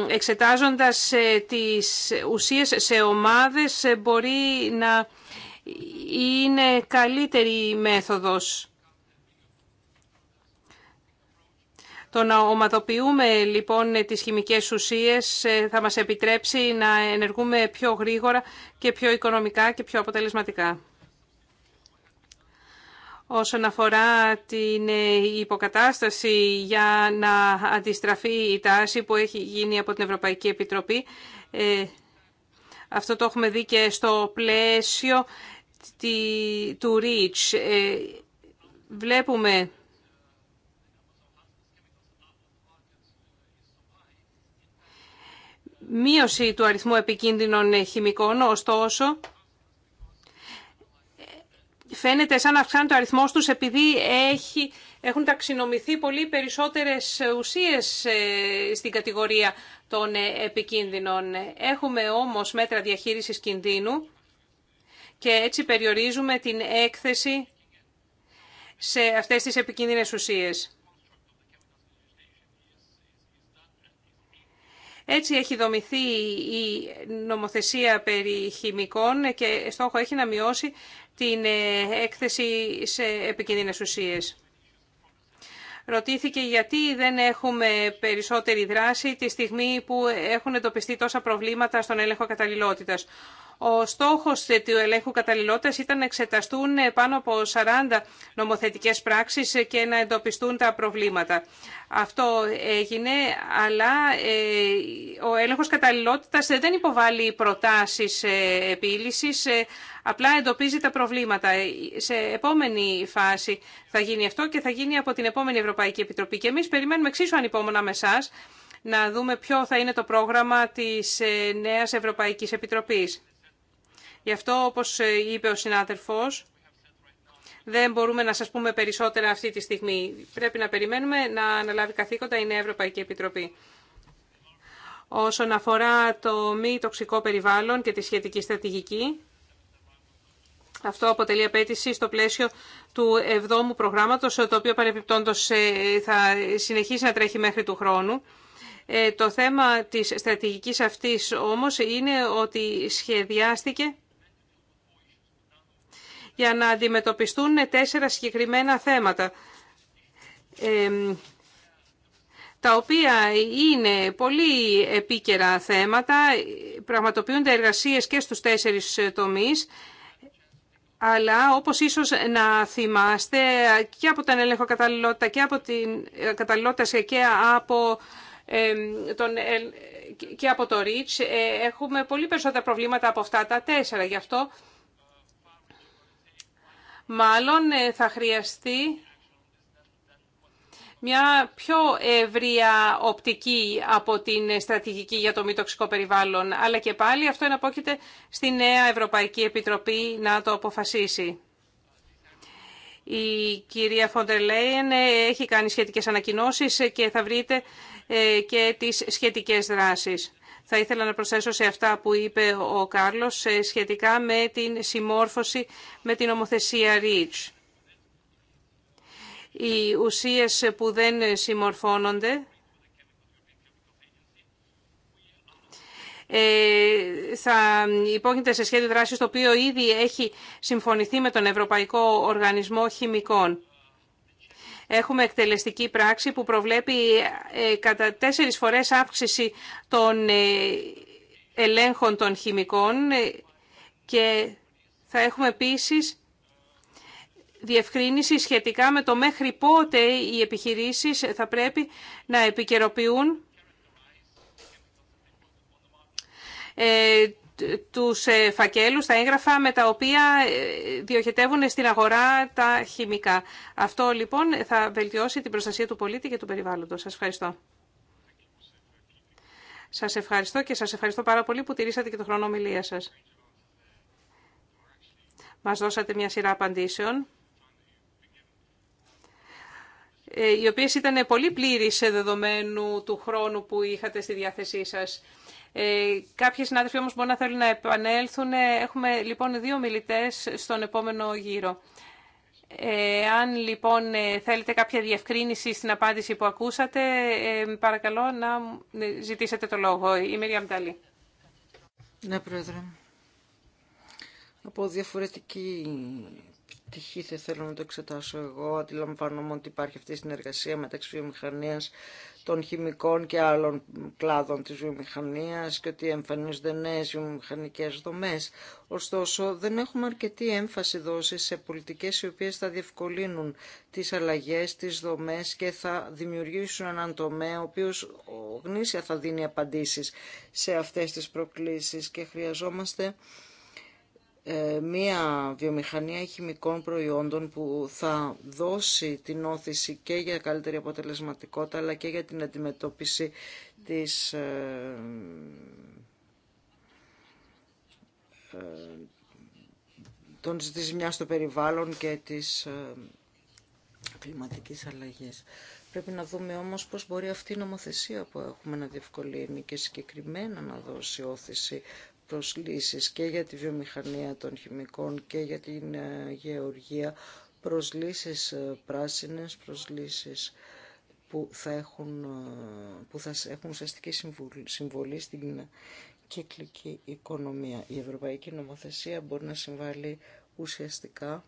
εξετάζοντας ε, τις ουσίες σε ομάδες ε, μπορεί να είναι καλύτερη μέθοδος. Το να ομαδοποιούμε λοιπόν ε, τις χημικές ουσίες θα μας επιτρέψει να ενεργούμε πιο γρήγορα και πιο οικονομικά και πιο αποτελεσματικά όσον αφορά την ε, υποκατάσταση για να αντιστραφεί η τάση που έχει γίνει από την Ευρωπαϊκή Επιτροπή. Ε, αυτό το έχουμε δει και στο πλαίσιο του REACH. Ε, βλέπουμε μείωση του αριθμού επικίνδυνων χημικών, ωστόσο φαίνεται σαν να αυξάνεται ο αριθμό του επειδή έχει, έχουν ταξινομηθεί πολύ περισσότερες ουσίες ε, στην κατηγορία των ε, επικίνδυνων. Έχουμε όμως μέτρα διαχείρισης κινδύνου και έτσι περιορίζουμε την έκθεση σε αυτές τις επικίνδυνες ουσίες. Έτσι έχει δομηθεί η νομοθεσία περί χημικών και στόχο έχει να μειώσει την ε, έκθεση σε επικίνδυνες ουσίες. Ρωτήθηκε γιατί δεν έχουμε περισσότερη δράση τη στιγμή που έχουν εντοπιστεί τόσα προβλήματα στον έλεγχο καταλληλότητας. Ο στόχο του ελέγχου καταλληλότητα ήταν να εξεταστούν πάνω από 40 νομοθετικέ πράξει και να εντοπιστούν τα προβλήματα. Αυτό έγινε, αλλά ε, ο έλεγχο καταλληλότητα δεν υποβάλλει προτάσεις ε, επίλυσης, ε, απλά εντοπίζει τα προβλήματα. Σε επόμενη φάση θα γίνει αυτό και θα γίνει από την επόμενη Ευρωπαϊκή Επιτροπή. Και εμεί περιμένουμε εξίσου ανυπόμονα με εσά να δούμε ποιο θα είναι το πρόγραμμα της νέας Ευρωπαϊκής Επιτροπής. Γι' αυτό, όπως ε, είπε ο συνάδελφος, δεν μπορούμε να σας πούμε περισσότερα αυτή τη στιγμή. Πρέπει να περιμένουμε να αναλάβει καθήκοντα η Νέα Ευρωπαϊκή Επιτροπή. Όσον αφορά το μη τοξικό περιβάλλον και τη σχετική στρατηγική, αυτό αποτελεί απέτηση στο πλαίσιο του εβδόμου προγράμματος, το οποίο παρεπιπτόντως ε, θα συνεχίσει να τρέχει μέχρι του χρόνου. Ε, το θέμα της στρατηγικής αυτής όμως είναι ότι σχεδιάστηκε για να αντιμετωπιστούν τέσσερα συγκεκριμένα θέματα τα οποία είναι πολύ επίκαιρα θέματα, πραγματοποιούνται εργασίες και στους τέσσερις τομείς, αλλά όπως ίσως να θυμάστε και από την έλεγχο καταλληλότητα και από την καταλληλότητα και από τον, και από το REACH, ε, έχουμε πολύ περισσότερα προβλήματα από αυτά τα τέσσερα. Γι' αυτό μάλλον ε, θα χρειαστεί μια πιο ευρία οπτική από την στρατηγική για το μη τοξικό περιβάλλον. Αλλά και πάλι αυτό εναπόκειται στη νέα Ευρωπαϊκή Επιτροπή να το αποφασίσει. Η κυρία Φόντερ ε, έχει κάνει σχετικές ανακοινώσεις ε, και θα βρείτε και τις σχετικές δράσεις. Θα ήθελα να προσθέσω σε αυτά που είπε ο Κάρλος σχετικά με την συμμόρφωση με την ομοθεσία REACH. Οι ουσίες που δεν συμμορφώνονται ε, θα υπόκειται σε σχέδιο δράσης το οποίο ήδη έχει συμφωνηθεί με τον Ευρωπαϊκό Οργανισμό Χημικών. Έχουμε εκτελεστική πράξη που προβλέπει ε, κατά τέσσερις φορές αύξηση των ε, ελέγχων των χημικών ε, και θα έχουμε επίσης διευκρίνηση σχετικά με το μέχρι πότε οι επιχειρήσεις θα πρέπει να επικαιροποιούν τους ε, φακέλου, τα έγγραφα με τα οποία ε, διοχετεύουν στην αγορά τα χημικά. Αυτό λοιπόν θα βελτιώσει την προστασία του πολίτη και του περιβάλλοντος. Σας ευχαριστώ. Σας ευχαριστώ και σας ευχαριστώ πάρα πολύ που τηρήσατε και το χρόνο ομιλία σας. Μας δώσατε μια σειρά απαντήσεων ε, οι οποίες ήταν πολύ σε δεδομένου του χρόνου που είχατε στη διάθεσή σας. Ε, κάποιοι συνάδελφοι όμως μπορεί να θέλουν να επανέλθουν. Ε, έχουμε λοιπόν δύο μιλητές στον επόμενο γύρο. Ε, αν λοιπόν θέλετε κάποια διευκρίνηση στην απάντηση που ακούσατε, παρακαλώ να ζητήσετε το λόγο. Η Μύρια Μταλή. Ναι, Πρόεδρε. Από διαφορετική Τυχή δεν θέλω να το εξετάσω εγώ. Αντιλαμβάνομαι ότι υπάρχει αυτή η συνεργασία μεταξύ βιομηχανίας των χημικών και άλλων κλάδων της βιομηχανίας και ότι εμφανίζονται νέες βιομηχανικές δομές. Ωστόσο, δεν έχουμε αρκετή έμφαση δώσει σε πολιτικές οι οποίες θα διευκολύνουν τις αλλαγές, τις δομές και θα δημιουργήσουν έναν τομέα ο οποίος γνήσια θα δίνει απαντήσεις σε αυτές τις προκλήσεις και χρειαζόμαστε ε, μία βιομηχανία χημικών προϊόντων που θα δώσει την όθηση και για καλύτερη αποτελεσματικότητα αλλά και για την αντιμετώπιση της ε, ε, των της στο περιβάλλον και της κλιματικής αλλαγής. Πρέπει να δούμε όμως πώς μπορεί αυτή η νομοθεσία που έχουμε να διευκολύνει και συγκεκριμένα να δώσει όθηση προσλήσεις και για τη βιομηχανία των χημικών και για την ε, γεωργία, προσλήσεις ε, πράσινες, προσλήσεις που θα έχουν, ε, που θα έχουν ουσιαστική συμβολή στην κύκλικη οικονομία. Η ευρωπαϊκή νομοθεσία μπορεί να συμβάλλει ουσιαστικά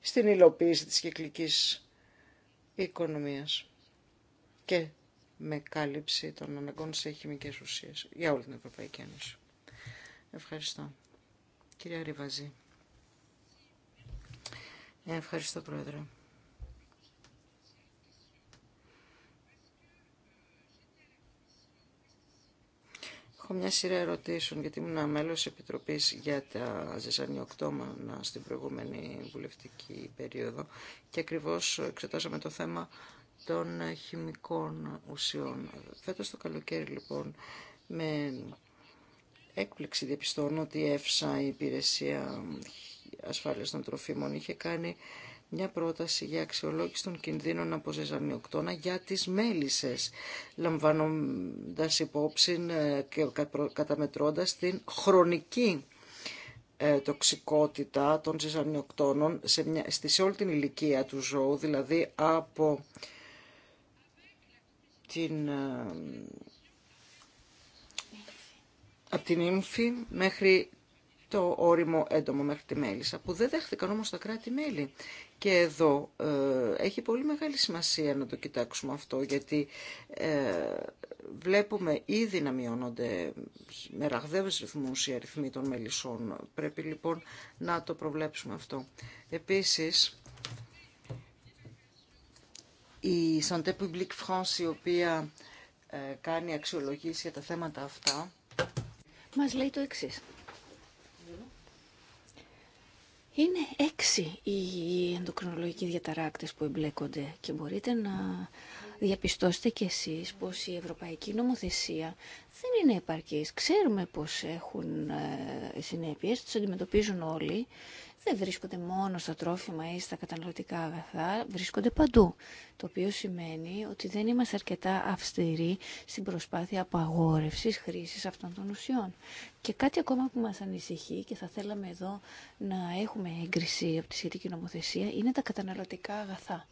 στην υλοποίηση της κυκλικής οικονομίας και με κάλυψη των αναγκών σε χημικές ουσίες για όλη την Ευρωπαϊκή Ένωση. Ευχαριστώ. Κυρία Ριβαζή. Ευχαριστώ, Πρόεδρε. Έχω μια σειρά ερωτήσεων, γιατί ήμουν μέλος Επιτροπής για τα ζεσανιοκτώματα στην προηγούμενη βουλευτική περίοδο και ακριβώς εξετάσαμε το θέμα των χημικών ουσιών. Φέτος το καλοκαίρι λοιπόν με έκπληξη διαπιστώνω ότι η ΕΦΣΑ, η Υπηρεσία Ασφάλειας των Τροφίμων, είχε κάνει μια πρόταση για αξιολόγηση των κινδύνων από ζεζαμιοκτώνα για τις μέλισσες, λαμβάνοντας υπόψη ε, και καταμετρώντας την χρονική ε, τοξικότητα των ζεζαμιοκτώνων σε, μια, σε όλη την ηλικία του ζώου, δηλαδή από την, ε, από την ύμφη μέχρι το όριμο έντομο μέχρι τη μέλισσα, που δεν δέχτηκαν όμως τα κράτη-μέλη. Και εδώ ε, έχει πολύ μεγάλη σημασία να το κοιτάξουμε αυτό, γιατί ε, βλέπουμε ήδη να μειώνονται με ραγδαίους ρυθμούς οι αριθμοί των μελισσών. Πρέπει λοιπόν να το προβλέψουμε αυτό. Επίσης, η Santé Publique France, η οποία ε, κάνει αξιολογήσει για τα θέματα αυτά, μας λέει το εξής. Είναι έξι οι ενδοκρινολογικοί διαταράκτες που εμπλέκονται και μπορείτε να διαπιστώστε κι εσείς πως η ευρωπαϊκή νομοθεσία δεν είναι επαρκής. Ξέρουμε πως έχουν ε, συνέπειες, τις αντιμετωπίζουν όλοι. Δεν βρίσκονται μόνο στα τρόφιμα ή στα καταναλωτικά αγαθά, βρίσκονται παντού. Το οποίο σημαίνει ότι δεν είμαστε αρκετά αυστηροί στην προσπάθεια απαγόρευσης χρήσης αυτών των ουσιών. Και κάτι ακόμα που μας ανησυχεί και θα θέλαμε εδώ να έχουμε έγκριση από τη σχετική νομοθεσία είναι τα καταναλωτικά αγαθά.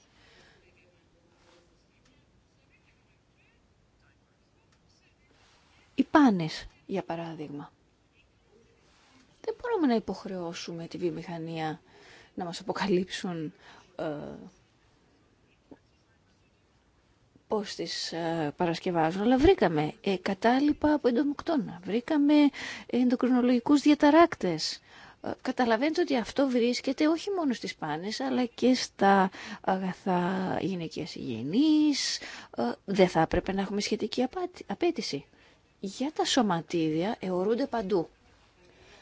Οι πάνες, για παράδειγμα. Δεν μπορούμε να υποχρεώσουμε τη βιομηχανία να μας αποκαλύψουν ε, πώς τις ε, παρασκευάζουν, αλλά βρήκαμε ε, κατάλοιπα από εντομοκτώνα, βρήκαμε ενδοκρινολογικούς διαταράκτες. Ε, καταλαβαίνετε ότι αυτό βρίσκεται όχι μόνο στις πάνες, αλλά και στα αγαθά γυναικείας υγιεινής. Ε, δεν θα έπρεπε να έχουμε σχετική απέτηση για τα σωματίδια αιωρούνται παντού.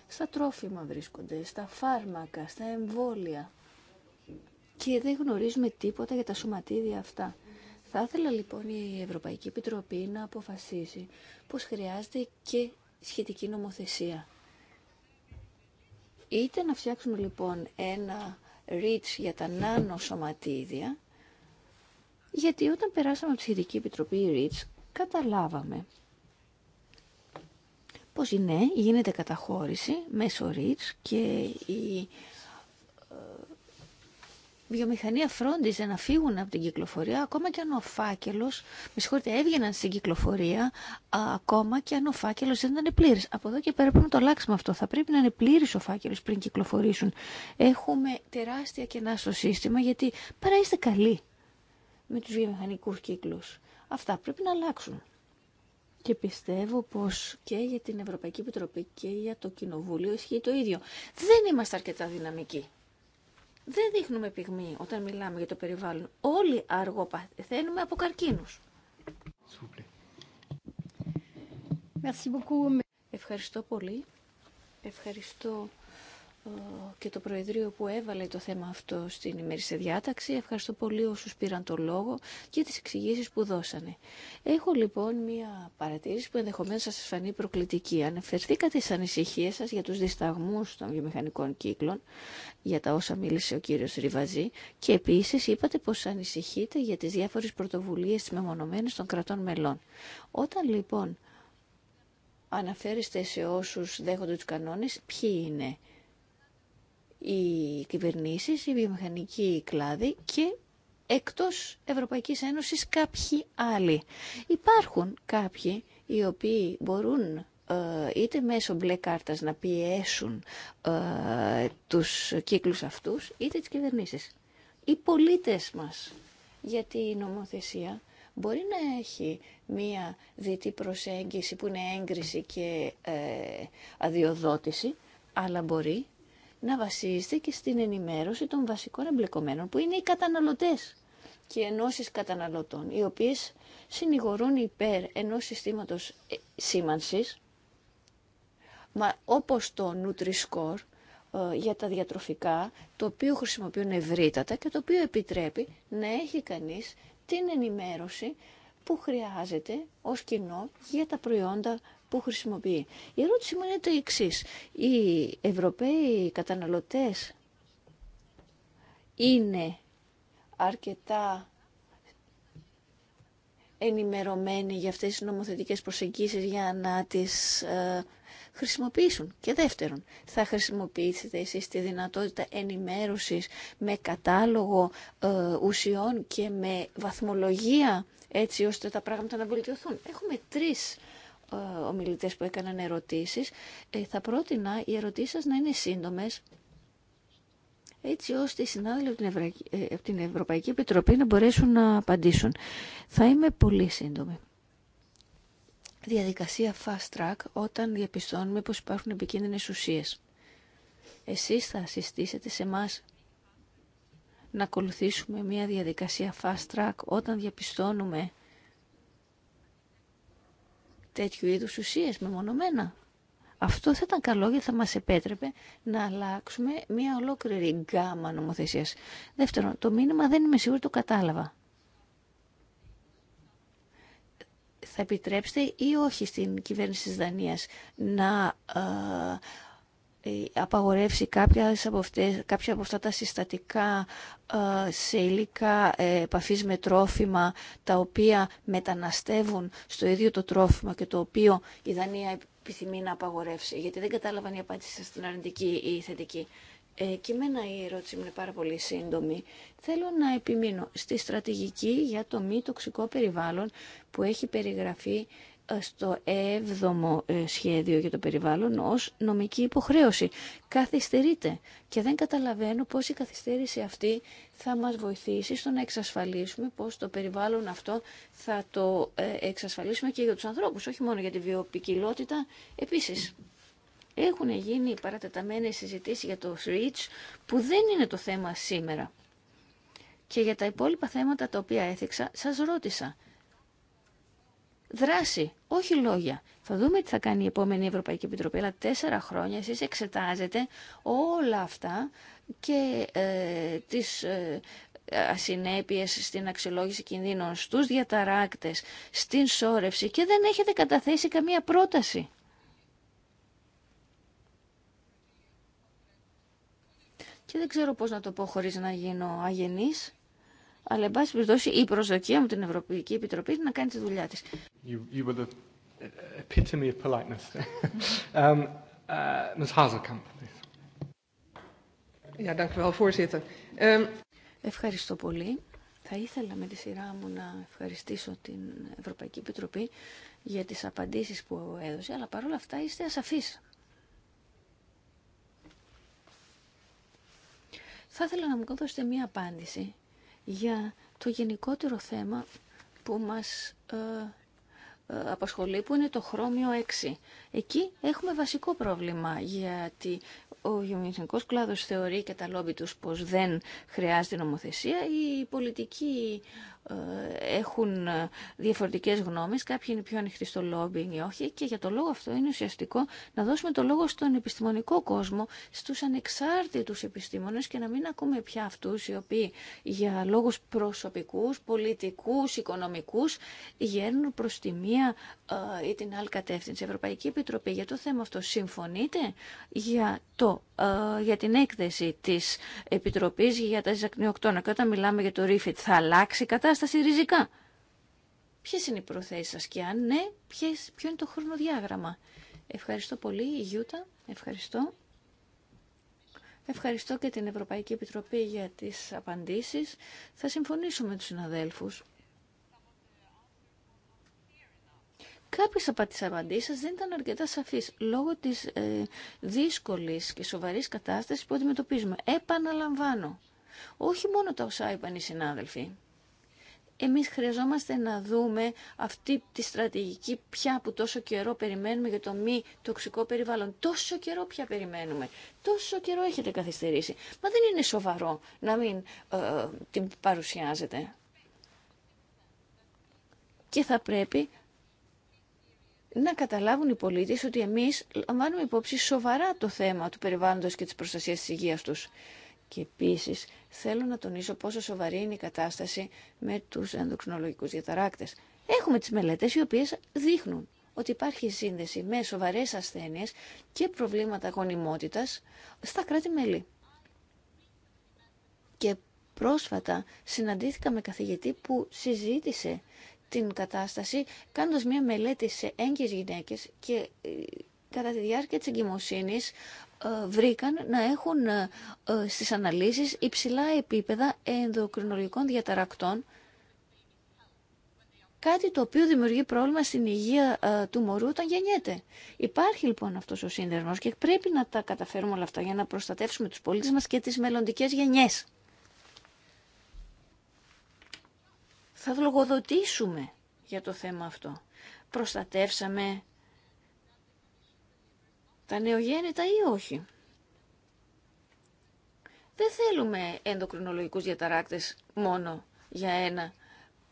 Στα τρόφιμα βρίσκονται, στα φάρμακα, στα εμβόλια. Και δεν γνωρίζουμε τίποτα για τα σωματίδια αυτά. Θα ήθελα λοιπόν η Ευρωπαϊκή Επιτροπή να αποφασίσει πως χρειάζεται και σχετική νομοθεσία. Είτε να φτιάξουμε λοιπόν ένα ρίτς για τα νάνο σωματίδια, γιατί όταν περάσαμε από τη Σχετική Επιτροπή ρίτς, καταλάβαμε πως είναι. γίνεται καταχώρηση μέσω ριτς και η ε, βιομηχανία φρόντιζε να φύγουν από την κυκλοφορία, ακόμα και αν ο φάκελο, με συγχωρείτε, έβγαιναν στην κυκλοφορία, ακόμα και αν ο φάκελο δεν ήταν πλήρη. Από εδώ και πέρα πρέπει να το αλλάξουμε αυτό. Θα πρέπει να είναι πλήρη ο φάκελο πριν κυκλοφορήσουν. Έχουμε τεράστια κενά στο σύστημα, γιατί παρά είστε καλοί με τους βιομηχανικούς κύκλους. Αυτά πρέπει να αλλάξουν. Και πιστεύω πως και για την Ευρωπαϊκή Επιτροπή και για το Κοινοβούλιο ισχύει το ίδιο. Δεν είμαστε αρκετά δυναμικοί. Δεν δείχνουμε πυγμή όταν μιλάμε για το περιβάλλον. Όλοι αργοπαθαίνουμε από καρκίνους. Ευχαριστώ πολύ. Ευχαριστώ και το Προεδρείο που έβαλε το θέμα αυτό στην ημερήσια διάταξη. Ευχαριστώ πολύ όσου πήραν το λόγο και τι εξηγήσει που δώσανε. Έχω λοιπόν μία παρατήρηση που ενδεχομένω σα φανεί προκλητική. Αναφερθήκατε στι ανησυχίε σα για του δισταγμού των βιομηχανικών κύκλων, για τα όσα μίλησε ο κύριο Ριβαζή και επίση είπατε πω ανησυχείτε για τι διάφορε πρωτοβουλίε τη μεμονωμένη των κρατών μελών. Όταν λοιπόν αναφέρεστε σε όσου δέχονται του κανόνε, ποιοι είναι οι κυβερνήσεις, η βιομηχανική κλάδη και εκτός Ευρωπαϊκής Ένωσης κάποιοι άλλοι. Υπάρχουν κάποιοι οι οποίοι μπορούν ε, είτε μέσω μπλε κάρτας να πιέσουν ε, τους κύκλους αυτούς, είτε τις κυβερνήσεις. Οι πολίτες μας, γιατί η νομοθεσία μπορεί να έχει μία διετή προσέγγιση που είναι έγκριση και ε, αδειοδότηση, αλλά μπορεί να βασίζεται και στην ενημέρωση των βασικών εμπλεκομένων που είναι οι καταναλωτές και ενώσεις καταναλωτών, οι οποίες συνηγορούν υπέρ ενός συστήματος ε, σήμανσης, μα όπως το Nutri-Score ε, για τα διατροφικά, το οποίο χρησιμοποιούν ευρύτατα και το οποίο επιτρέπει να έχει κανείς την ενημέρωση που χρειάζεται ως κοινό για τα προϊόντα που χρησιμοποιεί. Η ερώτηση μου είναι το εξή. Οι Ευρωπαίοι καταναλωτές είναι αρκετά ενημερωμένοι για αυτές τις νομοθετικές προσεγγίσεις για να τις ε, χρησιμοποιήσουν. Και δεύτερον, θα χρησιμοποιήσετε εσείς τη δυνατότητα ενημέρωσης με κατάλογο ε, ουσιών και με βαθμολογία έτσι ώστε τα πράγματα να βελτιωθούν. Έχουμε τρεις ε, ομιλητές που έκαναν ερωτήσεις. Ε, θα πρότεινα οι ερωτήσεις να είναι σύντομες, έτσι ώστε οι συνάδελφοι ε, από την Ευρωπαϊκή Επιτροπή να μπορέσουν να απαντήσουν. Θα είμαι πολύ σύντομη. Διαδικασία fast track όταν διαπιστώνουμε πως υπάρχουν επικίνδυνες ουσίες. Εσείς θα συστήσετε σε εμά να ακολουθήσουμε μια διαδικασία fast track όταν διαπιστώνουμε τέτοιου είδους ουσίες μεμονωμένα. Αυτό θα ήταν καλό γιατί θα μας επέτρεπε να αλλάξουμε μια ολόκληρη γκάμα νομοθεσία. Δεύτερον, το μήνυμα δεν είμαι σίγουρη το κατάλαβα. Θα επιτρέψετε ή όχι στην κυβέρνηση της Δανίας να ε, ε, απαγορεύσει κάποια από, αυτές, κάποια από αυτά τα συστατικά ε, σε υλικά ε, επαφής με τρόφιμα τα οποία μεταναστεύουν στο ίδιο το τρόφιμα και το οποίο η Δανία επιθυμεί να απαγορεύσει. Γιατί δεν κατάλαβαν η απάντηση σας στην αρνητική ή η θετική. Ε, και εμένα η ερώτηση μου είναι πάρα πολύ σύντομη. Θέλω να επιμείνω στη στρατηγική για το μη τοξικό περιβάλλον που έχει περιγραφεί στο έβδομο ε, σχέδιο για το περιβάλλον ως νομική υποχρέωση. Καθυστερείται και δεν καταλαβαίνω πώς η καθυστέρηση αυτή θα μας βοηθήσει στο να εξασφαλίσουμε πώς το περιβάλλον αυτό θα το ε, εξασφαλίσουμε και για τους ανθρώπους, όχι μόνο για τη βιοπικιλότητα. Επίσης, έχουν γίνει παρατεταμένες συζητήσεις για το REACH που δεν είναι το θέμα σήμερα. Και για τα υπόλοιπα θέματα τα οποία έθιξα, σας ρώτησα δράση, όχι λόγια. Θα δούμε τι θα κάνει η επόμενη Ευρωπαϊκή Επιτροπή, αλλά τέσσερα χρόνια εσείς εξετάζετε όλα αυτά και ε, τις ε, ασυνέπειες στην αξιολόγηση κινδύνων, στους διαταράκτες, στην σόρευση και δεν έχετε καταθέσει καμία πρόταση. Και δεν ξέρω πώς να το πω χωρίς να γίνω αγενής αλλά εν πάση η προσδοκία μου την Ευρωπαϊκή Επιτροπή είναι να κάνει τη δουλειά της. Um, Ευχαριστώ πολύ. Θα ήθελα με τη σειρά μου να ευχαριστήσω την Ευρωπαϊκή Επιτροπή για τις απαντήσεις που έδωσε, αλλά παρόλα αυτά είστε ασαφείς. Θα ήθελα να μου δώσετε μία απάντηση για το γενικότερο θέμα που μας ε, ε απασχολεί, που είναι το χρώμιο 6. Εκεί έχουμε βασικό πρόβλημα, γιατί ο γεωμηχανικός κλάδος θεωρεί και τα λόμπι τους πως δεν χρειάζεται νομοθεσία. Η πολιτική ε, έχουν ε, διαφορετικές γνώμες, κάποιοι είναι πιο ανοιχτοί στο λόμπινγκ ή όχι και για το λόγο αυτό είναι ουσιαστικό να δώσουμε το λόγο στον επιστημονικό κόσμο, στους ανεξάρτητους επιστήμονες και να μην ακούμε πια αυτούς οι οποίοι για λόγους προσωπικούς, πολιτικούς, οικονομικούς γέρνουν προς τη μία ε, ή την άλλη κατεύθυνση. Η Ευρωπαϊκή ευρωπαικη επιτροπη για το θέμα αυτό συμφωνείτε για, το, για την έκθεση της Επιτροπής για τα ζακνιοκτώνα και όταν μιλάμε για το ρίφιτ θα αλλάξει κατα κατάσταση ριζικά. Ποιε είναι οι προθέσει σα και αν ναι, ποιο είναι το χρονοδιάγραμμα. Ευχαριστώ πολύ, Γιούτα. Ευχαριστώ. Ευχαριστώ και την Ευρωπαϊκή Επιτροπή για τις απαντήσεις. Θα συμφωνήσω με τους συναδέλφους. Κάποιε από τις απαντήσεις δεν ήταν αρκετά σαφείς λόγω της ε, και σοβαρής κατάσταση που αντιμετωπίζουμε. Επαναλαμβάνω, όχι μόνο τα όσα είπαν οι συνάδελφοι, εμείς χρειαζόμαστε να δούμε αυτή τη στρατηγική πια που τόσο καιρό περιμένουμε για το μη τοξικό περιβάλλον. Τόσο καιρό πια περιμένουμε. Τόσο καιρό έχετε καθυστερήσει. Μα δεν είναι σοβαρό να μην ε, την παρουσιάζετε. Και θα πρέπει να καταλάβουν οι πολίτες ότι εμείς λαμβάνουμε υπόψη σοβαρά το θέμα του περιβάλλοντος και της προστασίας της υγείας τους. Και επίσης θέλω να τονίσω πόσο σοβαρή είναι η κατάσταση με τους ενδοξινολογικούς διαταράκτες. Έχουμε τις μελέτες οι οποίες δείχνουν ότι υπάρχει σύνδεση με σοβαρές ασθένειες και προβλήματα γονιμότητας στα κράτη-μέλη. Και πρόσφατα συναντήθηκα με καθηγητή που συζήτησε την κατάσταση κάνοντας μια μελέτη σε έγκυες γυναίκες και ε, κατά τη διάρκεια της εγκυμοσύνης ε, βρήκαν να έχουν ε, ε, στις αναλύσεις υψηλά επίπεδα ενδοκρινολογικών διαταρακτών, κάτι το οποίο δημιουργεί πρόβλημα στην υγεία του μωρού όταν γεννιέται. Υπάρχει λοιπόν αυτός ο σύνδεσμος και πρέπει να τα καταφέρουμε όλα αυτά για να προστατεύσουμε τους πολίτες μας και τις μελλοντικές γενιές. Θα λογοδοτήσουμε για το θέμα αυτό. Προστατεύσαμε τα νεογέννητα ή όχι. Δεν θέλουμε ενδοκρινολογικούς διαταράκτες μόνο για ένα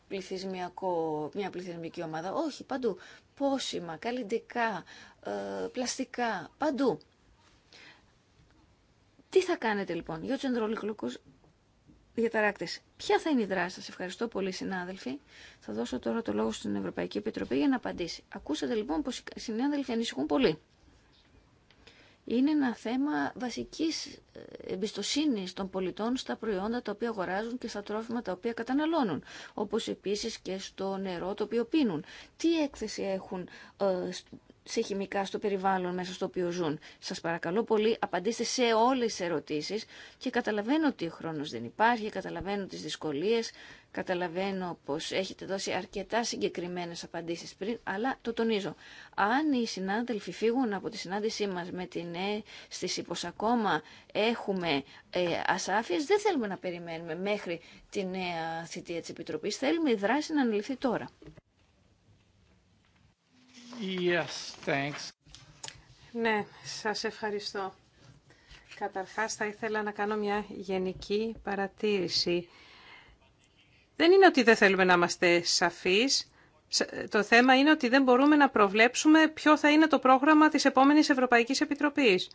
πληθυσμιακό, μια πληθυσμική ομάδα. Όχι, παντού. Πόσιμα, καλλιντικά, ε, πλαστικά, παντού. Τι θα κάνετε λοιπόν για τους ενδρολικούς διαταράκτες. Ποια θα είναι η δράση σας. Ευχαριστώ πολύ συνάδελφοι. Θα δώσω τώρα το λόγο στην Ευρωπαϊκή Επιτροπή για να απαντήσει. Ακούσατε λοιπόν πως οι συνάδελφοι ανησυχούν πολύ είναι ένα θέμα βασικής ε, εμπιστοσύνης των πολιτών στα προϊόντα τα οποία αγοράζουν και στα τρόφιμα τα οποία καταναλώνουν, όπως επίσης και στο νερό το οποίο πίνουν. Τι έκθεση έχουν ε, σε χημικά στο περιβάλλον μέσα στο οποίο ζουν. Σας παρακαλώ πολύ, απαντήστε σε όλες τις ερωτήσεις και καταλαβαίνω ότι ο χρόνος δεν υπάρχει, καταλαβαίνω τις δυσκολίες, καταλαβαίνω πως έχετε δώσει αρκετά συγκεκριμένες απαντήσεις πριν, αλλά το τονίζω. Αν οι συνάδελφοι φύγουν από τη συνάντησή μας με την αίσθηση ε, πως ακόμα έχουμε ε, ασάφειες, δεν θέλουμε να περιμένουμε μέχρι τη νέα θητεία της Επιτροπής, θέλουμε η δράση να αναλυθεί τώρα. Yes, thanks. Ναι, σας ευχαριστώ. Καταρχάς θα ήθελα να κάνω μια γενική παρατήρηση. Δεν είναι ότι δεν θέλουμε να είμαστε σαφείς. Το θέμα είναι ότι δεν μπορούμε να προβλέψουμε ποιο θα είναι το πρόγραμμα της επόμενης Ευρωπαϊκής Επιτροπής.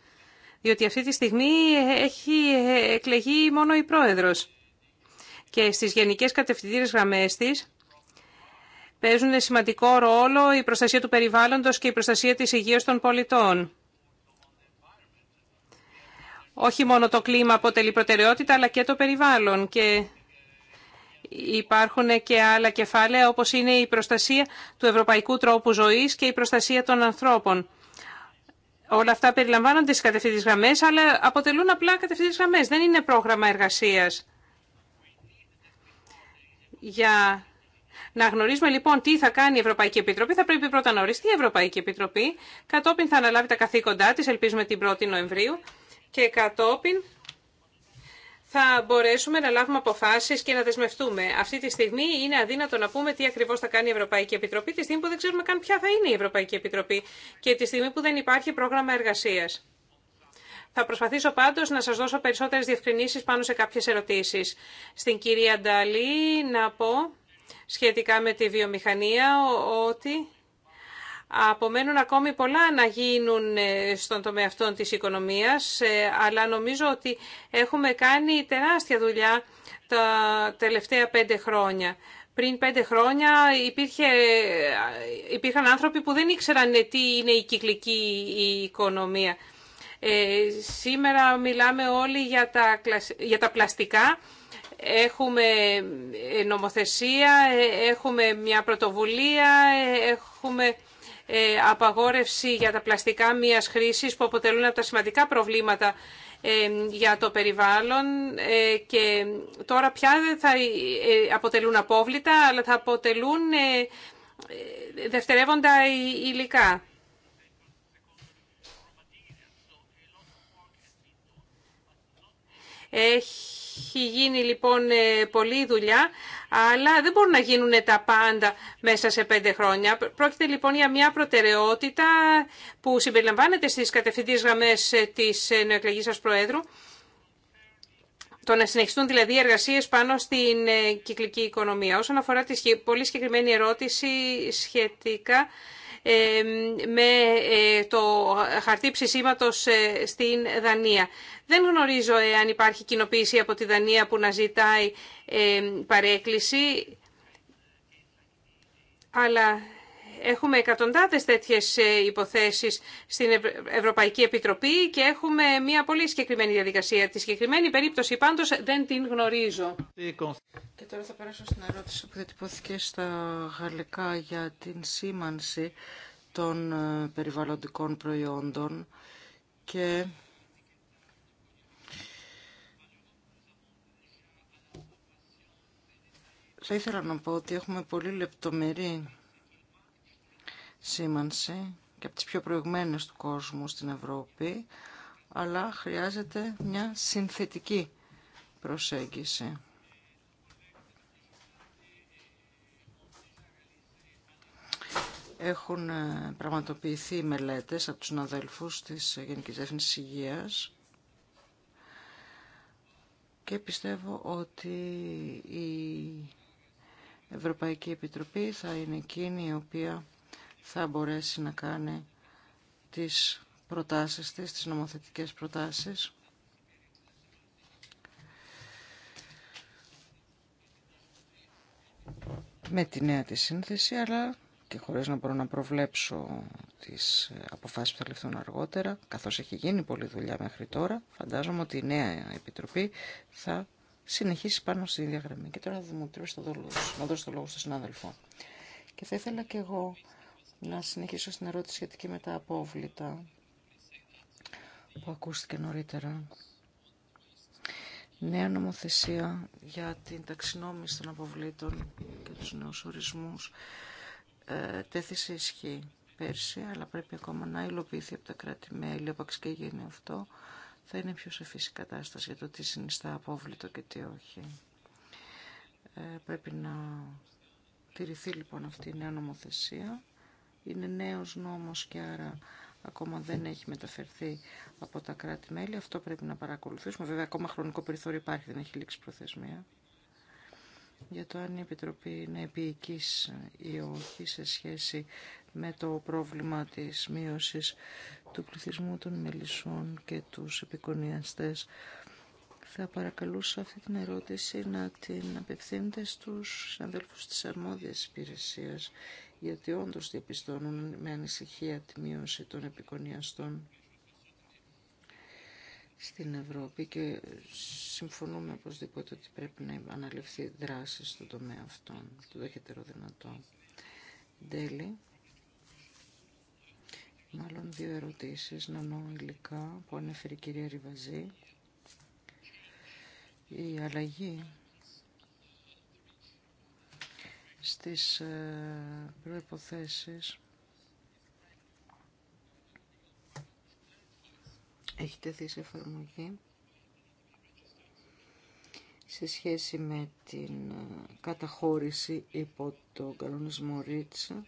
Διότι αυτή τη στιγμή έχει εκλεγεί μόνο η πρόεδρος. Και στις γενικές κατευθυντήρες γραμμές της παίζουν σημαντικό ρόλο η προστασία του περιβάλλοντος και η προστασία της υγείας των πολιτών. Όχι μόνο το κλίμα αποτελεί προτεραιότητα, αλλά και το περιβάλλον. Και υπάρχουν και άλλα κεφάλαια, όπως είναι η προστασία του ευρωπαϊκού τρόπου ζωής και η προστασία των ανθρώπων. Όλα αυτά περιλαμβάνονται στις κατευθυντικές γραμμές, αλλά αποτελούν απλά κατευθυντικές γραμμές. Δεν είναι πρόγραμμα εργασίας. Για να γνωρίζουμε λοιπόν τι θα κάνει η Ευρωπαϊκή Επιτροπή. Θα πρέπει πρώτα να οριστεί η Ευρωπαϊκή Επιτροπή. Κατόπιν θα αναλάβει τα καθήκοντά τη, ελπίζουμε την 1η Νοεμβρίου. Και κατόπιν θα μπορέσουμε να λάβουμε αποφάσει και να δεσμευτούμε. Αυτή τη στιγμή είναι αδύνατο να πούμε τι ακριβώ θα κάνει η Ευρωπαϊκή Επιτροπή, τη στιγμή που δεν ξέρουμε καν ποια θα είναι η Ευρωπαϊκή Επιτροπή και τη στιγμή που δεν υπάρχει πρόγραμμα εργασία. Θα προσπαθήσω πάντω να σα δώσω περισσότερε διευκρινήσει πάνω σε κάποιε ερωτήσει. Στην κυρία Νταλή να πω σχετικά με τη βιομηχανία ότι απομένουν ακόμη πολλά να γίνουν ε, στον τομέα αυτών της οικονομίας, ε, αλλά νομίζω ότι έχουμε κάνει τεράστια δουλειά τα τελευταία πέντε χρόνια. Πριν πέντε χρόνια υπήρχε, ε, υπήρχαν άνθρωποι που δεν ήξεραν τι είναι η κυκλική οικονομία. Ε, σήμερα μιλάμε όλοι για τα, για τα πλαστικά Έχουμε ε, νομοθεσία, ε, έχουμε μια πρωτοβουλία, ε, έχουμε απαγόρευση για τα πλαστικά μίας χρήσης που αποτελούν από τα σημαντικά προβλήματα για το περιβάλλον και τώρα πια δεν θα αποτελούν απόβλητα αλλά θα αποτελούν δευτερεύοντα υλικά. Έχει έχει γίνει λοιπόν ε, πολλή δουλειά, αλλά δεν μπορούν να γίνουν τα πάντα μέσα σε πέντε χρόνια. Πρόκειται λοιπόν για μια προτεραιότητα που συμπεριλαμβάνεται στις κατευθυντήρες γραμμές ε, της ε, νεοεκλεγής σας Προέδρου. Το να συνεχιστούν δηλαδή οι εργασίες πάνω στην κυκλική οικονομία. Όσον αφορά τη πολύ συγκεκριμένη ερώτηση σχετικά με ε, το χαρτί ψησίματος ε, στην Δανία. Δεν γνωρίζω αν υπάρχει κοινοποίηση από τη Δανία που να ζητάει παρέκκληση, αλλά Έχουμε εκατοντάδες τέτοιες ε, υποθέσεις στην Ευρωπαϊκή Επιτροπή και έχουμε μια πολύ συγκεκριμένη διαδικασία. Τη συγκεκριμένη περίπτωση πάντως δεν την γνωρίζω. Και τώρα θα περάσω στην ερώτηση που διατυπώθηκε στα γαλλικά για την σήμανση των ε, περιβαλλοντικών προϊόντων και θα ήθελα να πω ότι έχουμε πολύ λεπτομερή σήμανση και από τις πιο προηγμένες του κόσμου στην Ευρώπη, αλλά χρειάζεται μια συνθετική προσέγγιση. Έχουν ε, πραγματοποιηθεί μελέτες από τους αδέλφους της Γενικής Διεύθυνσης Υγείας και πιστεύω ότι η Ευρωπαϊκή Επιτροπή θα είναι εκείνη η οποία θα μπορέσει να κάνει τις προτάσεις της, τις νομοθετικές προτάσεις. με τη νέα τη σύνθεση, αλλά και χωρίς να μπορώ να προβλέψω τις αποφάσεις που θα ληφθούν αργότερα, καθώς έχει γίνει πολλή δουλειά μέχρι τώρα, φαντάζομαι ότι η νέα Επιτροπή θα συνεχίσει πάνω στην ίδια γραμμή. Και τώρα θα μου το δόλος, να δώσω το λόγο στον συνάδελφο. Και θα ήθελα και εγώ να συνεχίσω στην ερώτηση σχετική με τα απόβλητα που ακούστηκε νωρίτερα. Νέα νομοθεσία για την ταξινόμηση των αποβλήτων και τους νέους ορισμούς ε, τέθησε ισχύ πέρσι, αλλά πρέπει ακόμα να υλοποιηθεί από τα κράτη-μέλη, όπως και γίνει αυτό, θα είναι πιο σαφής η κατάσταση για το τι συνιστά απόβλητο και τι όχι. Ε, πρέπει να τηρηθεί λοιπόν αυτή η νέα νομοθεσία είναι νέος νόμος και άρα ακόμα δεν έχει μεταφερθεί από τα κράτη-μέλη. Αυτό πρέπει να παρακολουθήσουμε. Βέβαια, ακόμα χρονικό περιθώριο υπάρχει, δεν έχει λήξει προθεσμία. Για το αν η Επιτροπή είναι επίοικης ή όχι σε σχέση με το πρόβλημα της μείωσης του πληθυσμού των μελισσών και τους επικονιαστές. Θα παρακαλούσα αυτή την ερώτηση να την απευθύνετε στους αδέλφους της αρμόδιας υπηρεσίας γιατί όντως διαπιστώνουν με ανησυχία τη μείωση των επικονιαστών στην Ευρώπη και συμφωνούμε οπωσδήποτε ότι πρέπει να αναλυφθεί δράση στο τομέα αυτών, το δέχετερο δυνατό. Τέλει, μάλλον δύο ερωτήσεις, να υλικά που ανέφερε η κυρία Ριβαζή. Η αλλαγή στις ε, προϋποθέσεις έχει τεθεί σε εφαρμογή σε σχέση με την ε, καταχώρηση υπό τον κανονισμό REACH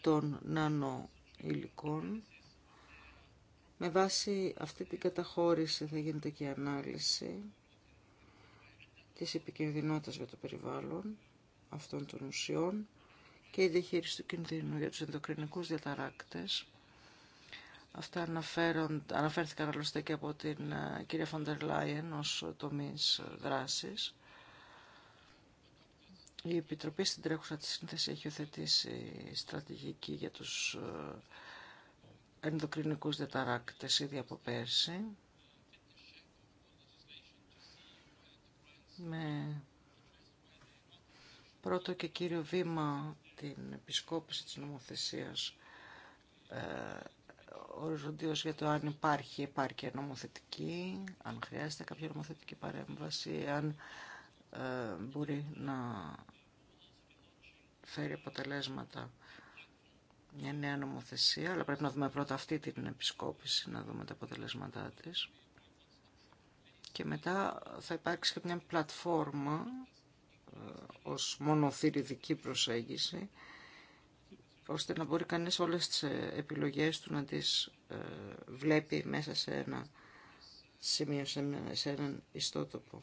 των νανό υλικών. Με βάση αυτή την καταχώρηση θα γίνεται και η ανάλυση της επικινδυνότητας για το περιβάλλον αυτών των ουσιών και η διαχείριση του κινδύνου για τους ενδοκρινικούς διαταράκτες. Αυτά αναφέρθηκαν άλλωστε και από την ε, κυρία Φοντερ Λάιεν ως τομείς δράσης. Η Επιτροπή στην τρέχουσα τη σύνθεση έχει οθετήσει στρατηγική για τους ε, ενδοκρινικούς διαταράκτες ήδη από πέρσι. Με πρώτο και κύριο βήμα την επισκόπηση της νομοθεσίας ε, οριζοντίως για το αν υπάρχει επάρκεια νομοθετική, αν χρειάζεται κάποια νομοθετική παρέμβαση, αν ε, μπορεί να φέρει αποτελέσματα μια νέα νομοθεσία, αλλά πρέπει να δούμε πρώτα αυτή την επισκόπηση, να δούμε τα αποτελέσματά της. Και μετά θα υπάρξει και μια πλατφόρμα ε, ως μονοθυριδική προσέγγιση ώστε να μπορεί κανείς όλες τις ε, επιλογές του να τις ε, βλέπει μέσα σε ένα σημείο, σε έναν ιστότοπο.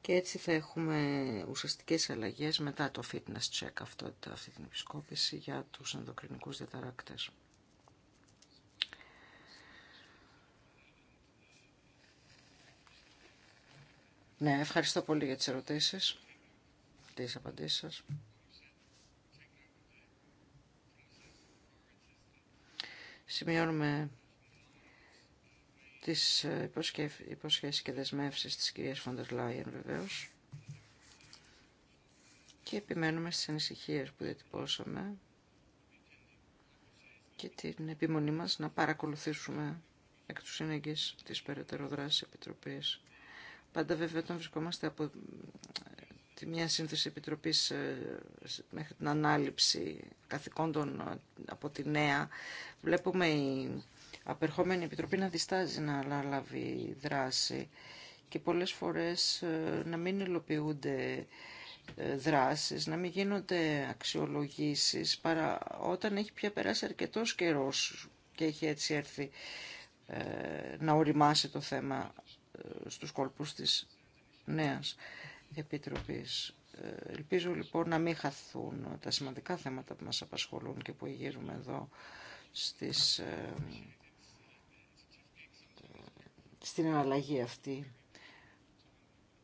Και έτσι θα έχουμε ουσιαστικές αλλαγές μετά το fitness check αυτό, αυτή την επισκόπηση για τους ενδοκρινικούς διαταράκτες. Ναι, ευχαριστώ πολύ για τις ερωτήσεις, τις απαντήσεις σας. Σημειώνουμε τις ε, υποσχέσεις και δεσμεύσεις της κυρίας Φοντερ Λάιεν βεβαίως και επιμένουμε στις ανησυχίες που διατυπώσαμε και την επιμονή μας να παρακολουθήσουμε εκ του συνεγγύς της περαιτέρω δράσης Επιτροπής Πάντα βέβαια όταν βρισκόμαστε από τη μια σύνθεση επιτροπής ε, μέχρι την ανάληψη καθηκόντων ε, από τη νέα, βλέπουμε η απερχόμενη επιτροπή να διστάζει να λάβει δράση και πολλές φορές ε, να μην υλοποιούνται δράσεις, να μην γίνονται αξιολογήσεις, παρά όταν έχει πια περάσει αρκετός καιρός και έχει έτσι έρθει να οριμάσει το θέμα στους κόλπους της νέας Επιτροπής. Ε, ελπίζω λοιπόν να μην χαθούν τα σημαντικά θέματα που μας απασχολούν και που γύρουμε εδώ στις, ε, στην εναλλαγή αυτή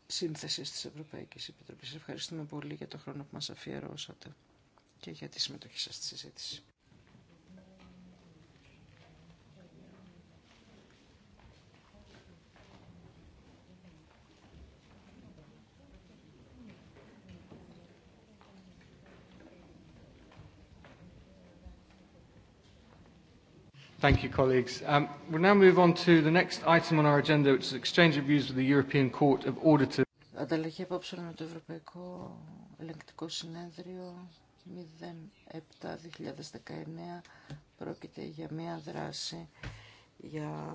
σύνθεση της Ευρωπαϊκής Επιτροπής. Ευχαριστούμε πολύ για το χρόνο που μας αφιερώσατε και για τη συμμετοχή σας στη συζήτηση. Thank you, the Ανταλλαγή με το Ευρωπαϊκό Ελεγκτικό Συνέδριο 07-2019 πρόκειται για μια δράση για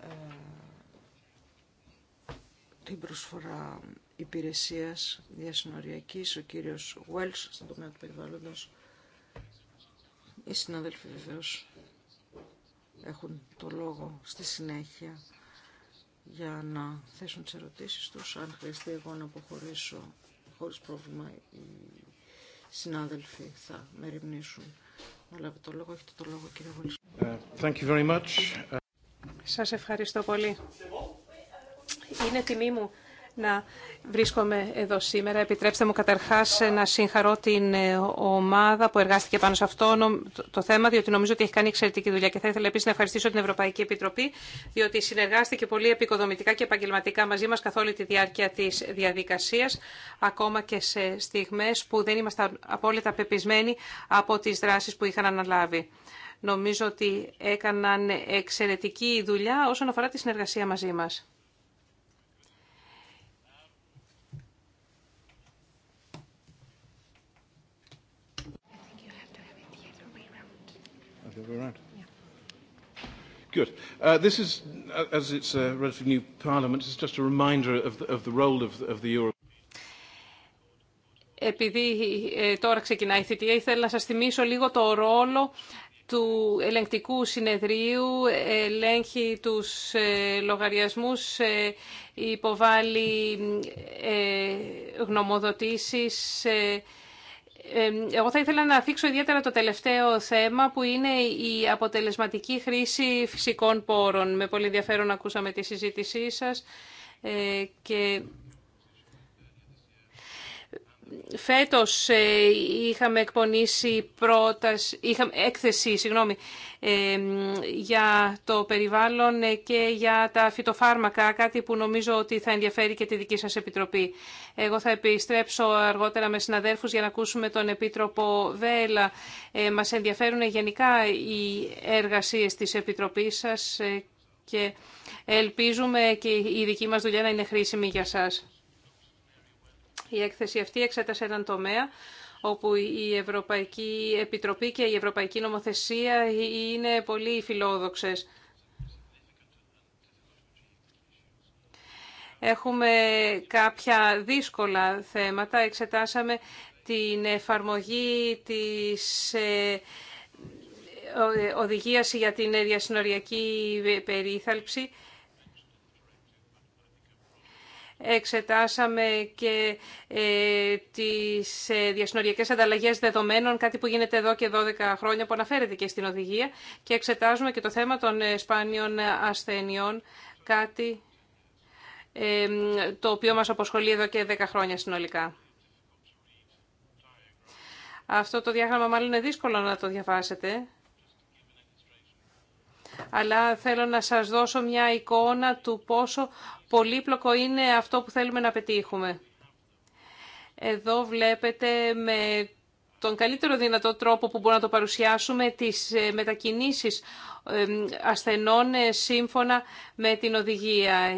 ε, την προσφορά υπηρεσίας διασυνοριακής. Ο κύριος Wells στον τομέα του οι συναδέλφοι βεβαίως έχουν το λόγο στη συνέχεια για να θέσουν τις ερωτήσεις τους. Αν χρειαστεί εγώ να αποχωρήσω χωρίς πρόβλημα οι συνάδελφοι θα με ρημνήσουν. Αλλά το λόγο έχετε το λόγο κύριε Βολής. Ε, thank you very much. Ε, Σας ευχαριστώ πολύ. Είναι τιμή μου να βρίσκομαι εδώ σήμερα. Επιτρέψτε μου καταρχάς να συγχαρώ την ε, ομάδα που εργάστηκε πάνω σε αυτό το θέμα, διότι νομίζω ότι έχει κάνει εξαιρετική δουλειά και θα ήθελα επίσης να ευχαριστήσω την Ευρωπαϊκή Επιτροπή, διότι συνεργάστηκε πολύ επικοδομητικά και επαγγελματικά μαζί μας καθ' όλη τη διάρκεια της διαδικασίας, ακόμα και σε στιγμές που δεν ήμασταν απόλυτα πεπισμένοι από τις δράσεις που είχαν αναλάβει. Νομίζω ότι έκαναν εξαιρετική δουλειά όσον αφορά τη συνεργασία μαζί μας. go around. Good. Uh, this is, uh, as it's a uh, relatively new parliament, it's just a reminder of the, of the role of, of the Euro. Επειδή ε, τώρα ξεκινάει η θητεία, ήθελα να σας θυμίσω λίγο το ρόλο του ελεγκτικού συνεδρίου, ελέγχει τους ε, λογαριασμούς, ε, υποβάλλει γνωμοδοτήσεις, εγώ θα ήθελα να θίξω ιδιαίτερα το τελευταίο θέμα που είναι η αποτελεσματική χρήση φυσικών πόρων. Με πολύ ενδιαφέρον ακούσαμε τη συζήτησή σας ε, και φέτος ε, είχαμε εκπονήσει είχαμε έκθεση συγγνώμη, ε, για το περιβάλλον ε, και για τα φυτοφάρμακα, κάτι που νομίζω ότι θα ενδιαφέρει και τη δική σας Επιτροπή. Εγώ θα επιστρέψω αργότερα με συναδέρφους για να ακούσουμε τον Επίτροπο Βέλα. μας ενδιαφέρουν γενικά οι εργασίες της Επιτροπής σας και ελπίζουμε και η δική μας δουλειά να είναι χρήσιμη για σας. Η έκθεση αυτή εξέτασε έναν τομέα όπου η Ευρωπαϊκή Επιτροπή και η Ευρωπαϊκή Νομοθεσία είναι πολύ φιλόδοξες. Έχουμε κάποια δύσκολα θέματα. Εξετάσαμε την εφαρμογή της ε, ε, οδηγίας για την διασυνοριακή περίθαλψη Εξετάσαμε και ε, τις ε, διασυνοριακές ανταλλαγές δεδομένων, κάτι που γίνεται εδώ και 12 χρόνια που αναφέρεται και στην οδηγία και εξετάζουμε και το θέμα των ε, σπάνιων ασθενειών, κάτι το οποίο μας αποσχολεί εδώ και 10 χρόνια συνολικά. Αυτό το διάγραμμα μάλλον είναι δύσκολο να το διαβάσετε αλλά θέλω να σας δώσω μια εικόνα του πόσο πολύπλοκο είναι αυτό που θέλουμε να πετύχουμε. Εδώ βλέπετε με τον καλύτερο δυνατό τρόπο που μπορούμε να το παρουσιάσουμε τις ε, μετακινήσεις ασθενών ε, σύμφωνα με την οδηγία.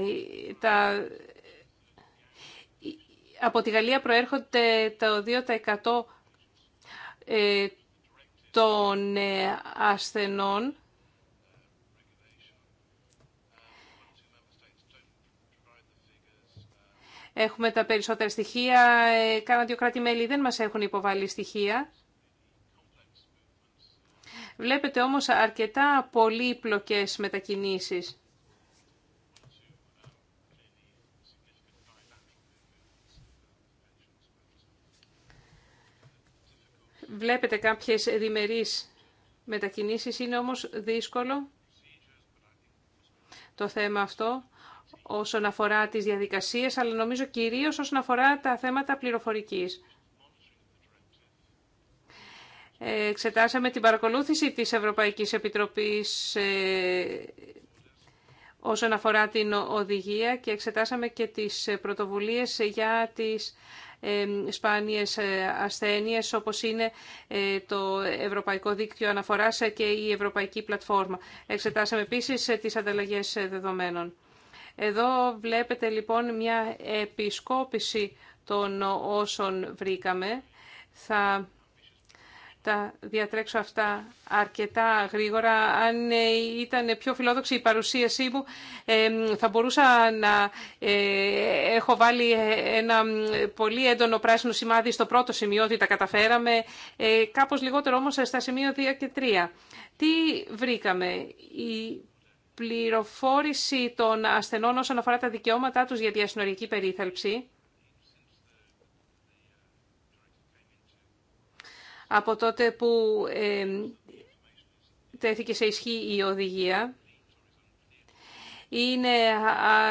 Τα... Από τη Γαλλία προέρχονται τα 2% ε, των ασθενών έχουμε τα περισσότερα στοιχεία. Ε, κάνα δύο κράτη-μέλη δεν μας έχουν υποβάλει στοιχεία. Βλέπετε όμως αρκετά πολύπλοκες μετακινήσεις. Βλέπετε κάποιες διμερείς μετακινήσεις, είναι όμως δύσκολο το θέμα αυτό όσον αφορά τις διαδικασίες, αλλά νομίζω κυρίως όσον αφορά τα θέματα πληροφορικής. Εξετάσαμε την παρακολούθηση της Ευρωπαϊκής Επιτροπής ε, όσον αφορά την οδηγία και εξετάσαμε και τις πρωτοβουλίες για τις ε, σπάνιες ε, ασθένειες όπως είναι το Ευρωπαϊκό Δίκτυο Αναφοράς και η Ευρωπαϊκή Πλατφόρμα. Εξετάσαμε επίσης τις ανταλλαγές δεδομένων. Εδώ βλέπετε λοιπόν μια επισκόπηση των όσων βρήκαμε. Θα τα διατρέξω αυτά αρκετά γρήγορα. Αν ε, ήταν πιο φιλόδοξη η παρουσίασή μου, ε, θα μπορούσα να ε, έχω βάλει ένα πολύ έντονο πράσινο σημάδι στο πρώτο σημείο ότι τα καταφέραμε, κάπως λιγότερο όμως στα σημεία 2 και 3. Τι βρήκαμε πληροφόρηση των ασθενών όσον αφορά τα δικαιώματά τους για διασυνορική περίθαλψη. Από τότε που ε, τέθηκε σε ισχύ η οδηγία, είναι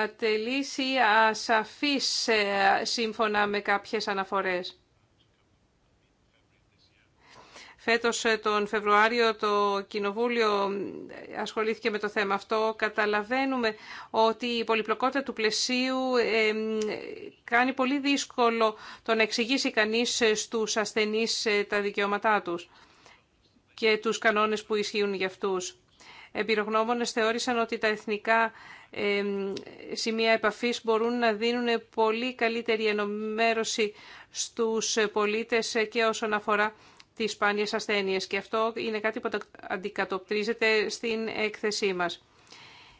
ατελής ή ασαφής ε, σύμφωνα με κάποιες αναφορές. Φέτος ε, τον Φεβρουάριο το Κοινοβούλιο ε, ασχολήθηκε με το θέμα αυτό. Καταλαβαίνουμε ότι η πολυπλοκότητα του πλαισίου ε, κάνει πολύ δύσκολο το να εξηγήσει κανείς στους ασθενείς τα δικαιώματά τους και τους κανόνες που ισχύουν για αυτούς. Εμπειρογνώμονες θεώρησαν ότι τα εθνικά σημεία επαφής μπορούν να δίνουν πολύ καλύτερη ενημέρωση στους πολίτες και όσον αφορά τις σπάνιες ασθένειες και αυτό είναι κάτι που αντικατοπτρίζεται στην έκθεσή μας.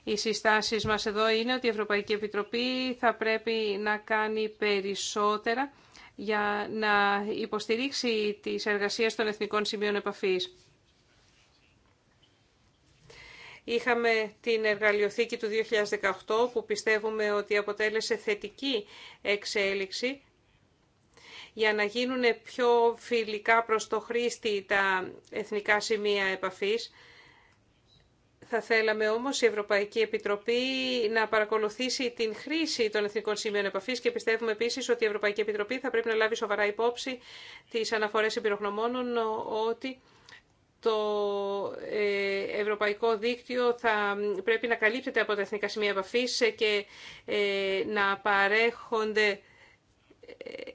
Οι συστάσεις μας εδώ είναι ότι η Ευρωπαϊκή Επιτροπή θα πρέπει να κάνει περισσότερα για να υποστηρίξει τις εργασίες των Εθνικών Σημείων Επαφής. Είχαμε την εργαλειοθήκη του 2018 που πιστεύουμε ότι αποτέλεσε θετική εξέλιξη για να γίνουν πιο φιλικά προς το χρήστη τα εθνικά σημεία επαφής. Θα θέλαμε όμως η Ευρωπαϊκή Επιτροπή να παρακολουθήσει την χρήση των εθνικών σημείων επαφής και πιστεύουμε επίσης ότι η Ευρωπαϊκή Επιτροπή θα πρέπει να λάβει σοβαρά υπόψη τις αναφορές εμπειρογνωμόνων ότι το ε, ευρωπαϊκό δίκτυο θα πρέπει να καλύπτεται από τα εθνικά σημεία επαφής και ε, να παρέχονται ε,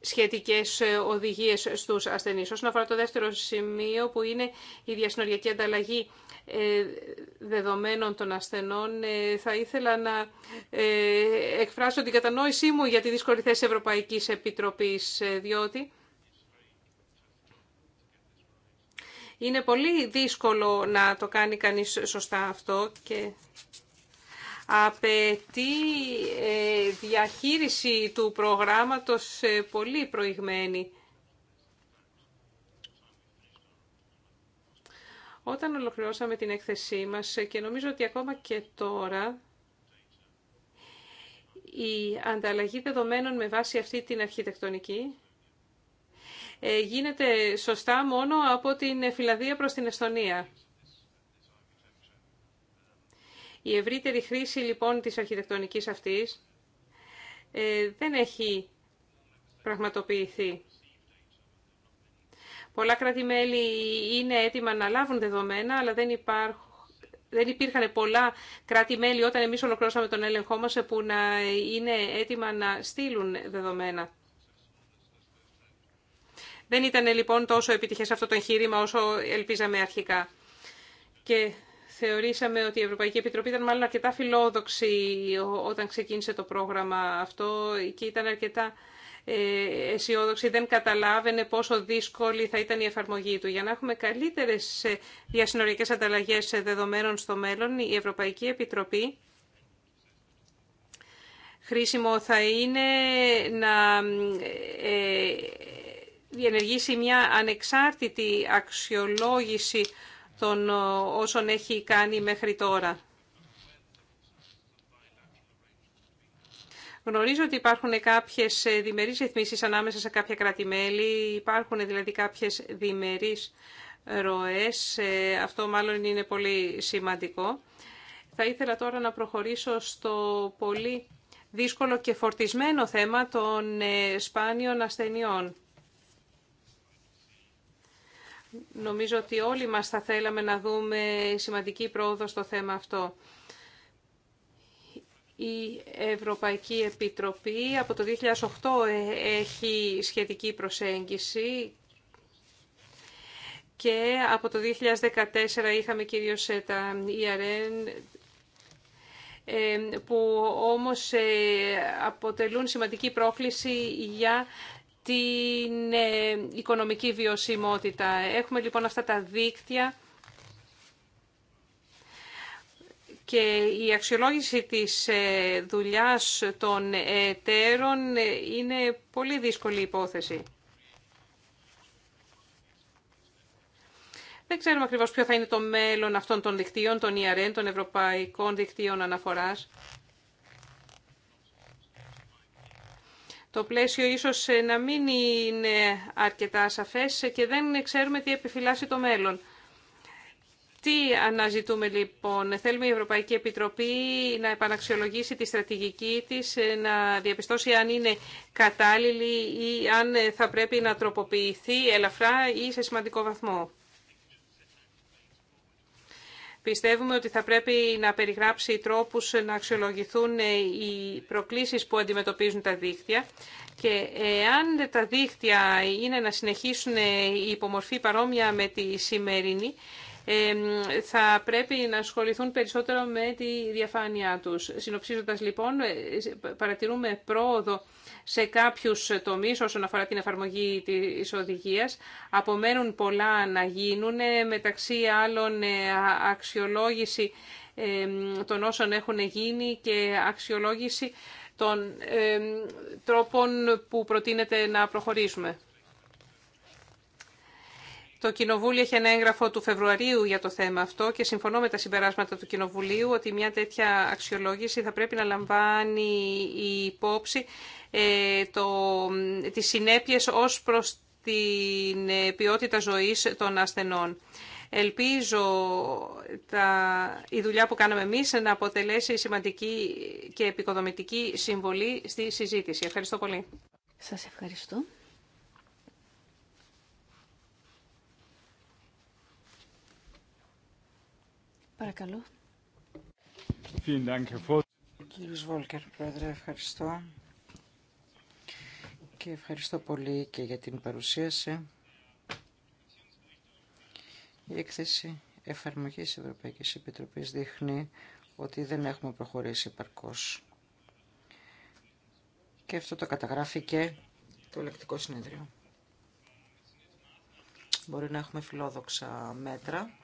σχετικές ε, οδηγίες στους ασθενείς. Όσον αφορά το δεύτερο σημείο που είναι η διασυνοριακή ανταλλαγή ε, δεδομένων των ασθενών, ε, θα ήθελα να εκφράσω την κατανόησή μου για τη δύσκολη θέση Ευρωπαϊκής Επιτροπής, διότι είναι πολύ δύσκολο να το κάνει κανείς σωστά αυτό και απαιτεί ε, διαχείριση του προγράμματος ε, πολύ προηγμένη. Όταν ολοκληρώσαμε την έκθεσή μας ε, και νομίζω ότι ακόμα και τώρα η ανταλλαγή δεδομένων με βάση αυτή την αρχιτεκτονική γίνεται σωστά μόνο από την Φιλανδία προς την Εστονία. Η ευρύτερη χρήση λοιπόν της αρχιτεκτονικής αυτής ε, δεν έχει πραγματοποιηθεί. Πολλά κράτη-μέλη είναι έτοιμα να λάβουν δεδομένα, αλλά δεν δεν υπήρχαν πολλά κράτη-μέλη όταν εμείς ολοκλώσαμε τον έλεγχό μας που να είναι έτοιμα να στείλουν δεδομένα. Δεν ήταν λοιπόν τόσο επιτυχές αυτό το εγχείρημα όσο ελπίζαμε αρχικά. Και θεωρήσαμε ότι η Ευρωπαϊκή Επιτροπή ήταν μάλλον αρκετά φιλόδοξη όταν ξεκίνησε το πρόγραμμα αυτό και ήταν αρκετά ε, αισιόδοξη, δεν καταλάβαινε πόσο δύσκολη θα ήταν η εφαρμογή του. Για να έχουμε καλύτερες ε, διασυνοριακές ανταλλαγές ε, δεδομένων στο μέλλον, η Ευρωπαϊκή Επιτροπή χρήσιμο θα είναι να διενεργήσει μια ανεξάρτητη αξιολόγηση των ε, όσων έχει κάνει μέχρι τώρα. Γνωρίζω ότι υπάρχουν κάποιες ε, διμερείς ρυθμίσεις ανάμεσα σε κάποια κράτη-μέλη, υπάρχουν δηλαδή κάποιες διμερείς ροές, ε, αυτό μάλλον είναι πολύ σημαντικό. Θα ήθελα τώρα να προχωρήσω στο πολύ δύσκολο και φορτισμένο θέμα των σπάνιων ασθενειών. Νομίζω ότι όλοι μας θα θέλαμε να δούμε σημαντική πρόοδο στο θέμα αυτό. Η Ευρωπαϊκή Επιτροπή από το 2008 ε, έχει σχετική προσέγγιση και από το 2014 είχαμε κυρίως ε, τα ERN ε, που όμως αποτελούν σημαντική πρόκληση για την ε, οικονομική βιωσιμότητα. Έχουμε λοιπόν αυτά τα δίκτυα και η αξιολόγηση της ε, δουλειάς των εταίρων ε, είναι πολύ δύσκολη υπόθεση. Δεν ξέρουμε ακριβώς ποιο θα είναι το μέλλον αυτών των δικτύων, των ERN, των Ευρωπαϊκών Δικτύων Αναφοράς. Το πλαίσιο ίσως ε, να μην είναι αρκετά σαφές ε, και δεν ξέρουμε τι επιφυλάσσει το μέλλον. Τι αναζητούμε λοιπόν. Θέλουμε η Ευρωπαϊκή Επιτροπή να επαναξιολογήσει τη στρατηγική της, ε, να διαπιστώσει αν είναι κατάλληλη ή αν θα πρέπει να τροποποιηθεί ελαφρά ή σε σημαντικό βαθμό. Πιστεύουμε ότι θα πρέπει να περιγράψει τρόπους να αξιολογηθούν οι προκλήσεις που αντιμετωπίζουν τα δίκτυα και εάν τα δίκτυα είναι να συνεχίσουν η υπομορφή παρόμοια με τη σημερινή, θα πρέπει να ασχοληθούν περισσότερο με τη διαφάνειά τους. Συνοψίζοντας λοιπόν, ε, παρατηρούμε πρόοδο σε κάποιους τομείς όσον αφορά την εφαρμογή της οδηγίας. Απομένουν πολλά να γίνουν, ε, μεταξύ άλλων ε, αξιολόγηση των όσων έχουν γίνει και αξιολόγηση των τρόπων που προτείνεται να προχωρήσουμε. Το Κοινοβούλιο έχει ένα έγγραφο του Φεβρουαρίου για το θέμα αυτό και συμφωνώ με τα συμπεράσματα του Κοινοβουλίου ότι μια τέτοια αξιολόγηση θα πρέπει να λαμβάνει η υπόψη ε, το, τις συνέπειες ως προς την ε, ποιότητα ζωής των ασθενών. Ελπίζω τα, η δουλειά που κάναμε εμείς να αποτελέσει σημαντική και επικοδομητική συμβολή στη συζήτηση. Ευχαριστώ πολύ. Σας ευχαριστώ. Παρακαλώ. Κύριε Βόλκερ, Πρόεδρε, ευχαριστώ. Και ευχαριστώ πολύ και για την παρουσίαση. Η έκθεση εφαρμογής Ευρωπαϊκής Επιτροπής δείχνει ότι δεν έχουμε προχωρήσει επαρκώς. Και αυτό το καταγράφει και το ελεκτικό συνέδριο. Μπορεί να έχουμε φιλόδοξα μέτρα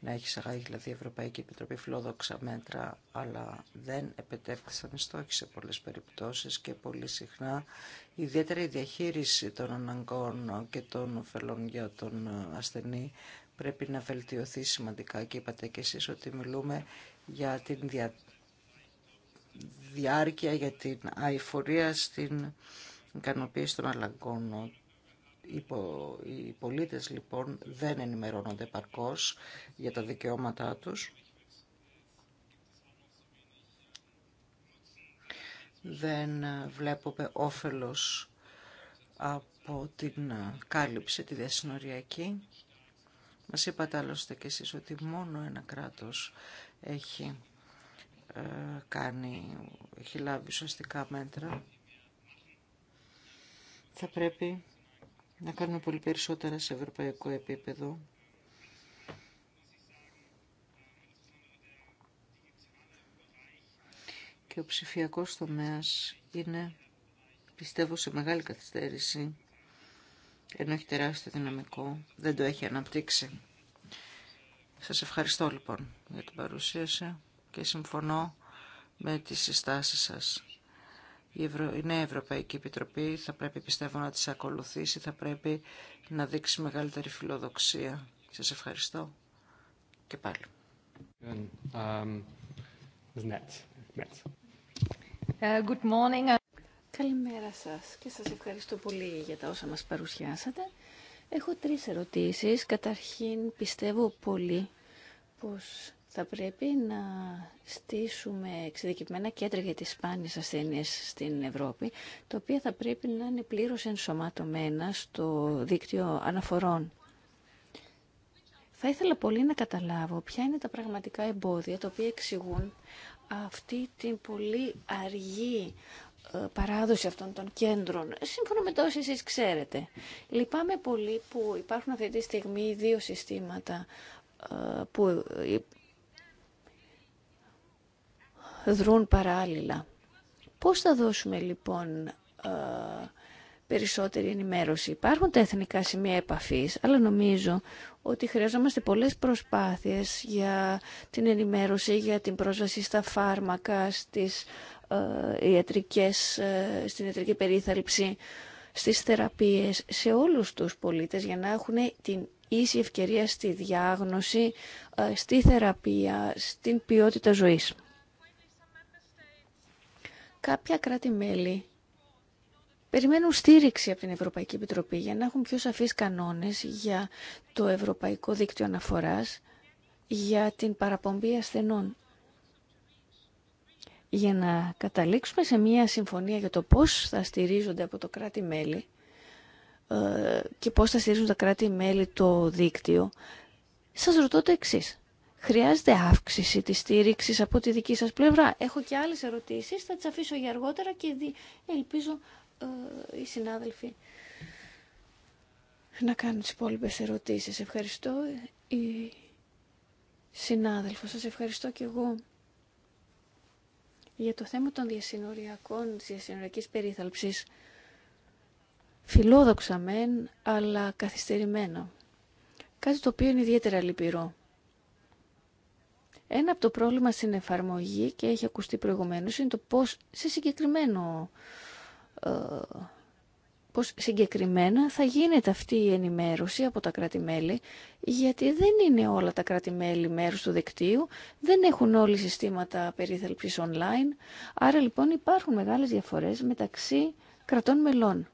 να έχει εισαγάγει δηλαδή η Ευρωπαϊκή Επιτροπή φιλόδοξα μέτρα, αλλά δεν επετέφθησαν οι στόχοι σε πολλές περιπτώσεις και πολύ συχνά ιδιαίτερα η διαχείριση των αναγκών και των ωφελών για τον ασθενή πρέπει να βελτιωθεί σημαντικά και είπατε και εσείς ότι μιλούμε για την διάρκεια, για την αηφορία στην ικανοποίηση των αλλαγών οι πολίτες λοιπόν δεν ενημερώνονται παρκώς για τα δικαιώματά τους. Δεν βλέπουμε όφελος από την κάλυψη, τη διασυνοριακή. Μας είπατε άλλωστε και εσείς ότι μόνο ένα κράτος έχει, ε, κάνει, έχει λάβει ουσιαστικά μέτρα. Θα πρέπει να κάνουμε πολύ περισσότερα σε ευρωπαϊκό επίπεδο. Και ο ψηφιακός τομέας είναι, πιστεύω, σε μεγάλη καθυστέρηση, ενώ έχει τεράστιο δυναμικό, δεν το έχει αναπτύξει. Σας ευχαριστώ λοιπόν για την παρουσίαση και συμφωνώ με τις συστάσεις σας η, Ευρω... η Νέα Ευρωπαϊκή Επιτροπή θα πρέπει πιστεύω να τις ακολουθήσει, θα πρέπει να δείξει μεγαλύτερη φιλοδοξία. Σας ευχαριστώ και πάλι. Um, ε, good morning. Καλημέρα σας και σας ευχαριστώ πολύ για τα όσα μας παρουσιάσατε. Έχω τρεις ερωτήσεις. Καταρχήν πιστεύω πολύ πως θα πρέπει να στήσουμε εξειδικευμένα κέντρα για τις σπάνιες ασθένειες στην Ευρώπη, τα οποία θα πρέπει να είναι πλήρως ενσωματωμένα στο δίκτυο αναφορών. Θα ήθελα πολύ να καταλάβω ποια είναι τα πραγματικά εμπόδια τα οποία εξηγούν αυτή την πολύ αργή ε, παράδοση αυτών των κέντρων, ε, σύμφωνα με το όσοι εσείς ξέρετε. Λυπάμαι πολύ που υπάρχουν αυτή τη στιγμή δύο συστήματα ε, που δρούν παράλληλα. Πώς θα δώσουμε λοιπόν ε, περισσότερη ενημέρωση. Υπάρχουν τα εθνικά σημεία επαφής, αλλά νομίζω ότι χρειαζόμαστε πολλές προσπάθειες για την ενημέρωση, για την πρόσβαση στα φάρμακα, στις, ε, ιατρικές, ε, στην ιατρική περίθαλψη, στις θεραπείες, σε όλους τους πολίτες για να έχουν την ίση ευκαιρία στη διάγνωση, στη θεραπεία, στην ποιότητα ζωής κάποια κράτη-μέλη περιμένουν στήριξη από την Ευρωπαϊκή Επιτροπή για να έχουν πιο σαφείς κανόνες για το Ευρωπαϊκό Δίκτυο Αναφοράς για την παραπομπή ασθενών. Για να καταλήξουμε σε μια συμφωνία για το πώς θα στηρίζονται από το κράτη-μέλη ε, και πώς θα στηρίζουν τα κράτη-μέλη το δίκτυο, σας ρωτώ το εξής χρειάζεται αύξηση της στήριξης από τη δική σας πλευρά. Έχω και άλλες ερωτήσεις, θα τις αφήσω για αργότερα και δι... ελπίζω ε, οι συνάδελφοι να κάνουν τις υπόλοιπε ερωτήσεις. Ευχαριστώ ε, η συνάδελφο. Σας ευχαριστώ και εγώ για το θέμα των διασυνοριακών, τη διασυνοριακής περίθαλψης. Φιλόδοξα μεν, αλλά καθυστερημένα. Κάτι το οποίο είναι ιδιαίτερα λυπηρό. Ένα από το πρόβλημα στην εφαρμογή και έχει ακουστεί προηγουμένως είναι το πώς συγκεκριμένο ε, πώς συγκεκριμένα θα γίνεται αυτή η ενημέρωση από τα κρατη γιατί δεν είναι όλα τα κράτη-μέλη μέρος του δικτύου, δεν έχουν όλοι συστήματα περίθαλψης online, άρα λοιπόν υπάρχουν μεγάλες διαφορές μεταξύ κρατών μελών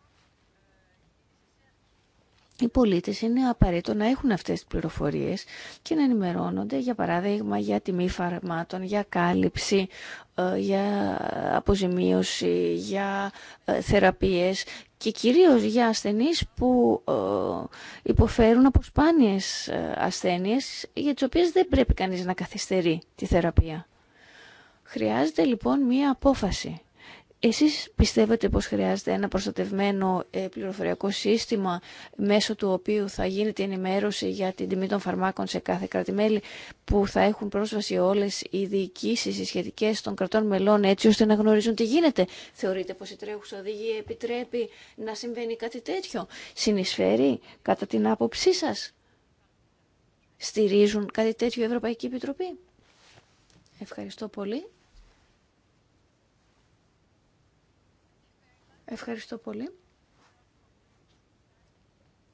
οι πολίτε είναι απαραίτητο να έχουν αυτές τις πληροφορίες και να ενημερώνονται, για παράδειγμα, για τιμή φαρμάτων, για κάλυψη, ε, για αποζημίωση, για ε, θεραπείες και κυρίως για ασθενείς που ε, υποφέρουν από σπάνιες ασθένειες για τις οποίες δεν πρέπει κανείς να καθυστερεί τη θεραπεία. Χρειάζεται λοιπόν μία απόφαση εσείς πιστεύετε πως χρειάζεται ένα προστατευμένο ε, πληροφοριακό σύστημα μέσω του οποίου θα γίνεται η ενημέρωση για την τιμή των φαρμάκων σε κάθε κρατημέλη που θα έχουν πρόσβαση όλες οι διοικήσεις οι σχετικές των κρατών μελών έτσι ώστε να γνωρίζουν τι γίνεται. Θεωρείτε πως η τρέχουσα οδηγία επιτρέπει να συμβαίνει κάτι τέτοιο. Συνεισφέρει κατά την άποψή σας. Στηρίζουν κάτι τέτοιο η Ευρωπαϊκή Επιτροπή. Ευχαριστώ πολύ. Ευχαριστώ πολύ.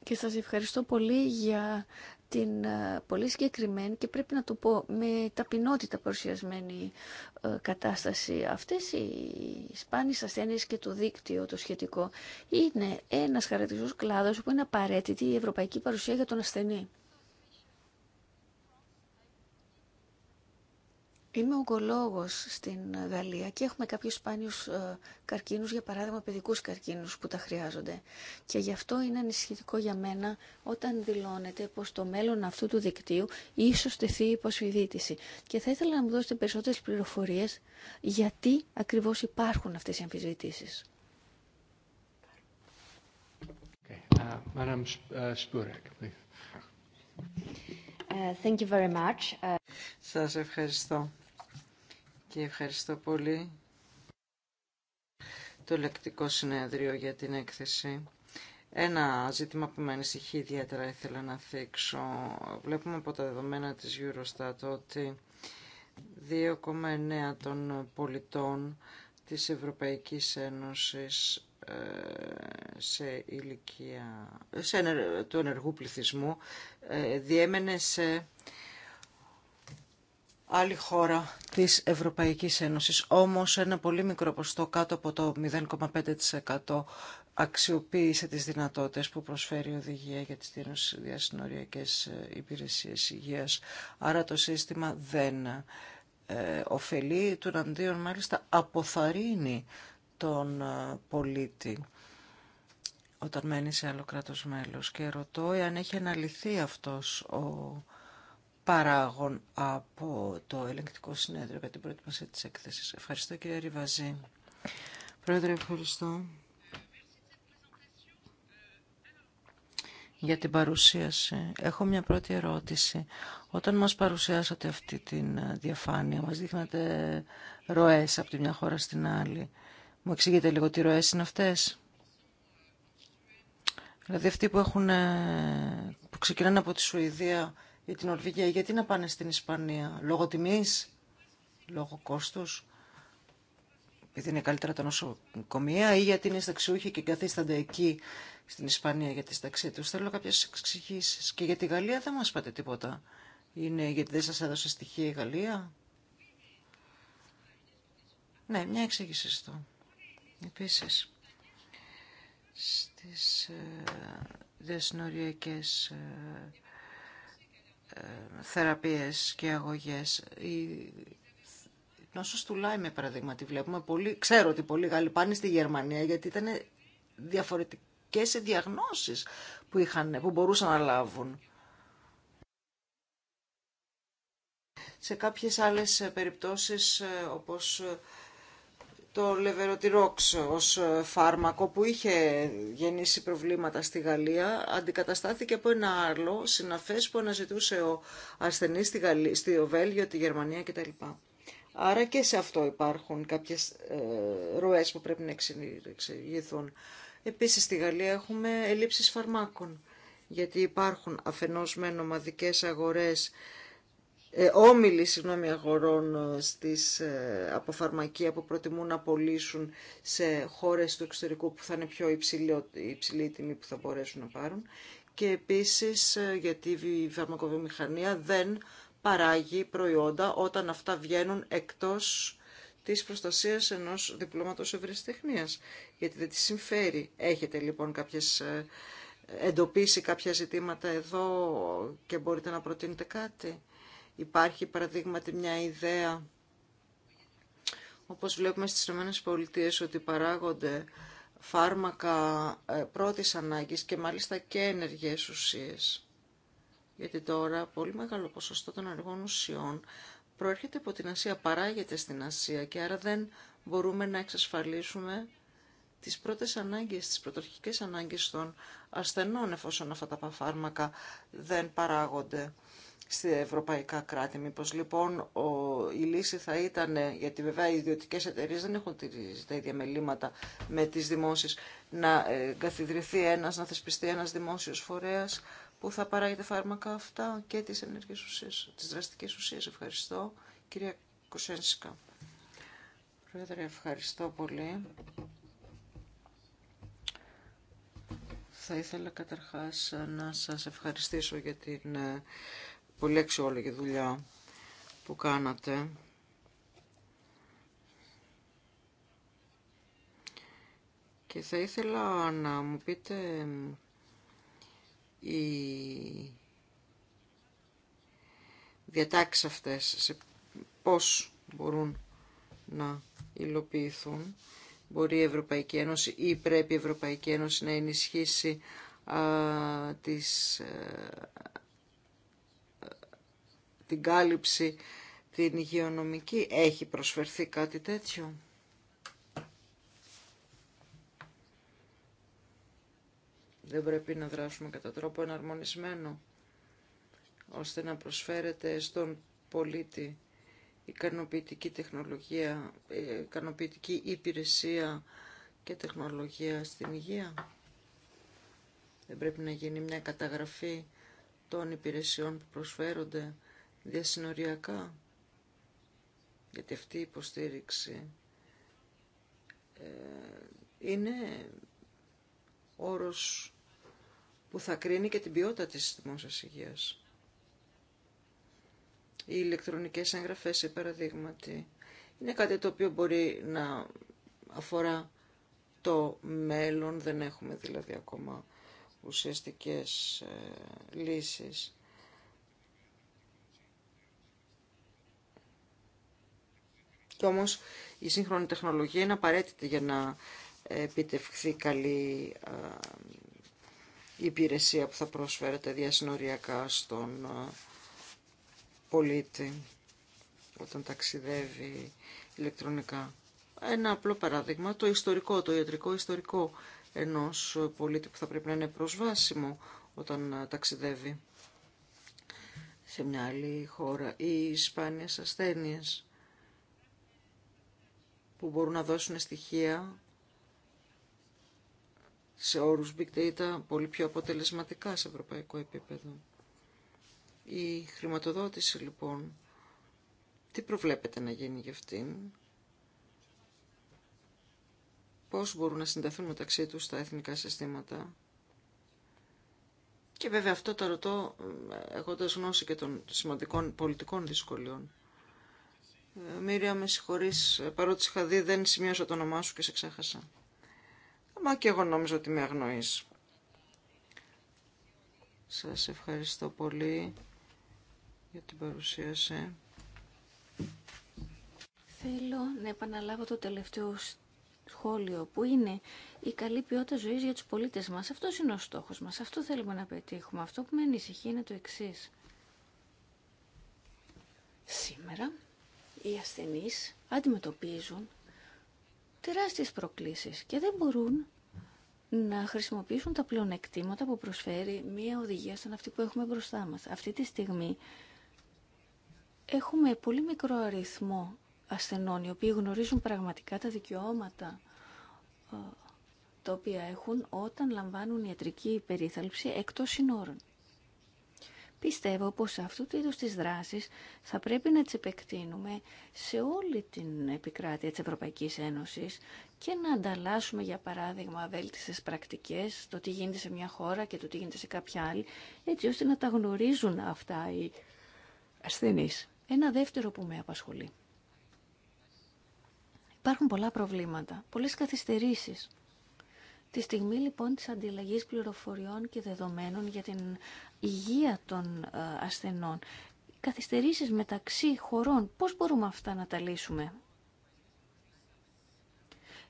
Και σας ευχαριστώ πολύ για την ε, πολύ συγκεκριμένη και πρέπει να το πω με ταπεινότητα παρουσιασμένη ε, κατάσταση. Αυτές οι σπάνιες ασθένειες και το δίκτυο το σχετικό είναι ένας χαρακτηριστικός κλάδος που είναι απαραίτητη η ευρωπαϊκή παρουσία για τον ασθενή. Είμαι ογκολόγος στην Γαλλία και έχουμε κάποιους σπάνιους ε, καρκίνους, για παράδειγμα παιδικούς καρκίνους που τα χρειάζονται. Και γι' αυτό είναι ανησυχητικό για μένα όταν δηλώνεται πως το μέλλον αυτού του δικτύου ίσως τεθεί υποσφυδίτηση. Και θα ήθελα να μου δώσετε περισσότερες πληροφορίες γιατί ακριβώς υπάρχουν αυτές οι αμφισβητήσεις. Σας ευχαριστώ και ευχαριστώ πολύ το λεκτικό συνέδριο για την έκθεση. Ένα ζήτημα που με ανησυχεί ιδιαίτερα ήθελα να θίξω. Βλέπουμε από τα δεδομένα της Eurostat ότι 2,9 των πολιτών της Ευρωπαϊκής Ένωσης ε, σε ηλικία ε, σε ενεργ, του ενεργού πληθυσμού ε, διέμενε σε άλλη χώρα της Ευρωπαϊκής Ένωσης. Όμως ένα πολύ μικρό ποστό κάτω από το 0,5% αξιοποίησε τις δυνατότητες που προσφέρει η οδηγία για τις διασυνοριακές ε, υπηρεσίες υγείας. Άρα το σύστημα δεν ε, ωφελεί, του μάλιστα αποθαρρύνει τον ε, πολίτη όταν μένει σε άλλο κράτος μέλος. Και ρωτώ εάν έχει αναλυθεί αυτός ο παράγων από το ελεγκτικό συνέδριο για την προετοιμασία της έκθεσης. Ευχαριστώ κύριε Ριβαζή. Πρόεδρε, ευχαριστώ για την παρουσίαση. Έχω μια πρώτη ερώτηση. Όταν μας παρουσιάσατε αυτή την διαφάνεια, μας δείχνατε ροές από τη μια χώρα στην άλλη. Μου εξηγείτε λίγο τι ροές είναι αυτές. Δηλαδή αυτοί που, έχουν, που ξεκινάνε από τη Σουηδία για την Ορβηγία, γιατί να πάνε στην Ισπανία, λόγω τιμή, λόγω κόστους, επειδή είναι καλύτερα τα νοσοκομεία ή γιατί είναι σταξιούχοι και καθίστανται εκεί στην Ισπανία για τη σταξία του. Θέλω κάποιε εξηγήσει. Και για τη Γαλλία δεν μας πάτε τίποτα. Είναι γιατί δεν σας έδωσε στοιχεία η Γαλλία. Ναι, μια εξήγηση στο. Επίση, στι ε, θεραπείες και αγωγές. Η νόσος του Λάιμε, παραδείγματι, βλέπουμε. Πολύ, ξέρω ότι πολλοί Γάλλοι πάνε στη Γερμανία γιατί ήταν διαφορετικές οι διαγνώσεις που, είχαν, που μπορούσαν να λάβουν. Σε κάποιες άλλες περιπτώσεις, ε, όπως ε, το Λεβεροτιρόξ ως ε, φάρμακο που είχε γεννήσει προβλήματα στη Γαλλία αντικαταστάθηκε από ένα άλλο συναφές που αναζητούσε ο ασθενής στη Βέλγιο, τη Γερμανία κτλ. Άρα και σε αυτό υπάρχουν κάποιες ε, ροές που πρέπει να εξηγηθούν. Επίσης στη Γαλλία έχουμε ελλείψεις φαρμάκων γιατί υπάρχουν αφενός με ομαδικές αγορές ε, όμιλοι συγγνώμη, αγορών ε, στις, ε, από φαρμακεία που προτιμούν να πωλήσουν σε χώρες του εξωτερικού που θα είναι πιο υψηλή, υψηλή η τιμή που θα μπορέσουν να πάρουν και επίσης ε, γιατί η φαρμακοβιομηχανία δεν παράγει προϊόντα όταν αυτά βγαίνουν εκτός της προστασίας ενός διπλώματος ευρεσιτεχνίας, γιατί δεν τη συμφέρει. Έχετε λοιπόν κάποιες ε, εντοπίσει κάποια ζητήματα εδώ και μπορείτε να προτείνετε κάτι. Υπάρχει παραδείγματι μια ιδέα, όπως βλέπουμε στις ΗΠΑ, ότι παράγονται φάρμακα ε, πρώτης ανάγκης και μάλιστα και ενεργές ουσίες. Γιατί τώρα πολύ μεγάλο ποσοστό των αργών ουσιών προέρχεται από την Ασία, παράγεται στην Ασία και άρα δεν μπορούμε να εξασφαλίσουμε τις πρώτες ανάγκες, τις πρωτορχικές ανάγκες των ασθενών εφόσον αυτά τα φάρμακα δεν παράγονται σε ευρωπαϊκά κράτη. Μήπως λοιπόν ο, η λύση θα ήταν, γιατί βέβαια οι ιδιωτικέ εταιρείε δεν έχουν τα ίδια μελήματα με τις δημόσιες, να ε, καθιδρυθεί ένας, να θεσπιστεί ένας δημόσιος φορέας που θα παράγει τα φάρμακα αυτά και τις ενεργές ουσίες, τις δραστικές ουσίες. Ευχαριστώ. Κυρία Κουσένσικα. Πρόεδρε, ευχαριστώ πολύ. Θα ήθελα καταρχάς να σας ευχαριστήσω για την ε, πολύ αξιόλογη δουλειά που κάνατε. Και θα ήθελα να μου πείτε οι διατάξεις αυτές, σε πώς μπορούν να υλοποιηθούν. Μπορεί η Ευρωπαϊκή Ένωση ή πρέπει η Ευρωπαϊκή Ένωση να ενισχύσει α, τις ε, την κάλυψη την υγειονομική. Έχει προσφερθεί κάτι τέτοιο. Δεν πρέπει να δράσουμε κατά τρόπο εναρμονισμένο, ώστε να προσφέρεται στον πολίτη ικανοποιητική τεχνολογία, ε, ικανοποιητική υπηρεσία και τεχνολογία στην υγεία. Δεν πρέπει να γίνει μια καταγραφή των υπηρεσιών που προσφέρονται διασυνοριακά. Γιατί αυτή η υποστήριξη ε, είναι όρος που θα κρίνει και την ποιότητα της δημόσιας υγείας. Οι ηλεκτρονικές εγγραφές, σε παραδείγματι, είναι κάτι το οποίο μπορεί να αφορά το μέλλον, δεν έχουμε δηλαδή ακόμα ουσιαστικές ε, λύσεις. Κι όμως η σύγχρονη τεχνολογία είναι απαραίτητη για να επιτευχθεί καλή υπηρεσία που θα προσφέρεται διασυνοριακά στον πολίτη όταν ταξιδεύει ηλεκτρονικά. Ένα απλό παράδειγμα, το ιστορικό, το ιατρικό ιστορικό ενός πολίτη που θα πρέπει να είναι προσβάσιμο όταν ταξιδεύει σε μια άλλη χώρα ή σπάνιες ασθένειες που μπορούν να δώσουν στοιχεία σε όρους big data πολύ πιο αποτελεσματικά σε ευρωπαϊκό επίπεδο. Η χρηματοδότηση λοιπόν, τι προβλέπετε να γίνει για αυτήν, πώς μπορούν να συνταθούν μεταξύ τους τα εθνικά συστήματα. Και βέβαια αυτό το ρωτώ ε, έχοντας γνώση και των σημαντικών πολιτικών δυσκολιών Μύρια, με συγχωρείς, παρότι είχα δει, δεν σημείωσα το όνομά σου και σε ξέχασα. Μα και εγώ νόμιζα ότι με αγνοείς. Σας ευχαριστώ πολύ για την παρουσίαση. Θέλω να επαναλάβω το τελευταίο σχόλιο που είναι η καλή ποιότητα ζωής για τους πολίτες μας. Αυτό είναι ο στόχος μας. Αυτό θέλουμε να πετύχουμε. Αυτό που με ανησυχεί είναι το εξή. Σήμερα οι ασθενείς αντιμετωπίζουν τεράστιες προκλήσεις και δεν μπορούν να χρησιμοποιήσουν τα πλεονεκτήματα που προσφέρει μία οδηγία σαν αυτή που έχουμε μπροστά μας. Αυτή τη στιγμή έχουμε πολύ μικρό αριθμό ασθενών οι οποίοι γνωρίζουν πραγματικά τα δικαιώματα ε, τα οποία έχουν όταν λαμβάνουν ιατρική περίθαλψη εκτός συνόρων. Πιστεύω πως αυτού του είδους τις δράσεις θα πρέπει να τις επεκτείνουμε σε όλη την επικράτεια της Ευρωπαϊκής Ένωσης και να ανταλλάσσουμε, για παράδειγμα, βέλτιστες πρακτικές, το τι γίνεται σε μια χώρα και το τι γίνεται σε κάποια άλλη, έτσι ώστε να τα γνωρίζουν αυτά οι ασθενείς. Ένα δεύτερο που με απασχολεί. Υπάρχουν πολλά προβλήματα, πολλές καθυστερήσεις Τη στιγμή λοιπόν της ανταλλαγής πληροφοριών και δεδομένων για την υγεία των ε, ασθενών, καθυστερήσεις μεταξύ χωρών, πώς μπορούμε αυτά να τα λύσουμε.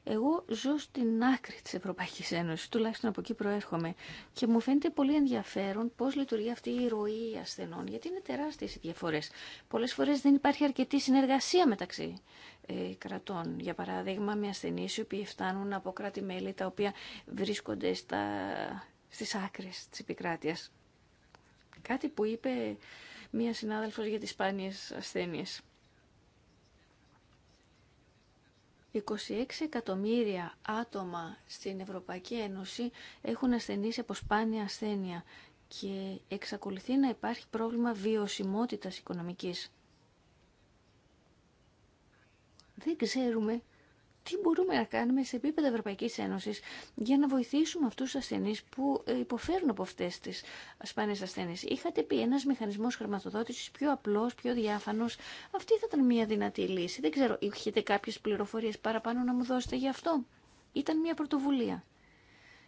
Εγώ ζω στην άκρη της Ευρωπαϊκής Ένωσης, τουλάχιστον από εκεί προέρχομαι, και μου φαίνεται πολύ ενδιαφέρον πώς λειτουργεί αυτή η ροή ασθενών, γιατί είναι τεράστιες οι διαφορές. Πολλές φορές δεν υπάρχει αρκετή συνεργασία μεταξύ ε, κρατών. Για παράδειγμα, με ασθενεί οι οποίοι φτάνουν από κράτη-μέλη τα οποία βρίσκονται στα, στις άκρες της επικράτειας. Κάτι που είπε μία συνάδελφος για τις σπάνιες ασθένειες. 26 εκατομμύρια άτομα στην Ευρωπαϊκή Ένωση έχουν ασθενήσει από σπάνια ασθένεια και εξακολουθεί να υπάρχει πρόβλημα βιωσιμότητας οικονομικής δεν ξέρουμε τι μπορούμε να κάνουμε σε επίπεδο Ευρωπαϊκή Ένωση για να βοηθήσουμε αυτού του ασθενεί που ε, υποφέρουν από αυτέ τι σπάνιες ασθένειε. Είχατε πει ένα μηχανισμό χρηματοδότηση, πιο απλό, πιο διάφανο. Αυτή θα ήταν μια δυνατή λύση. Δεν ξέρω, είχετε κάποιε πληροφορίε παραπάνω να μου δώσετε γι' αυτό. Ήταν μια πρωτοβουλία.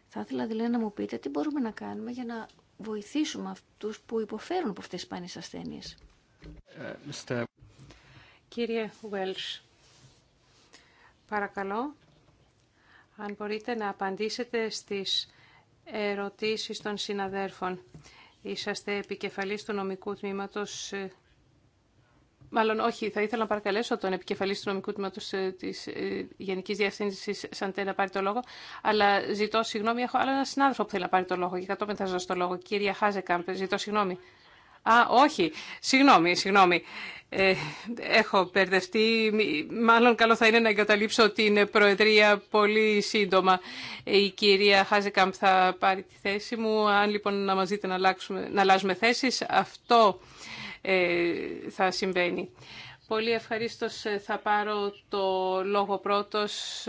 Θα ήθελα δηλαδή να μου πείτε τι μπορούμε να κάνουμε για να βοηθήσουμε αυτού που υποφέρουν από αυτές τις σπάνιες ασθένειες. Ε, Κύριε Welsh, Παρακαλώ, αν μπορείτε να απαντήσετε στις ερωτήσεις των συναδέρφων. Είσαστε επικεφαλής του νομικού τμήματος ε, Μάλλον όχι, θα ήθελα να παρακαλέσω τον επικεφαλής του νομικού τμήματος ε, της ε, Γενικής Διευθύνσης Σαντέ να πάρει το λόγο, αλλά ζητώ συγγνώμη, έχω άλλο ένα συνάδελφο που θέλει να πάρει το λόγο και κατόπιν θα σας δώσω το λόγο. Κυρία Χάζεκαμπ, ζητώ συγγνώμη. Α, όχι. Συγγνώμη, συγγνώμη. Ε, έχω μπερδευτεί. Μάλλον καλό θα είναι να εγκαταλείψω την Προεδρία πολύ σύντομα. Η κυρία Χάζεκάμ θα πάρει τη θέση μου. Αν λοιπόν να μας δείτε να, αλλάξουμε, αλλάζουμε θέσεις, αυτό ε, θα συμβαίνει. Πολύ ευχαριστώ. Ε, θα πάρω το λόγο πρώτος,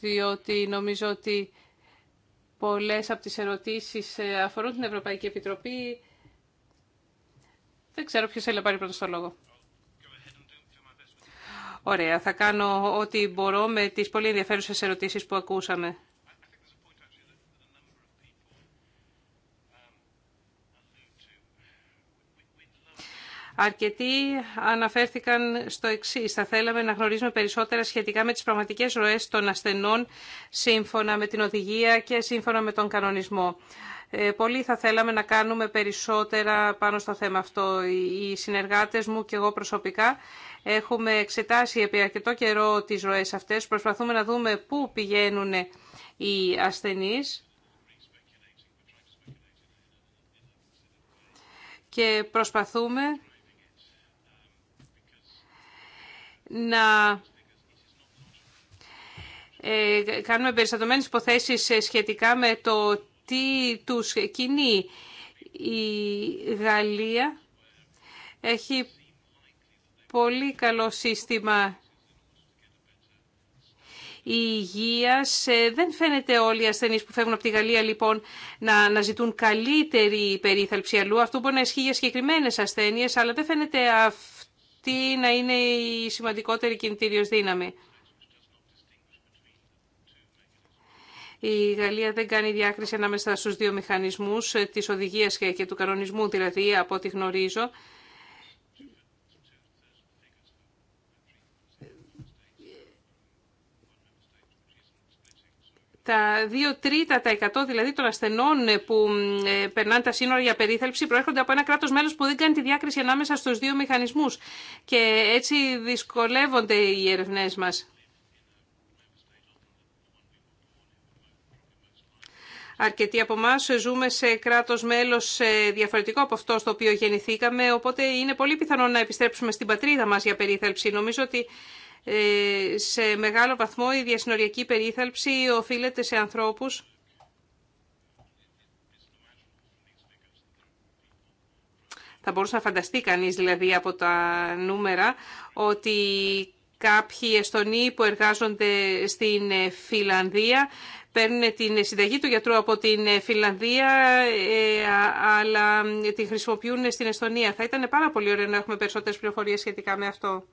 διότι νομίζω ότι πολλές από τις ερωτήσεις αφορούν την Ευρωπαϊκή Επιτροπή. Δεν ξέρω ποιος θέλει να πάρει πρώτο το λόγο. Ωραία, θα κάνω ό,τι μπορώ με τις πολύ ενδιαφέρουσες ερωτήσεις που ακούσαμε. Αρκετοί αναφέρθηκαν στο εξή. Θα θέλαμε να γνωρίζουμε περισσότερα σχετικά με τι πραγματικέ ροέ των ασθενών σύμφωνα με την οδηγία και σύμφωνα με τον κανονισμό. Ε, πολύ θα θέλαμε να κάνουμε περισσότερα πάνω στο θέμα αυτό. Οι συνεργάτες μου και εγώ προσωπικά έχουμε εξετάσει επί αρκετό καιρό τις ροές αυτές. Προσπαθούμε να δούμε πού πηγαίνουν οι ασθενείς. Και προσπαθούμε να ε, κάνουμε περιστατωμένες υποθέσεις ε, σχετικά με το τι τους κινεί. Η Γαλλία έχει πολύ καλό σύστημα υγεία. Ε, δεν φαίνεται όλοι οι ασθενείς που φεύγουν από τη Γαλλία λοιπόν να, ζητούν καλύτερη περίθαλψη αλλού. Αυτό μπορεί να ισχύει για συγκεκριμένε ασθένειες, αλλά δεν φαίνεται αυτό αυτή να είναι η σημαντικότερη κινητήριος δύναμη. Η Γαλλία δεν κάνει διάκριση ανάμεσα στους δύο μηχανισμούς, ε, της οδηγίας και του κανονισμού δηλαδή, από ό,τι γνωρίζω. Τα δύο τρίτα, τα εκατό δηλαδή των ασθενών ε, που ε, περνάνε τα σύνορα για περίθαλψη προέρχονται από ένα κράτος μέλος που δεν κάνει τη διάκριση ανάμεσα στους δύο μηχανισμούς και έτσι δυσκολεύονται οι ερευνές μας. Αρκετοί από εμά ζούμε σε κράτος μέλος ε, διαφορετικό από αυτό στο οποίο γεννηθήκαμε, οπότε είναι πολύ πιθανό να επιστρέψουμε στην πατρίδα μα για περίθαλψη. Νομίζω ότι ε, σε μεγάλο βαθμό η διασυνοριακή περίθαλψη οφείλεται σε ανθρώπους Θα μπορούσε να φανταστεί κανείς δηλαδή από τα νούμερα ότι κάποιοι Εστονοί που εργάζονται στην ε, Φιλανδία παίρνουν την συνταγή του γιατρού από την ε, Φιλανδία αλλά την χρησιμοποιούν στην Εστονία. Θα ήταν πάρα πολύ ωραίο να έχουμε περισσότερες πληροφορίες σχετικά με αυτό.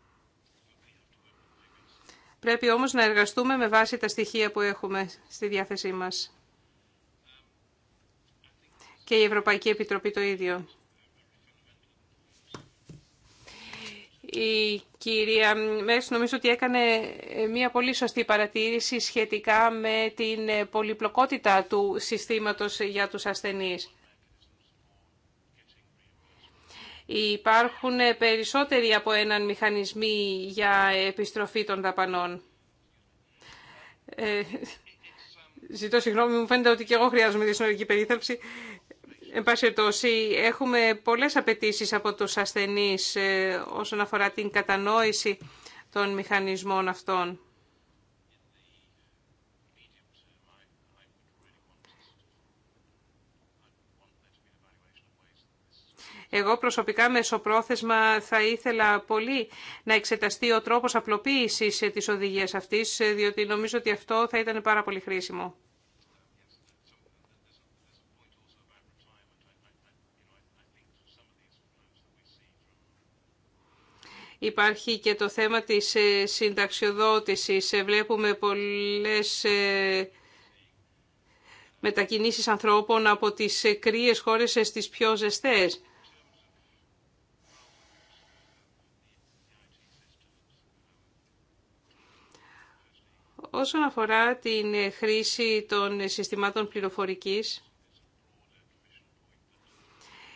Πρέπει όμως να εργαστούμε με βάση τα στοιχεία που έχουμε στη διάθεσή μας. Και η Ευρωπαϊκή Επιτροπή το ίδιο. Η κυρία Μέρς νομίζω ότι έκανε μια πολύ σωστή παρατήρηση σχετικά με την πολυπλοκότητα του συστήματος για τους ασθενείς υπάρχουν περισσότεροι από έναν μηχανισμοί για επιστροφή των δαπανών. Ε, ζητώ συγγνώμη, μου φαίνεται ότι και εγώ χρειάζομαι τη συνολική περίθαλψη. Εν πάση έχουμε πολλές απαιτήσει από τους ασθενείς ε, όσον αφορά την κατανόηση των μηχανισμών αυτών. Εγώ προσωπικά μεσοπρόθεσμα θα ήθελα πολύ να εξεταστεί ο τρόπος απλοποίησης της οδηγίας αυτής, διότι νομίζω ότι αυτό θα ήταν πάρα πολύ χρήσιμο. Υπάρχει και το θέμα της ε, συνταξιοδότησης. Ε, βλέπουμε πολλές ε, μετακινήσεις ανθρώπων από τις κρύες χώρες στις πιο ζεστές. Όσον αφορά την χρήση των συστημάτων πληροφορικής,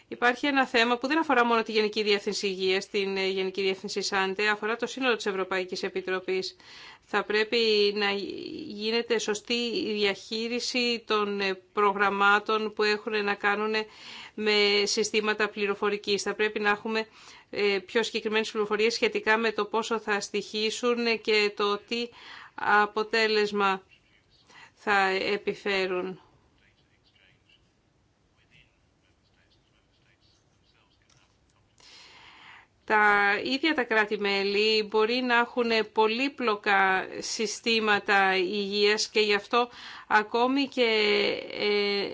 υπάρχει ένα θέμα που δεν αφορά μόνο τη Γενική Διεύθυνση Υγείας, την Γενική Διεύθυνση ΣΑΝΤΕ, αφορά το σύνολο της Ευρωπαϊκής Επιτροπής. Θα πρέπει να γίνεται σωστή διαχείριση των προγραμμάτων που έχουν να κάνουν με συστήματα πληροφορικής. Θα πρέπει να έχουμε ε, πιο συγκεκριμένες πληροφορίες σχετικά με το πόσο θα στοιχήσουν και το τι αποτέλεσμα θα επιφέρουν. Τα ίδια τα κράτη-μέλη μπορεί να έχουν πολύπλοκα συστήματα υγείας και γι' αυτό ακόμη και ε,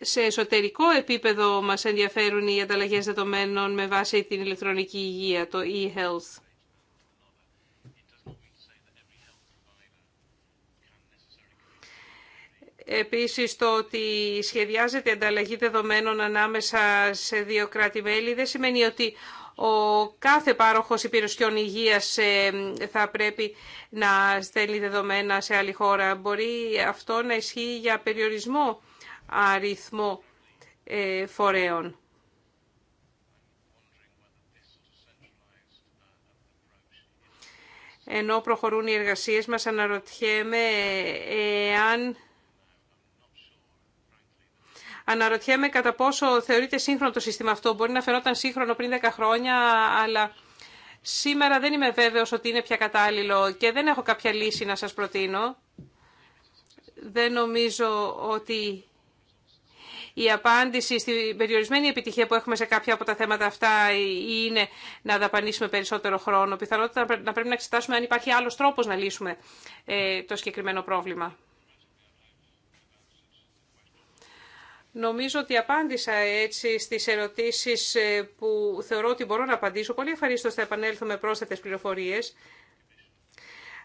σε εσωτερικό επίπεδο μας ενδιαφέρουν οι ανταλλαγές δεδομένων με βάση την ηλεκτρονική υγεία, το e-health. Επίσης, το ότι σχεδιάζεται ανταλλαγή δεδομένων ανάμεσα σε δύο κράτη-μέλη δεν σημαίνει ότι ο κάθε πάροχος υπηρεσιών υγείας ε, θα πρέπει να στέλνει δεδομένα σε άλλη χώρα. Μπορεί αυτό να ισχύει για περιορισμό αριθμό ε, φορέων. Ενώ προχωρούν οι εργασίες μας, αναρωτιέμαι εάν Αναρωτιέμαι κατά πόσο θεωρείται σύγχρονο το σύστημα αυτό. Μπορεί να φαινόταν σύγχρονο πριν 10 χρόνια, αλλά σήμερα δεν είμαι βέβαιος ότι είναι πια κατάλληλο και δεν έχω κάποια λύση να σας προτείνω. Δεν νομίζω ότι η απάντηση στην περιορισμένη επιτυχία που έχουμε σε κάποια από τα θέματα αυτά είναι να δαπανίσουμε περισσότερο χρόνο. Πιθανότητα να πρέπει να εξετάσουμε αν υπάρχει άλλος τρόπος να λύσουμε ε, το συγκεκριμένο πρόβλημα. Νομίζω ότι απάντησα έτσι στις ερωτήσεις ε, που θεωρώ ότι μπορώ να απαντήσω. Πολύ ευχαριστώ. θα επανέλθω με πρόσθετες πληροφορίες.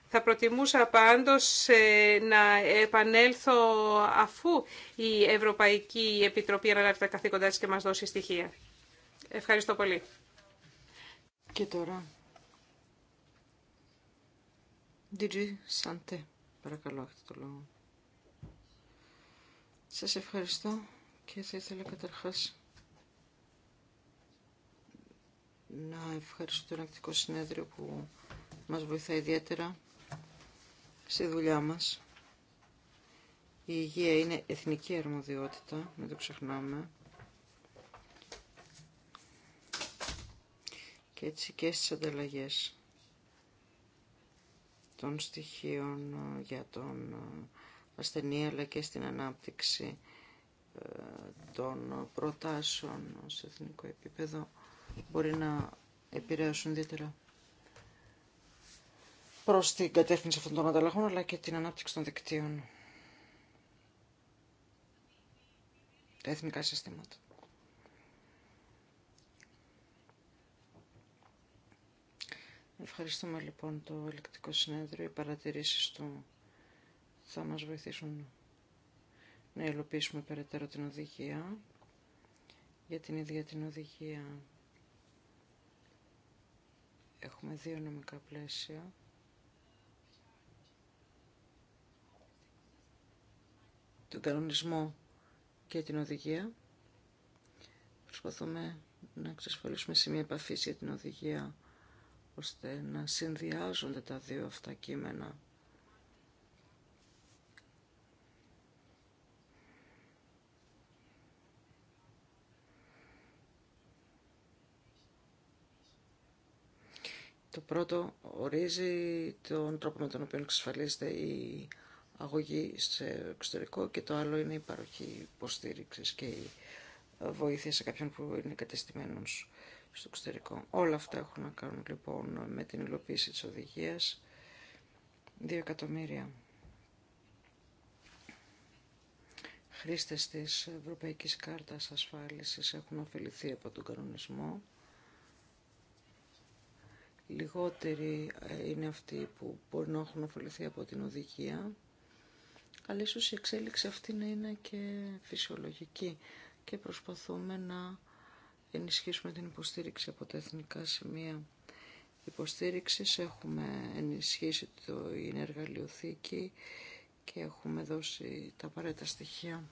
Θα προτιμούσα πάντως ε, να επανέλθω αφού η Ευρωπαϊκή Επιτροπή αναλάβει τα καθήκοντά της και μας δώσει στοιχεία. Ευχαριστώ πολύ. Και τώρα. παρακαλώ, το λόγο. Σας ευχαριστώ. Και θα ήθελα καταρχάς να ευχαριστώ το Ενακτικό Συνέδριο που μας βοηθά ιδιαίτερα στη δουλειά μας. Η υγεία είναι εθνική αρμοδιότητα, μην το ξεχνάμε. Και έτσι και στις ανταλλαγές των στοιχείων για τον ασθενή αλλά και στην ανάπτυξη ε, των προτάσεων σε εθνικό επίπεδο μπορεί να επηρεάσουν ιδιαίτερα προς την κατεύθυνση αυτών των ανταλλαγών αλλά και την ανάπτυξη των δικτύων. Τα εθνικά συστήματα. Ευχαριστούμε λοιπόν το ελεκτικό συνέδριο. Οι παρατηρήσεις του θα μας βοηθήσουν να υλοποιήσουμε περαιτέρω την οδηγία για την ίδια την οδηγία έχουμε δύο νομικά πλαίσια τον κανονισμό και την οδηγία προσπαθούμε να εξασφαλίσουμε σημεία επαφής για την οδηγία ώστε να συνδυάζονται τα δύο αυτά κείμενα Το πρώτο ορίζει τον τρόπο με τον οποίο εξασφαλίζεται η αγωγή σε εξωτερικό και το άλλο είναι η παροχή υποστήριξη και η βοήθεια σε κάποιον που είναι κατεστημένος στο εξωτερικό. Όλα αυτά έχουν να κάνουν λοιπόν με την υλοποίηση της οδηγίας. Δύο εκατομμύρια χρήστες της Ευρωπαϊκής Κάρτας Ασφάλισης έχουν ωφεληθεί από τον κανονισμό λιγότεροι ε, είναι αυτοί που μπορεί να έχουν ωφεληθεί από την οδηγία, αλλά ίσως η εξέλιξη αυτή να είναι και φυσιολογική και προσπαθούμε να ενισχύσουμε την υποστήριξη από τα εθνικά σημεία υποστήριξης. Έχουμε ενισχύσει το εργαλειοθήκη και έχουμε δώσει τα απαραίτητα στοιχεία.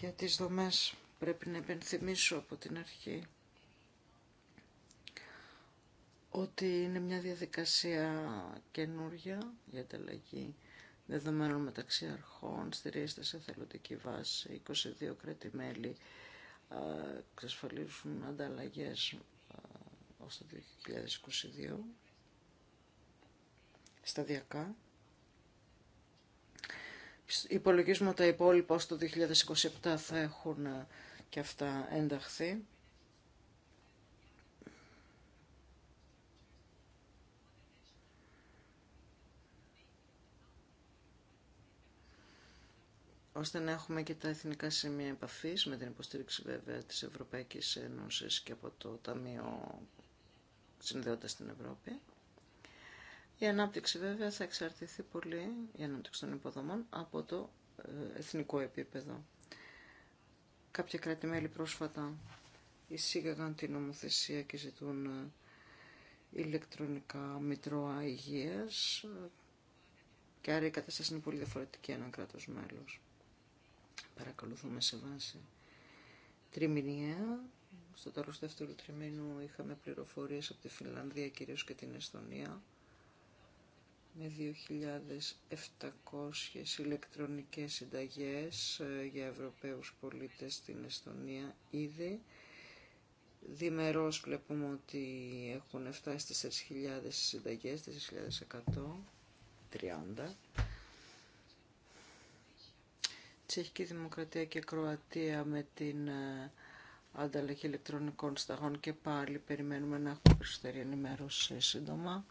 Για τις δομές πρέπει να επενθυμίσω από την αρχή ότι είναι μια διαδικασία καινούργια για ανταλλαγή δεδομένων μεταξύ αρχών, στηρίζεται σε θελοντική βάση, 22 κράτη-μέλη εξασφαλίζουν ανταλλαγές ως το 2022, σταδιακά. Υπολογίζουμε ότι τα υπόλοιπα ως το 2027 θα έχουν και αυτά ενταχθεί. ώστε να έχουμε και τα εθνικά σημεία επαφής με την υποστήριξη βέβαια της Ευρωπαϊκής Ένωσης και από το Ταμείο Συνδέοντας στην Ευρώπη. Η ανάπτυξη βέβαια θα εξαρτηθεί πολύ, η ανάπτυξη των υποδομών, από το ε, εθνικό επίπεδο. Κάποια κράτη-μέλη πρόσφατα εισήγαγαν την νομοθεσία και ζητούν ε, ηλεκτρονικά μητρώα υγείας ε, και άρα η κατάσταση είναι πολύ διαφορετική ένα κράτος μέλος παρακολουθούμε σε βάση τριμηνία Στο τέλος του δεύτερου τριμήνου είχαμε πληροφορίες από τη Φιλανδία κυρίως και την Εστονία, με 2.700 ηλεκτρονικές συνταγές ε, για Ευρωπαίους πολίτες στην Εστονία ήδη. Διμερώς βλέπουμε ότι έχουν φτάσει στις 4.000 συνταγές, 30 Τσεχική Δημοκρατία και Κροατία με την ε, ανταλλαγή ηλεκτρονικών σταγών και πάλι περιμένουμε να έχουμε περισσότερη ενημέρωση σύντομα.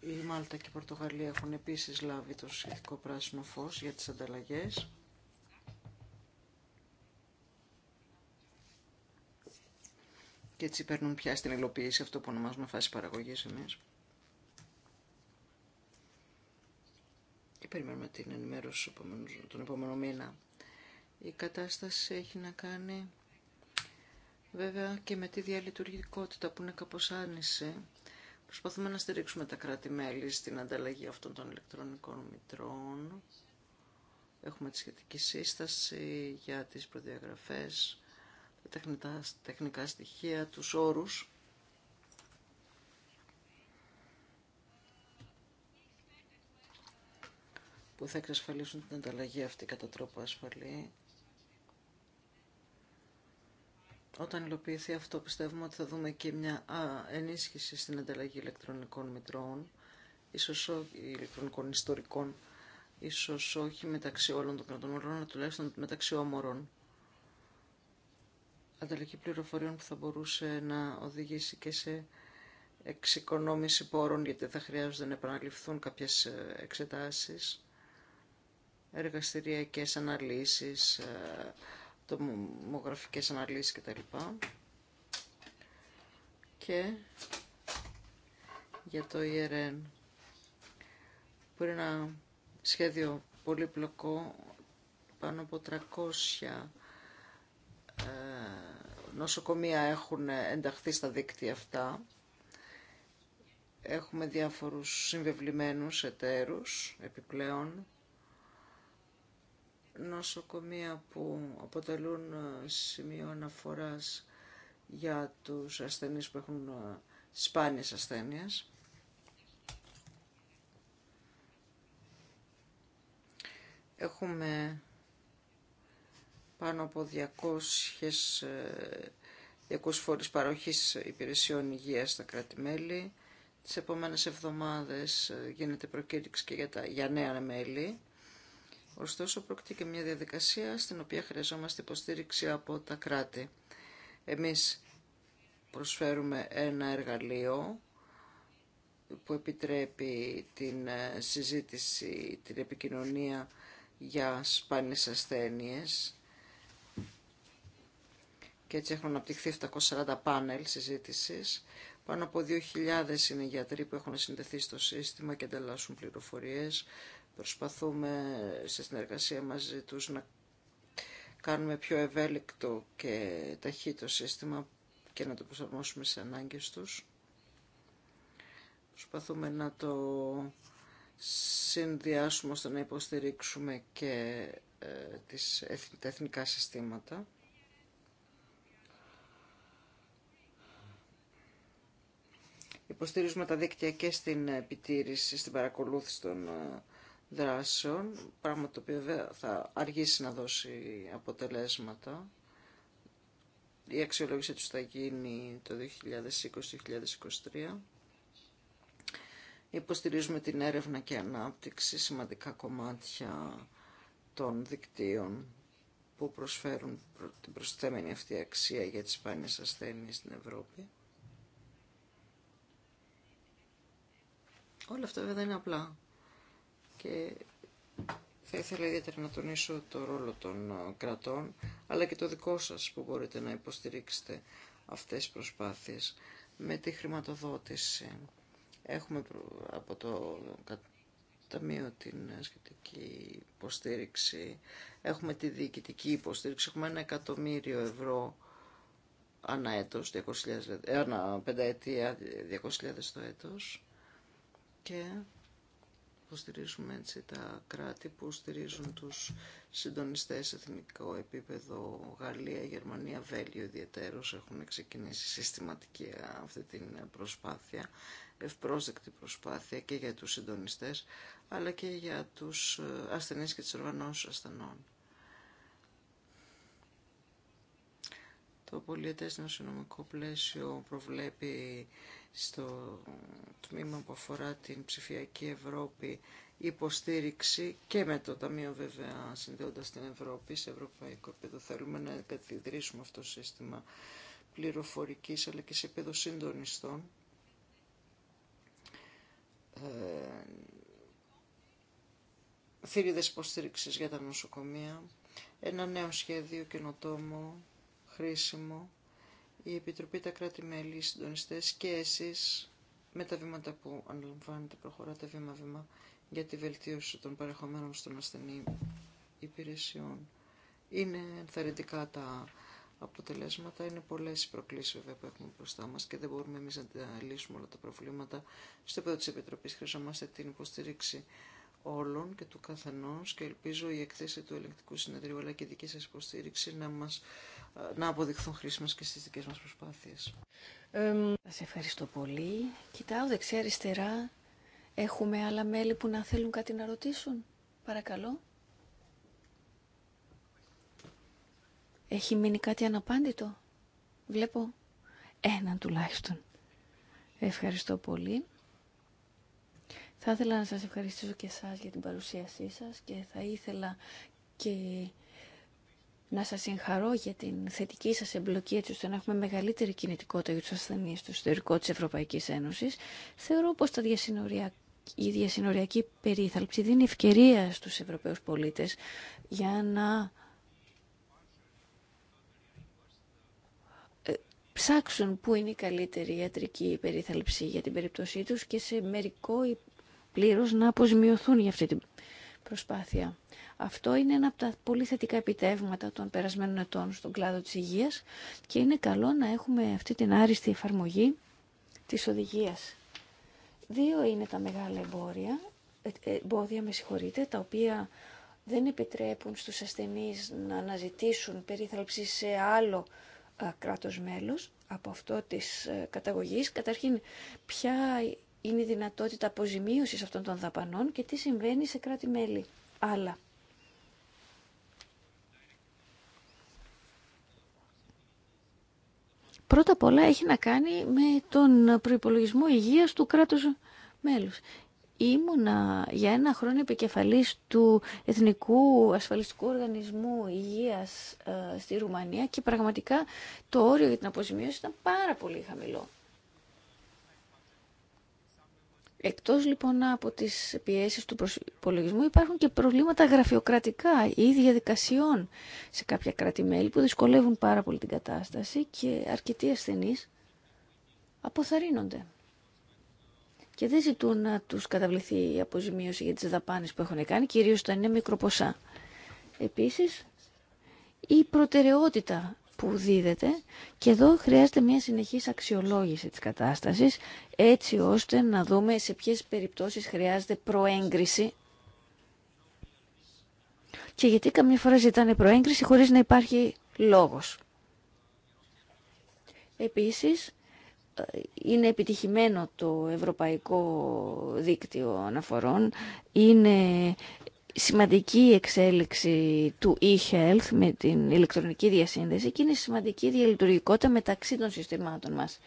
Η Μάλτα και η Πορτογαλία έχουν επίσης λάβει το σχετικό πράσινο φως για τις ανταλλαγές. Και έτσι παίρνουν πια στην υλοποίηση αυτό που ονομάζουμε φάση παραγωγής εμείς. και περιμένουμε την ενημέρωση τον επόμενο μήνα. Η κατάσταση έχει να κάνει βέβαια και με τη διαλειτουργικότητα που είναι κάπως άνηση. Προσπαθούμε να στηρίξουμε τα κράτη-μέλη στην ανταλλαγή αυτών των ηλεκτρονικών μητρών. Έχουμε τη σχετική σύσταση για τις προδιαγραφές, τα τεχνικά, τεχνικά στοιχεία, τους όρους που θα εξασφαλίσουν την ανταλλαγή αυτή κατά τρόπο ασφαλή. Όταν υλοποιηθεί αυτό πιστεύουμε ότι θα δούμε και μια ενίσχυση στην ανταλλαγή ηλεκτρονικών μητρών, ίσως ηλεκτρονικών ιστορικών, ίσως όχι μεταξύ όλων των κρατών αλλά τουλάχιστον μεταξύ όμορων. Ανταλλαγή πληροφοριών που θα μπορούσε να οδηγήσει και σε εξοικονόμηση πόρων, γιατί θα χρειάζονται να επαναληφθούν κάποιες ε, εξετάσεις εργαστηριακές αναλύσεις, ε, τομογραφικές αναλύσεις κτλ. Και για το ERN που είναι ένα σχέδιο πολύπλοκο πάνω από 300 ε, νοσοκομεία έχουν ενταχθεί στα δίκτυα αυτά. Έχουμε διάφορους συμβεβλημένους εταίρους επιπλέον νοσοκομεία που αποτελούν ε, σημείο αναφοράς για τους ασθενείς που έχουν ε, σπάνιες ασθένειες. Έχουμε πάνω από 200, 200 φορείς παροχής υπηρεσιών υγείας στα κράτη-μέλη. Τις επόμενες εβδομάδες ε, γίνεται προκήρυξη και για, για νέα μέλη. Ωστόσο, πρόκειται και μια διαδικασία στην οποία χρειαζόμαστε υποστήριξη από τα κράτη. Εμείς προσφέρουμε ένα εργαλείο που επιτρέπει την ε, συζήτηση, την επικοινωνία για σπάνιες ασθένειες και έτσι έχουν αναπτυχθεί 740 πάνελ συζήτησης. Πάνω από 2.000 είναι γιατροί που έχουν συνδεθεί στο σύστημα και ανταλλάσσουν πληροφορίες Προσπαθούμε σε συνεργασία μαζί τους να κάνουμε πιο ευέλικτο και ταχύ το σύστημα και να το προσαρμόσουμε σε ανάγκες τους. Προσπαθούμε να το συνδυάσουμε ώστε να υποστηρίξουμε και ε, τις, τα εθνικά συστήματα. Υποστηρίζουμε τα δίκτυα και στην επιτήρηση, στην παρακολούθηση των ε, δράσεων, πράγμα το οποίο θα αργήσει να δώσει αποτελέσματα. Η αξιολόγηση τους θα γίνει το 2020-2023. Υποστηρίζουμε την έρευνα και ανάπτυξη, σημαντικά κομμάτια των δικτύων που προσφέρουν την προσθέμενη αυτή αξία για τις σπάνιες ασθένειες στην Ευρώπη. Όλα αυτά βέβαια είναι απλά και θα ήθελα ιδιαίτερα να τονίσω το ρόλο των ε, κρατών, αλλά και το δικό σας που μπορείτε να υποστηρίξετε αυτές τις προσπάθειες με τη χρηματοδότηση. Έχουμε από το Ταμείο την ε, σχετική υποστήριξη, έχουμε τη διοικητική υποστήριξη, έχουμε ένα εκατομμύριο ευρώ ανά, έτος, 200 ε, ανά πενταετία, 200.000 το έτος και Υποστηρίζουμε έτσι τα κράτη που στηρίζουν τους συντονιστές σε εθνικό επίπεδο Γαλλία, Γερμανία, Βέλγιο ιδιαίτερως έχουν ξεκινήσει συστηματική αυτή την προσπάθεια ευπρόσδεκτη προσπάθεια και για τους συντονιστές αλλά και για τους ε, ασθενείς και τις οργανώσεις ασθενών. Το πολιετές νοσονομικό πλαίσιο προβλέπει στο τμήμα που αφορά την ψηφιακή Ευρώπη υποστήριξη και με το Ταμείο βέβαια συνδέοντας την Ευρώπη σε ευρωπαϊκό επίπεδο. Θέλουμε να κατηδρήσουμε αυτό το σύστημα πληροφορικής αλλά και σε επίπεδο συντονιστών ε, θηρίδες για τα νοσοκομεία, ένα νέο σχέδιο καινοτόμο, χρήσιμο, η Επιτροπή, τα κράτη-μέλη, οι συντονιστέ και εσείς με τα βήματα που αναλαμβάνετε, προχωράτε βήμα-βήμα για τη βελτίωση των παρεχομένων στον ασθενή υπηρεσιών. Είναι ενθαρρυντικά τα αποτελέσματα. Είναι πολλέ οι προκλήσει βέβαια που έχουμε μπροστά μα και δεν μπορούμε εμεί να λύσουμε όλα τα προβλήματα. Στο επίπεδο τη Επιτροπή χρειαζόμαστε την υποστήριξη όλων και του καθενός και ελπίζω η εκθέση του ελεγκτικού συνεδρίου αλλά και η δική σας υποστήριξη να, μας, ε, να αποδειχθούν χρήσιμες και στις δικές μας προσπάθειες. Ε, σας ευχαριστώ πολύ. Κοιτάω δεξιά αριστερά. Έχουμε άλλα μέλη που να θέλουν κάτι να ρωτήσουν. Παρακαλώ. Έχει μείνει κάτι αναπάντητο. Βλέπω έναν τουλάχιστον. Ευχαριστώ πολύ. Θα ήθελα να σας ευχαριστήσω και εσάς για την παρουσίασή σας και θα ήθελα και να σας συγχαρώ για την θετική σας εμπλοκή έτσι ώστε να έχουμε μεγαλύτερη κινητικότητα για τους ασθενείς στο εσωτερικό της Ευρωπαϊκής Ένωσης. Θεωρώ πως τα η διασυνοριακή περίθαλψη δίνει ευκαιρία στους Ευρωπαίους πολίτες για να ε, ψάξουν πού είναι η καλύτερη ιατρική περίθαλψη για την περίπτωσή τους και σε μερικό πλήρως να αποζημιωθούν για αυτή την προσπάθεια. Αυτό είναι ένα από τα πολύ θετικά επιτεύγματα των περασμένων ετών στον κλάδο της υγείας και είναι καλό να έχουμε αυτή την άριστη εφαρμογή της οδηγίας. Δύο είναι τα μεγάλα εμπόρια, ε, ε, εμπόδια με τα οποία δεν επιτρέπουν στους ασθενείς να αναζητήσουν περίθαλψη σε άλλο ε, κράτος μέλος από αυτό της καταγωγής. Καταρχήν, ποια είναι η δυνατότητα αποζημίωσης αυτών των δαπανών και τι συμβαίνει σε κράτη-μέλη άλλα. Πρώτα απ' όλα έχει να κάνει με τον προϋπολογισμό υγείας του κράτους μέλους. Ήμουνα για ένα χρόνο επικεφαλής του Εθνικού Ασφαλιστικού Οργανισμού Υγείας ε, στη Ρουμανία και πραγματικά το όριο για την αποζημίωση ήταν πάρα πολύ χαμηλό. Εκτός λοιπόν από τις πιέσεις του προπολογισμού υπάρχουν και προβλήματα γραφειοκρατικά ή διαδικασιών σε κάποια κράτη-μέλη που δυσκολεύουν πάρα πολύ την κατάσταση και αρκετοί ασθενείς αποθαρρύνονται και δεν ζητούν να τους καταβληθεί η αποζημίωση για τις δαπάνες που έχουν κάνει, κυρίως όταν είναι μικροποσά. Επίσης, η προτεραιότητα που δίδεται και εδώ χρειάζεται μια συνεχής αξιολόγηση της κατάστασης έτσι ώστε να δούμε σε ποιες περιπτώσεις χρειάζεται προέγκριση και γιατί καμιά φορά ζητάνε προέγκριση χωρίς να υπάρχει λόγος. Επίσης, είναι επιτυχημένο το Ευρωπαϊκό Δίκτυο Αναφορών, είναι σημαντική εξέλιξη του e-health με την ηλεκτρονική διασύνδεση και είναι σημαντική διαλειτουργικότητα μεταξύ των συστημάτων μας.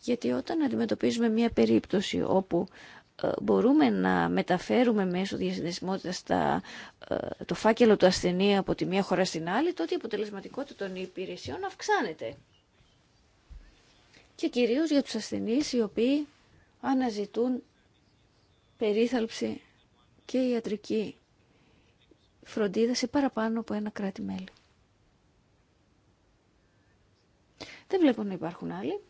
Γιατί όταν αντιμετωπίζουμε μια περίπτωση όπου ε, μπορούμε να μεταφέρουμε μέσω διασυνδεσιμότητας τα, ε, το φάκελο του ασθενή από τη μία χώρα στην άλλη, τότε η αποτελεσματικότητα των υπηρεσιών αυξάνεται. Και κυρίως για τους ασθενείς οι οποίοι αναζητούν περίθαλψη και ιατρική φροντίδα σε παραπάνω από ένα κράτη-μέλη. Δεν βλέπω να υπάρχουν άλλοι.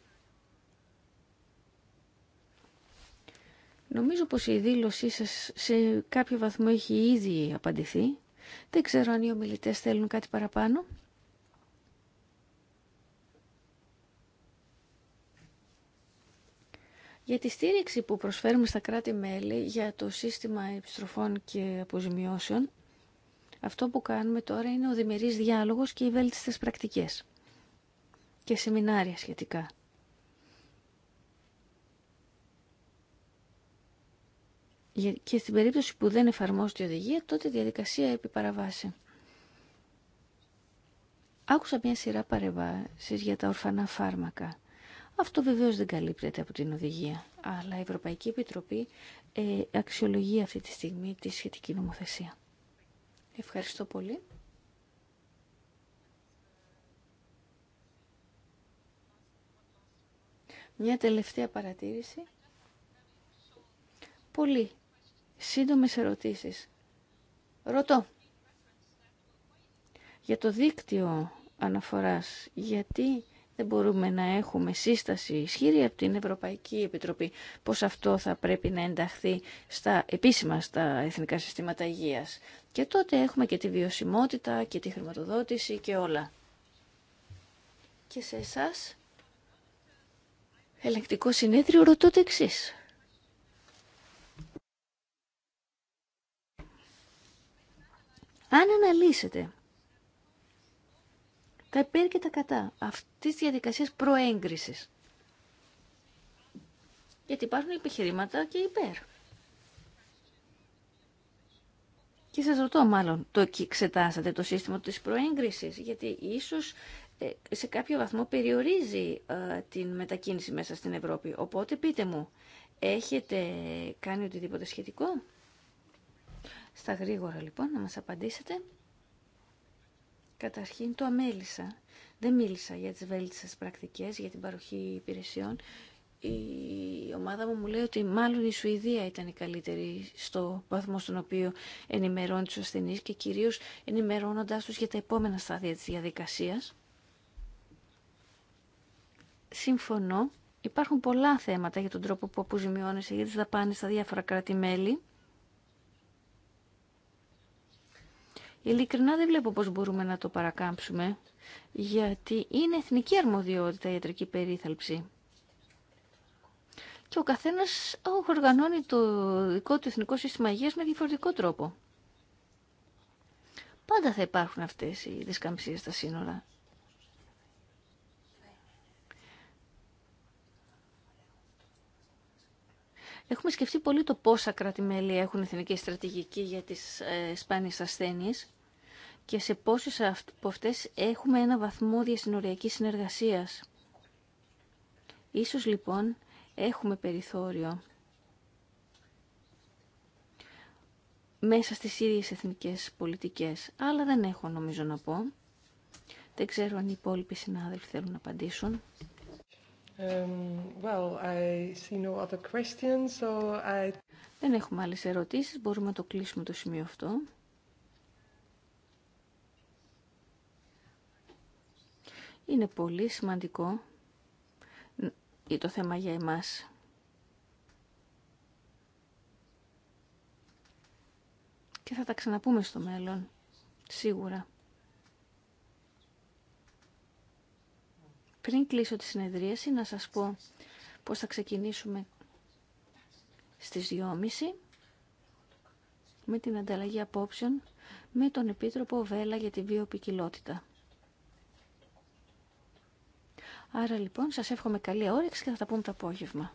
Νομίζω πως η δήλωσή σας σε κάποιο βαθμό έχει ήδη απαντηθεί. Δεν ξέρω αν οι ομιλητές θέλουν κάτι παραπάνω. Για τη στήριξη που προσφέρουμε στα κράτη-μέλη για το σύστημα επιστροφών και αποζημιώσεων, αυτό που κάνουμε τώρα είναι ο διμερής διάλογος και οι βέλτιστες πρακτικές και σεμινάρια σχετικά. Και στην περίπτωση που δεν εφαρμόζεται η οδηγία, τότε η διαδικασία επιπαραβάσει. Άκουσα μια σειρά παρεμβάσεις για τα ορφανά φάρμακα. Αυτό βεβαίως δεν καλύπτεται από την οδηγία, αλλά η Ευρωπαϊκή Επιτροπή ε, αξιολογεί αυτή τη στιγμή τη σχετική νομοθεσία. Ευχαριστώ πολύ. Μια τελευταία παρατήρηση. Πολύ σύντομες ερωτήσεις. Ρωτώ. Για το δίκτυο αναφοράς, γιατί δεν μπορούμε να έχουμε σύσταση ισχύρη από την Ευρωπαϊκή Επιτροπή πως αυτό θα πρέπει να ενταχθεί στα επίσημα στα εθνικά συστήματα υγείας. Και τότε έχουμε και τη βιωσιμότητα και τη χρηματοδότηση και όλα. Και σε εσάς, ελεκτικό συνέδριο, ρωτώ το εξή. Αν αναλύσετε τα υπέρ και τα κατά αυτή τη διαδικασία προέγκριση. Γιατί υπάρχουν επιχειρήματα και υπέρ. Και σας ρωτώ μάλλον, το εξετάσατε το σύστημα της προέγκρισης, γιατί ίσως ε, σε κάποιο βαθμό περιορίζει ε, την μετακίνηση μέσα στην Ευρώπη. Οπότε πείτε μου, έχετε κάνει οτιδήποτε σχετικό. Στα γρήγορα λοιπόν να μας απαντήσετε. Καταρχήν το αμέλησα. Δεν μίλησα για τις βέλτιστες πρακτικές, για την παροχή υπηρεσιών. Η ομάδα μου μου λέει ότι μάλλον η Σουηδία ήταν η καλύτερη στο βαθμό στον οποίο ενημερώνει τους ασθενείς και κυρίως ενημερώνοντάς τους για τα επόμενα στάδια της διαδικασίας. Συμφωνώ. Υπάρχουν πολλά θέματα για τον τρόπο που αποζημιώνεσαι για τις δαπάνες στα διάφορα κράτη-μέλη. Ειλικρινά δεν βλέπω πώς μπορούμε να το παρακάμψουμε, γιατί είναι εθνική αρμοδιότητα η ιατρική περίθαλψη. Και ο καθένας οργανώνει το δικό του εθνικό σύστημα υγείας με διαφορετικό τρόπο. Πάντα θα υπάρχουν αυτές οι δισκαμψίες στα σύνορα. Έχουμε σκεφτεί πολύ το πόσα κράτη-μέλη έχουν εθνική στρατηγική για τις ε, σπάνιες και σε πόσες από αυτές έχουμε ένα βαθμό διασυνοριακής συνεργασίας. Ίσως λοιπόν έχουμε περιθώριο μέσα στις ίδιες εθνικές πολιτικές, αλλά δεν έχω νομίζω να πω. Δεν ξέρω αν οι υπόλοιποι συνάδελφοι θέλουν να απαντήσουν. Um, Δεν έχουμε άλλες ερωτήσεις, μπορούμε να το κλείσουμε το σημείο αυτό. Είναι πολύ σημαντικό το θέμα για εμάς. Και θα τα ξαναπούμε στο μέλλον, σίγουρα. Πριν κλείσω τη συνεδρίαση να σας πω πως θα ξεκινήσουμε στις 2.30 με την ανταλλαγή απόψεων με τον Επίτροπο Βέλα για τη βιοπικιλότητα. Άρα λοιπόν σας εύχομαι καλή όρεξη και θα τα πούμε το απόγευμα.